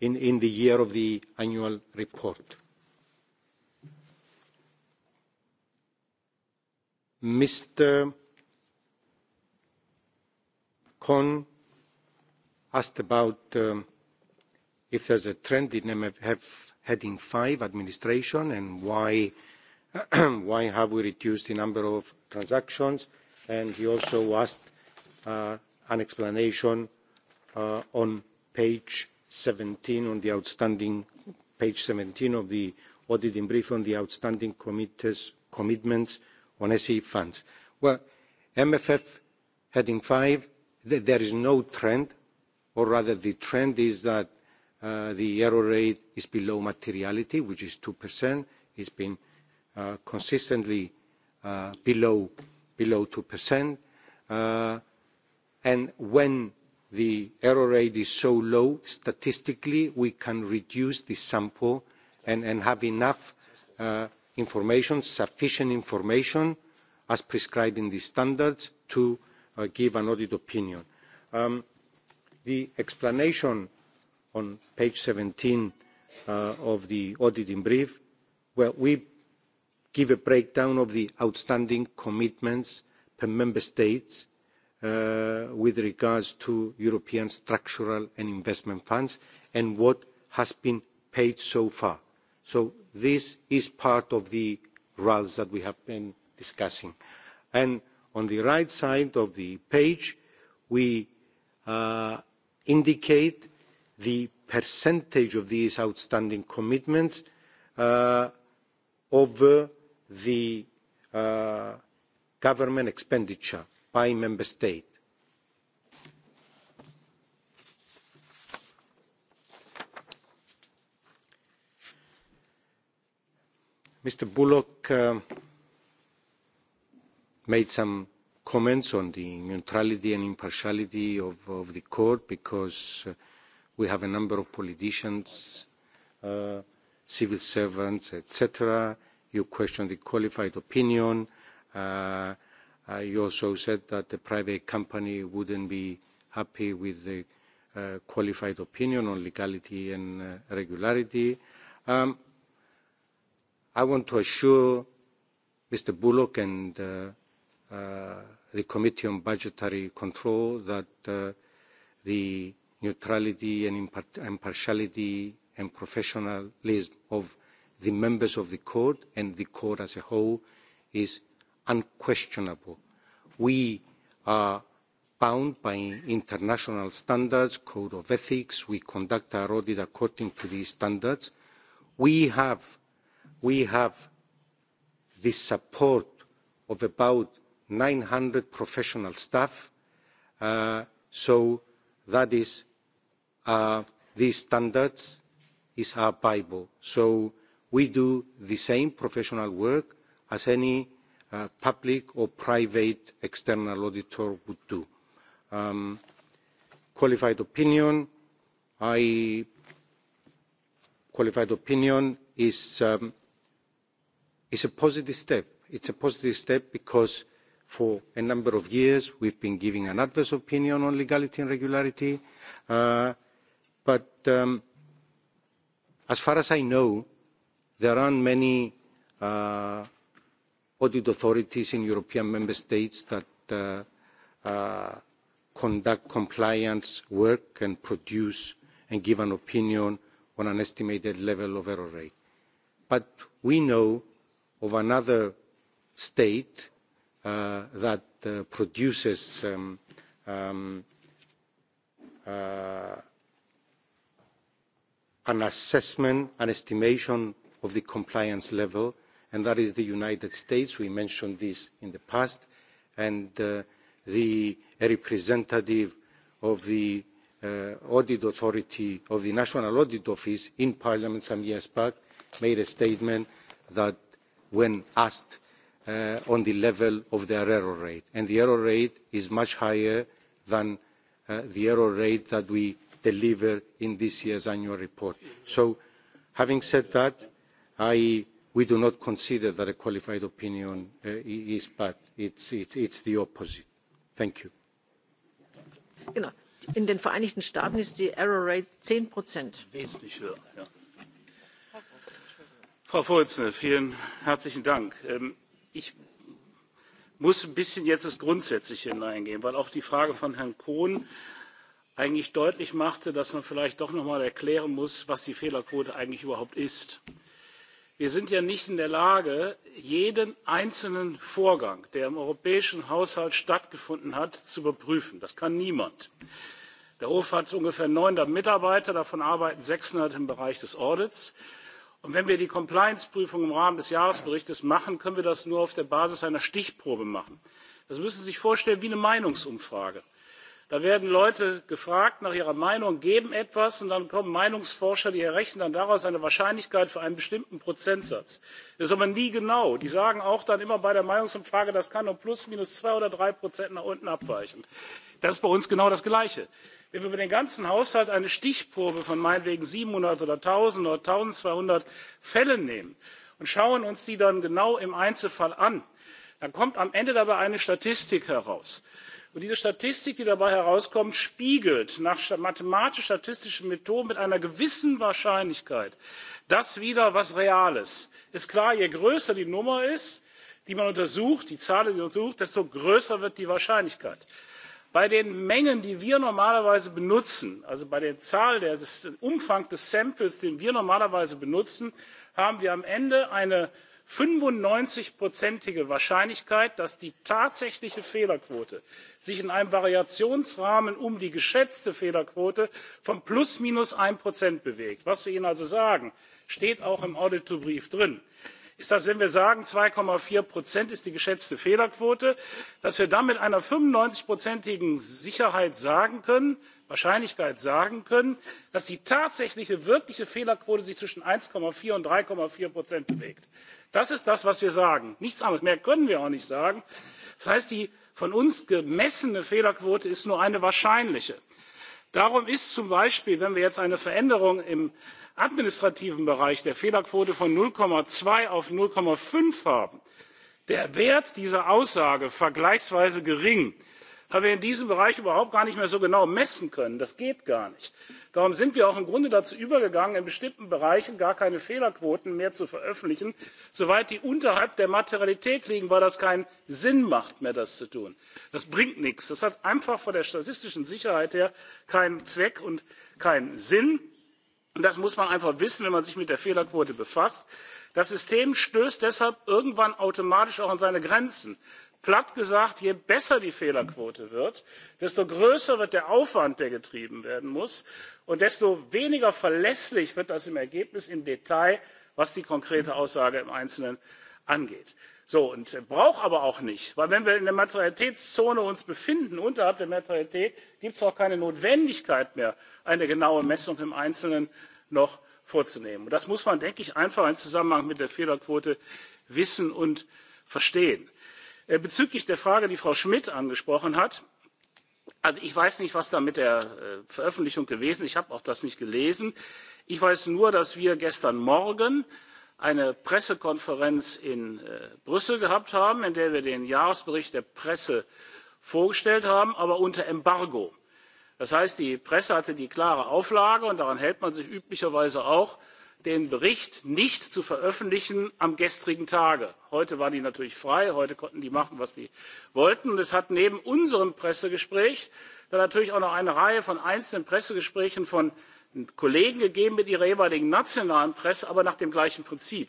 in, in the year of the annual report. Mr. Kohn asked about um, if there's a trend in MFF heading five, administration, and why, why have we reduced the number of transactions? And he also asked uh, an explanation uh, on page 17, on the outstanding page 17 of the audit in brief on the outstanding commitments on SE funds. Well, MFF heading five, th there is no trend, or rather the trend is that uh, the error rate is below materiality, which is 2%. It's been uh, consistently uh, below, below 2%. Uh, and when the error rate is so low, statistically, we can reduce the sample and, and have enough uh, information, sufficient information as prescribed in the standards to uh, give an audit opinion. Um, the explanation on page 17 uh, of the audit in brief, well, we give a breakdown of the outstanding commitments per member states uh, with regards to European structural and investment funds and what has been paid so far. So this is part of the rules that we have been discussing. on the right side of the page, we uh, indicate the percentage of these outstanding commitments uh, over the uh, government expenditure by member state. Mr. Bullock uh, made some comments on the neutrality and impartiality of, the court because uh, we have a number of politicians, uh, civil servants, etc. You questioned the qualified opinion. you also said that the private company wouldn't be happy with the qualified opinion on legality and regularity. Um, I want to assure Mr. Bullock and uh, uh, the Committee on Budgetary Control that uh, the neutrality and impartiality and professionalism of the members of the court and the court as a whole is unquestionable. We are bound by international standards, code of ethics. We conduct our audit according to these standards. We have we have the support of about 900 professional staff. Uh, so that is uh, these standards is our Bible. So we do the same professional work as any uh, public or private external auditor would do. Um, qualified opinion, I, qualified opinion is um, is a positive step. It's a positive step because for a number of years we've been giving an adverse opinion on legality and regularity. Uh, but um, as far as I know, there aren't many uh, audit authorities in European member states that uh, uh, conduct compliance work and produce and give an opinion on an estimated level of error rate. But we know of another state uh, that uh, produces um, um, uh, an assessment, an estimation of the compliance level, and that is the United States. We mentioned this in the past, and uh, the representative of the uh, audit authority of the National Audit Office in Parliament some years back made a statement that when asked uh, on the level of their error rate. And the error rate is much higher than uh, the error rate that we deliver in this year's annual report. So having said that, I, we do not consider that a qualified opinion uh, is bad. It's, it's, it's the opposite. Thank you. Genau. In den Vereinigten Staaten ist die Error Rate 10 Prozent. Wesentlich höher. Ja frau vorsitzende vielen herzlichen dank! Ähm, ich muss ein bisschen jetzt das grundsätzliche hineingehen weil auch die frage von herrn Kohn eigentlich deutlich machte dass man vielleicht doch noch mal erklären muss was die fehlerquote eigentlich überhaupt ist. wir sind ja nicht in der lage jeden einzelnen vorgang der im europäischen haushalt stattgefunden hat zu überprüfen. das kann niemand. der hof hat ungefähr 900 mitarbeiter davon arbeiten 600 im bereich des audits. Und wenn wir die Compliance-Prüfung im Rahmen des Jahresberichts machen, können wir das nur auf der Basis einer Stichprobe machen. Das müssen Sie sich vorstellen wie eine Meinungsumfrage. Da werden Leute gefragt nach ihrer Meinung, geben etwas und dann kommen Meinungsforscher, die errechnen dann daraus eine Wahrscheinlichkeit für einen bestimmten Prozentsatz. Das ist aber nie genau. Die sagen auch dann immer bei der Meinungsumfrage, das kann um plus minus zwei oder drei Prozent nach unten abweichen. Das ist bei uns genau das Gleiche wenn wir über den ganzen haushalt eine stichprobe von meinetwegen siebenhundert oder eins null oder eins zweihundert fällen nehmen und schauen uns die dann genau im einzelfall an dann kommt am ende dabei eine statistik heraus. und diese statistik die dabei herauskommt spiegelt nach mathematisch statistischen methoden mit einer gewissen wahrscheinlichkeit das wider was real ist. ist klar je größer die nummer ist die man untersucht die zahl die man untersucht desto größer wird die wahrscheinlichkeit bei den mengen die wir normalerweise benutzen also bei der zahl des umfang des samples den wir normalerweise benutzen haben wir am ende eine fünfundneunzig prozentige wahrscheinlichkeit dass die tatsächliche fehlerquote sich in einem variationsrahmen um die geschätzte fehlerquote von plus minus Prozent bewegt. was wir ihnen also sagen steht auch im Auditorbrief brief drin ist dass wenn wir sagen zwei vier ist die geschätzte fehlerquote dass wir dann mit einer fünfundneunzig igen sicherheit sagen können wahrscheinlichkeit sagen können dass die tatsächliche wirkliche fehlerquote sich zwischen eins vier und drei vier bewegt. das ist das was wir sagen nichts anderes. mehr können wir auch nicht sagen. das heißt die von uns gemessene fehlerquote ist nur eine wahrscheinliche. darum ist zum beispiel wenn wir jetzt eine veränderung administrativen bereich der fehlerquote von null zwei auf null fünf haben der wert dieser aussage vergleichsweise gering weil da wir in diesem bereich überhaupt gar nicht mehr so genau messen können. das geht gar nicht. darum sind wir auch im grunde dazu übergegangen in bestimmten bereichen gar keine fehlerquoten mehr zu veröffentlichen soweit die unterhalb der materialität liegen weil das keinen sinn macht mehr das zu tun. das bringt nichts. das hat einfach von der statistischen sicherheit her keinen zweck und keinen sinn. Und das muss man einfach wissen, wenn man sich mit der Fehlerquote befasst. Das System stößt deshalb irgendwann automatisch auch an seine Grenzen. Platt gesagt, je besser die Fehlerquote wird, desto größer wird der Aufwand, der getrieben werden muss, und desto weniger verlässlich wird das im Ergebnis im Detail, was die konkrete Aussage im Einzelnen angeht. So, und äh, braucht aber auch nicht, weil wenn wir in der Materialitätszone uns befinden, unterhalb der Materialität, gibt es auch keine Notwendigkeit mehr, eine genaue Messung im Einzelnen noch vorzunehmen. Und das muss man, denke ich, einfach im Zusammenhang mit der Fehlerquote wissen und verstehen. Äh, bezüglich der Frage, die Frau Schmidt angesprochen hat, also ich weiß nicht, was da mit der äh, Veröffentlichung gewesen ist. Ich habe auch das nicht gelesen. Ich weiß nur, dass wir gestern Morgen eine pressekonferenz in äh, brüssel gehabt haben in der wir den jahresbericht der presse vorgestellt haben aber unter embargo. das heißt die presse hatte die klare auflage und daran hält man sich üblicherweise auch den bericht nicht zu veröffentlichen am gestrigen tage. heute war die natürlich frei heute konnten die machen was sie wollten und es hat neben unserem pressegespräch dann natürlich auch noch eine reihe von einzelnen pressegesprächen von Kollegen gegeben mit ihrer jeweiligen nationalen Presse, aber nach dem gleichen Prinzip.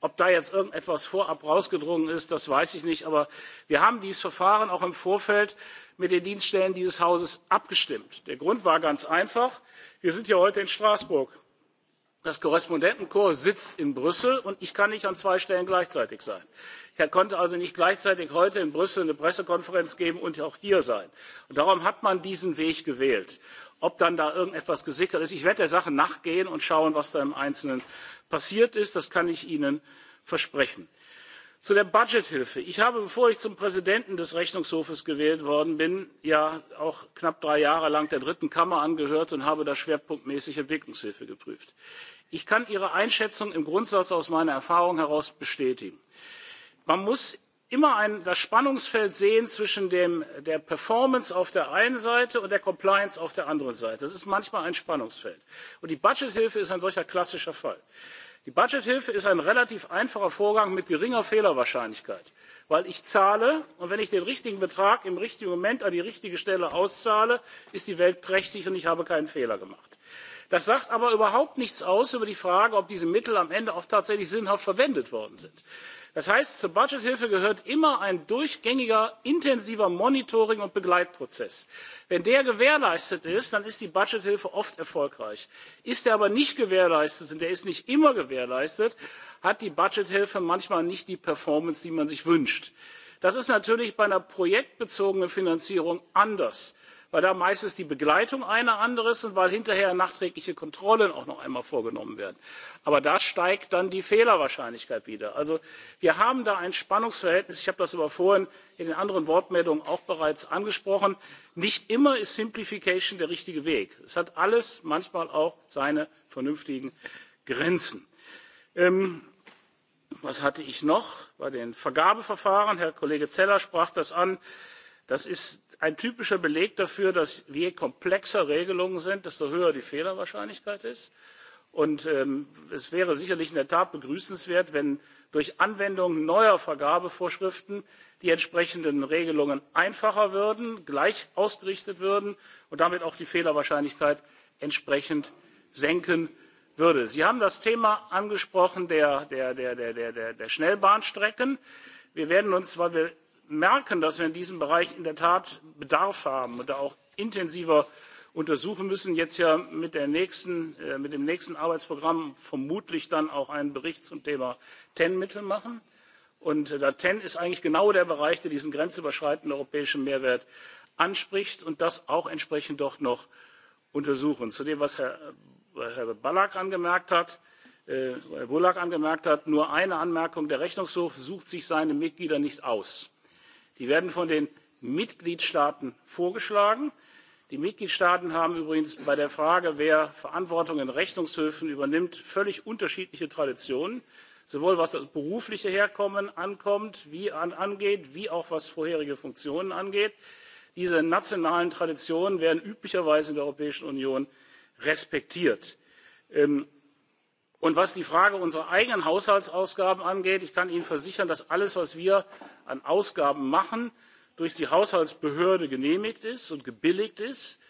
Ob da jetzt irgendetwas vorab rausgedrungen ist, das weiß ich nicht. Aber wir haben dieses Verfahren auch im Vorfeld mit den Dienststellen dieses Hauses abgestimmt. Der Grund war ganz einfach. Wir sind ja heute in Straßburg. Das Korrespondentenkorps sitzt in Brüssel und ich kann nicht an zwei Stellen gleichzeitig sein. Ich konnte also nicht gleichzeitig heute in Brüssel eine Pressekonferenz geben und auch hier sein. Und darum hat man diesen Weg gewählt ob dann da irgendetwas gesickert ist. Ich werde der Sache nachgehen und schauen, was da im Einzelnen passiert ist. Das kann ich Ihnen versprechen. Zu der Budgethilfe. Ich habe, bevor ich zum Präsidenten des Rechnungshofes gewählt worden bin, ja auch knapp drei Jahre lang der dritten Kammer angehört und habe da schwerpunktmäßig Entwicklungshilfe geprüft. Ich kann Ihre Einschätzung im Grundsatz aus meiner Erfahrung heraus bestätigen. Man muss immer ein, das Spannungsfeld sehen zwischen dem, der Performance auf der einen Seite und der Compliance auf der anderen Seite. Das ist manchmal ein Spannungsfeld. Und die Budgethilfe ist ein solcher klassischer Fall. Die Budgethilfe ist ein relativ einfacher Vorgang mit geringer Fehlerwahrscheinlichkeit, weil ich zahle und wenn ich den richtigen Betrag im richtigen Moment an die richtige Stelle auszahle, ist die Welt prächtig und ich habe keinen Fehler gemacht. Das sagt aber überhaupt nichts aus über die Frage, ob diese Mittel am Ende auch tatsächlich sinnhaft verwendet worden sind das heißt zur budgethilfe gehört immer ein durchgängiger intensiver monitoring und begleitprozess. wenn der gewährleistet ist dann ist die budgethilfe oft erfolgreich. ist er aber nicht gewährleistet und er ist nicht immer gewährleistet hat die budgethilfe manchmal nicht die performance die man sich wünscht. das ist natürlich bei einer projektbezogenen finanzierung anders weil da meistens die Begleitung eine andere ist und weil hinterher nachträgliche Kontrollen auch noch einmal vorgenommen werden. Aber da steigt dann die Fehlerwahrscheinlichkeit wieder. Also wir haben da ein Spannungsverhältnis. Ich habe das aber vorhin in den anderen Wortmeldungen auch bereits angesprochen. Nicht immer ist Simplification der richtige Weg. Es hat alles manchmal auch seine vernünftigen Grenzen. Ähm, was hatte ich noch bei den Vergabeverfahren? Herr Kollege Zeller sprach das an. Das ist ein typischer Beleg dafür, dass je komplexer Regelungen sind, desto höher die Fehlerwahrscheinlichkeit ist. Und ähm, es wäre sicherlich in der Tat begrüßenswert, wenn durch Anwendung neuer Vergabevorschriften die entsprechenden Regelungen einfacher würden, gleich ausgerichtet würden und damit auch die Fehlerwahrscheinlichkeit entsprechend senken würde. Sie haben das Thema angesprochen der, der, der, der, der, der Schnellbahnstrecken. Wir werden uns, weil wir merken, dass wir in diesem Bereich in der Tat Bedarf haben und da auch intensiver untersuchen müssen. Jetzt ja mit, der nächsten, äh, mit dem nächsten Arbeitsprogramm vermutlich dann auch einen Bericht zum Thema TEN-Mittel machen. Und äh, da TEN ist eigentlich genau der Bereich, der diesen grenzüberschreitenden europäischen Mehrwert anspricht und das auch entsprechend dort noch untersuchen. Zu dem, was Herr, äh, Herr Ballack angemerkt hat, äh, Herr Bullock angemerkt hat, nur eine Anmerkung. Der Rechnungshof sucht sich seine Mitglieder nicht aus Die werden von den Mitgliedstaaten vorgeschlagen. Die Mitgliedstaaten haben übrigens bei der Frage, wer Verantwortung in Rechnungshöfen übernimmt, völlig unterschiedliche Traditionen, sowohl was das berufliche Herkommen angeht, wie auch was vorherige Funktionen angeht. Diese nationalen Traditionen werden üblicherweise in der Europäischen Union respektiert. Ähm, und was die frage unserer eigenen haushaltsausgaben angeht ich kann ihnen versichern dass alles was wir an ausgaben machen durch die haushaltsbehörde genehmigt und gebilligt ist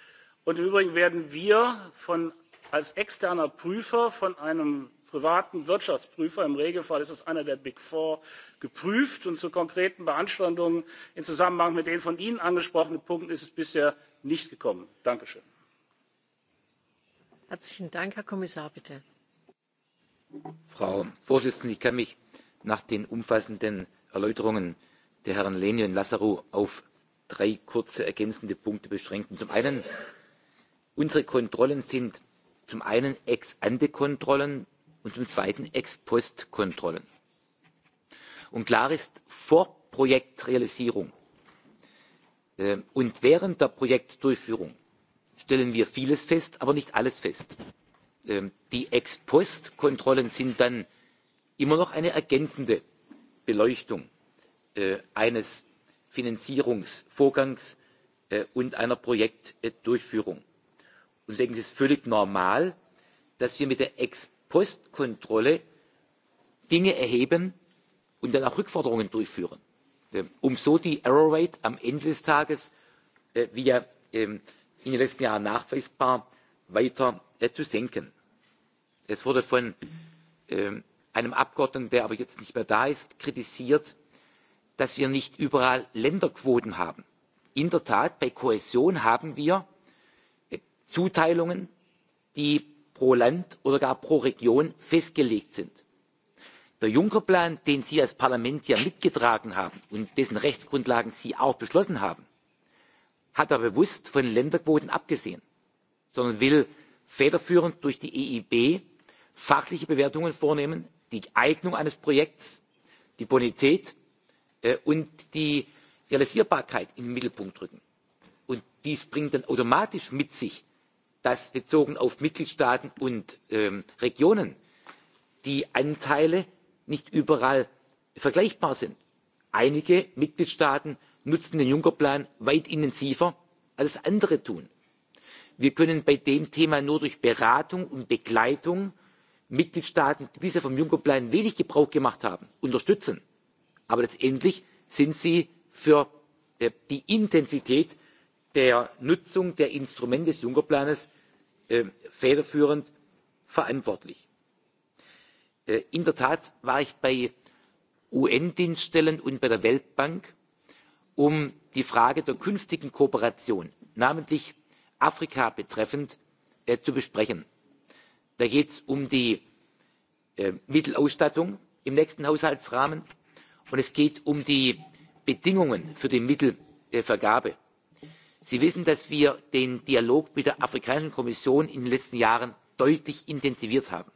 und im übrigen werden wir von, als externer prüfer von einem privaten wirtschaftsprüfer im regelfall ist es einer der big four geprüft und zu konkreten beanstandungen im zusammenhang mit den von ihnen angesprochenen punkten ist es bisher nicht gekommen. Dankeschön. herzlichen dank herr kommissar bitte. Frau präsidentin! ich kann mich nach den umfassenden Erläuterungen der Herren Lehne und Lazarou auf drei kurze ergänzende Punkte beschränken. Zum einen, unsere Kontrollen sind zum einen Ex-ante-Kontrollen und zum zweiten Ex-post-Kontrollen. Und klar ist, vor Projektrealisierung äh, und während der Projektdurchführung stellen wir vieles fest, aber nicht alles fest. Ähm, die ex post kontrollen sind dann immer noch eine ergänzende beleuchtung äh, eines finanzierungsvorgangs äh, und einer projektdurchführung. deswegen ist es völlig normal dass wir mit der ex post kontrolle dinge erheben und dann auch rückforderungen durchführen ähm, um so die error rate am ende des tages äh, wie ja ähm, in den letzten jahren nachweisbar weiter zu senken. Es wurde von ähm, einem Abgeordneten, der aber jetzt nicht mehr da ist, kritisiert, dass wir nicht überall Länderquoten haben. In der Tat, bei Kohäsion haben wir äh, Zuteilungen, die pro Land oder gar pro Region festgelegt sind. Der Juncker-Plan, den Sie als Parlament ja mitgetragen haben und dessen Rechtsgrundlagen Sie auch beschlossen haben, hat er bewusst von Länderquoten abgesehen, sondern will federführend durch die EIB fachliche bewertungen vornehmen die eignung eines projekts die bonität äh, und die realisierbarkeit in den mittelpunkt rücken. und dies bringt dann automatisch mit sich dass bezogen auf mitgliedstaaten und ähm, regionen die anteile nicht überall vergleichbar sind. einige mitgliedstaaten nutzen den juncker plan weit intensiver als andere tun. wir können bei dem thema nur durch beratung und begleitung Mitgliedstaaten, die bisher vom Juncker-Plan wenig Gebrauch gemacht haben, unterstützen. Aber letztendlich sind sie für äh, die Intensität der Nutzung der Instrumente des juncker plans äh, federführend verantwortlich. Äh, in der Tat war ich bei UN-Dienststellen und bei der Weltbank, um die Frage der künftigen Kooperation, namentlich Afrika betreffend, zu besprechen da geht es um die äh, mittelausstattung im nächsten haushaltsrahmen und es geht um die bedingungen für die mittelvergabe. sie wissen dass wir den dialog mit der afrikanischen kommission in den letzten jahren deutlich intensiviert haben.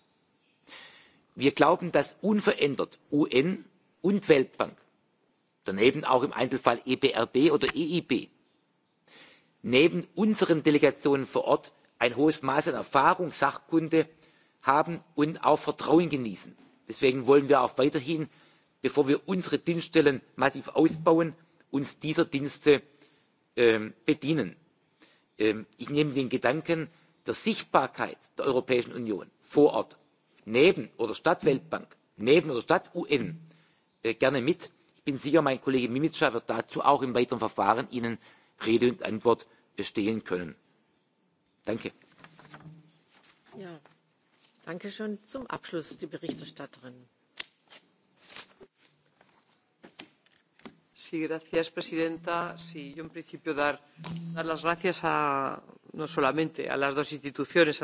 wir glauben dass unverändert un und weltbank daneben auch im einzelfall ebrd oder eib neben unseren delegationen vor ort ein hohes maß an erfahrung sachkunde haben und auch vertrauen genießen. deswegen wollen wir auch weiterhin bevor wir unsere dienststellen massiv ausbauen uns dieser dienste ähm, bedienen. Ähm, ich nehme den gedanken der sichtbarkeit der europäischen union vor ort neben oder statt weltbank neben oder statt un äh, gerne mit. ich bin sicher mein kollege mimica wird dazu auch im weiteren verfahren ihnen rede und antwort stehen können. Danke. Ja, doamnă schön. Zum Abschluss die Berichterstatterin. Sí, să presidenta. Sí, yo en principio dar, las gracias no solamente a las dos instituciones,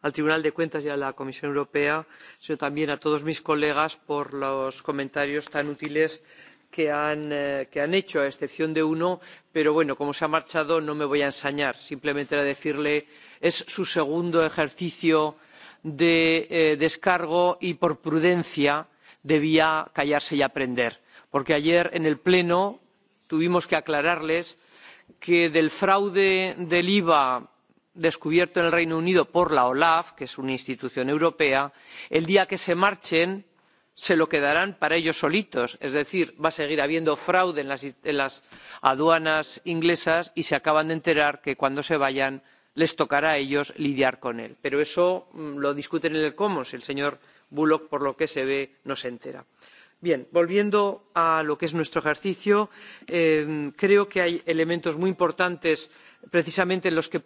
al Tribunal de Cuentas y a la Comisión Europea, sino también a todos mis colegas por los comentarios tan útiles que Eh, que han, hecho, a excepción de uno, pero bueno, como se ha marchado no me voy a ensañar. Simplemente era decirle es su segundo ejercicio de eh, descargo y por prudencia debía callarse y aprender. Porque ayer en el Pleno tuvimos que aclararles que del fraude del IVA descubierto en el Reino Unido por la OLAF, que es una institución europea, el día que se marchen se lo quedarán para ellos solitos es decir va a seguir habiendo fraude en las, aduanas inglesas y se acaban de enterar de que cuando se vayan les tocará a ellos lidiar con él. pero eso mm, lo discuten en el commons el señor bullock por lo que se ve no se entera. Bien, volviendo a lo que es nuestro ejercicio eh, creo que hay elementos muy importantes precisamente en los que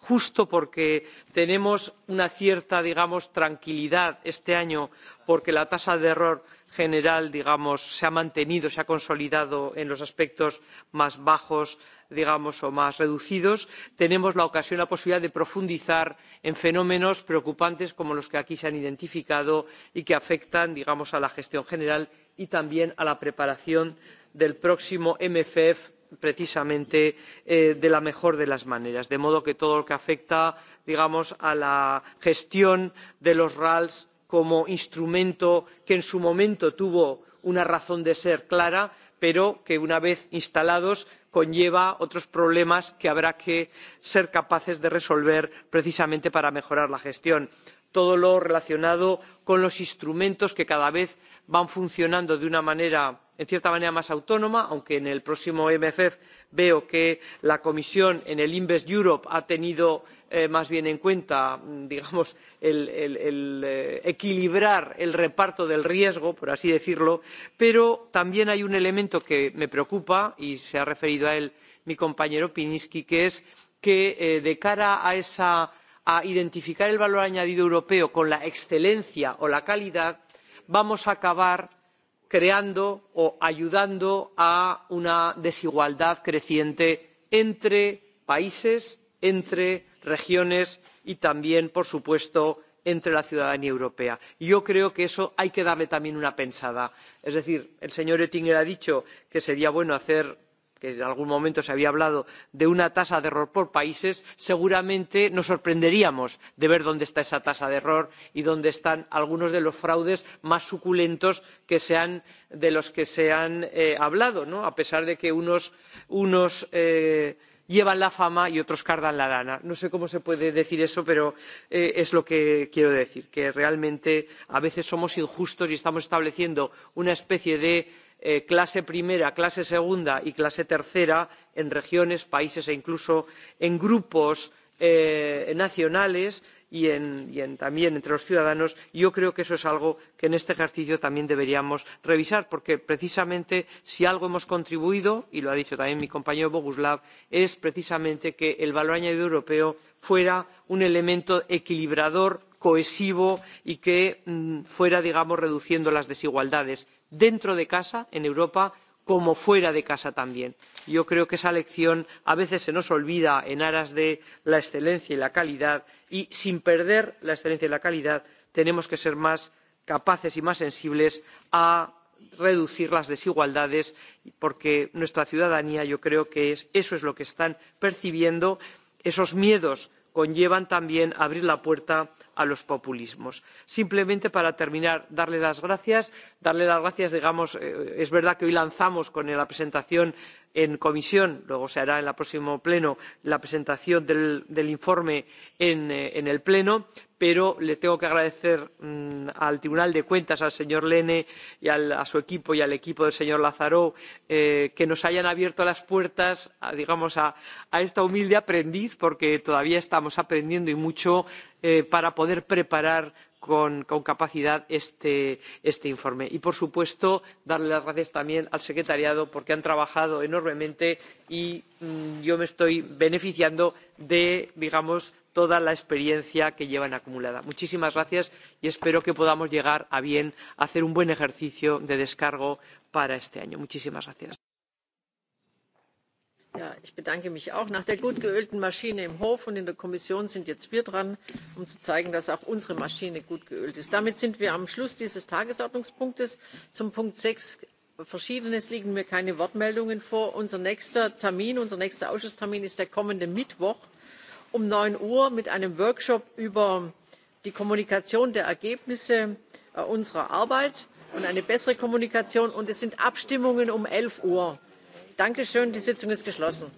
justo porque tenemos una cierta digamos tranquilidad este año porque la tasa de error general se ha mantenido se ha consolidado en los aspectos más bajos digamos o más reducidos tenemos la ocasión la posibilidad de profundizar en fenómenos preocupantes como los que aquí se han identificado y que afectan digamos a la gestión general y también a la preparación del próximo mfp precisamente eh, de la mejor de las maneras de modo que todo lo que afecta digamos a la gestión de los rals como instrumento que en su momento tuvo una razón de ser clara pero que una vez instalados conlleva otros problemas que habrá que ser capaces de resolver precisamente para mejorar la gestión todo lo relacionado con los instrumentos que cada vez van funcionando de una manera en cierta manera más autónoma aunque en el próximo mfp veo que la comisión en el invest europe ha tenido eh, más bien en cuenta mm, digamos el, eh, equilibrar el reparto del riesgo por así decirlo pero también hay un elemento que me preocupa y se ha referido a él mi compañero pirinski que es que eh, de cara a identificar el valor añadido europeo con la excelencia o la calidad vamos a acabar creando o ayudando a una desigualdad creciente entre países entre regiones y también por supuesto entre la ciudadanía europea. y yo creo que eso hay que darle también una pensada. es decir el señor oettinger ha dicho que sería bueno hacer que en algún momento se había hablado de una tasa de error por países, seguramente nos sorprenderíamos de ver dónde está esa tasa de error y dónde están algunos de los fraudes más suculentos de los que se ha eh, hablado, a pesar de que unos, eh, llevan la fama y otros cardan la lana. No sé cómo se puede decir eso, pero eh, es lo que quiero decir, que realmente a veces somos injustos y estamos estableciendo una especie de Eh, clase primera clase segunda y clase tercera en regiones países e incluso en grupos eh, nacionales y, también entre los ciudadanos yo creo que eso es algo que en este ejercicio también deberíamos revisar porque precisamente si a algo hemos contribuido y lo ha dicho también mi compañero bogusav es precisamente a que el valor añadido europeo fuera un elemento equilibrador cohesivo y que mm, fuera digamos reduciendo las desigualdades dentro de casa en europa como fuera de casa también. yo creo que esa lección a veces se nos olvida en aras de la excelencia y la calidad y sin perder la excelencia y la calidad tenemos que ser más capaces y más sensibles a reducir las desigualdades porque nuestra ciudadanía yo creo que eso es lo que está percibiendo esos miedos conllevan también abrir la puerta a los populismos. simplemente para terminar darle las gracias digamos eh, es verdad que hoy lanzamos con la presentación en comisión luego se hará en el próximo pleno la presentación del, informe eh, en, el pleno pero le tengo que agradecer mm, al tribunal de cuentas al señor lehne y al, a su equipo y al equipo del señor lazarou eh, que nos hayan abierto las puertas a, digamos a, esta humilde aprendiz porque todavía estamos aprendiendo y mucho eh, para poder preparar con, capacidad este, informe. Y, por supuesto, dar las gracias también al secretariado porque han trabajado enormemente y mm, yo me estoy beneficiando de, digamos, toda la experiencia que llevan acumulada. Muchísimas gracias y espero que podamos llegar a bien a hacer un buen ejercicio de descargo para este año. Muchísimas gracias. Ja, ich bedanke mich auch. Nach der gut geölten Maschine im Hof und in der Kommission sind jetzt wir dran, um zu zeigen, dass auch unsere Maschine gut geölt ist. Damit sind wir am Schluss dieses Tagesordnungspunktes. Zum Punkt 6 Verschiedenes liegen mir keine Wortmeldungen vor. Unser nächster Termin, unser nächster Ausschusstermin ist der kommende Mittwoch um 9 Uhr mit einem Workshop über die Kommunikation der Ergebnisse äh, unserer Arbeit und eine bessere Kommunikation. Und es sind Abstimmungen um 11 Uhr danke schön die sitzung ist geschlossen.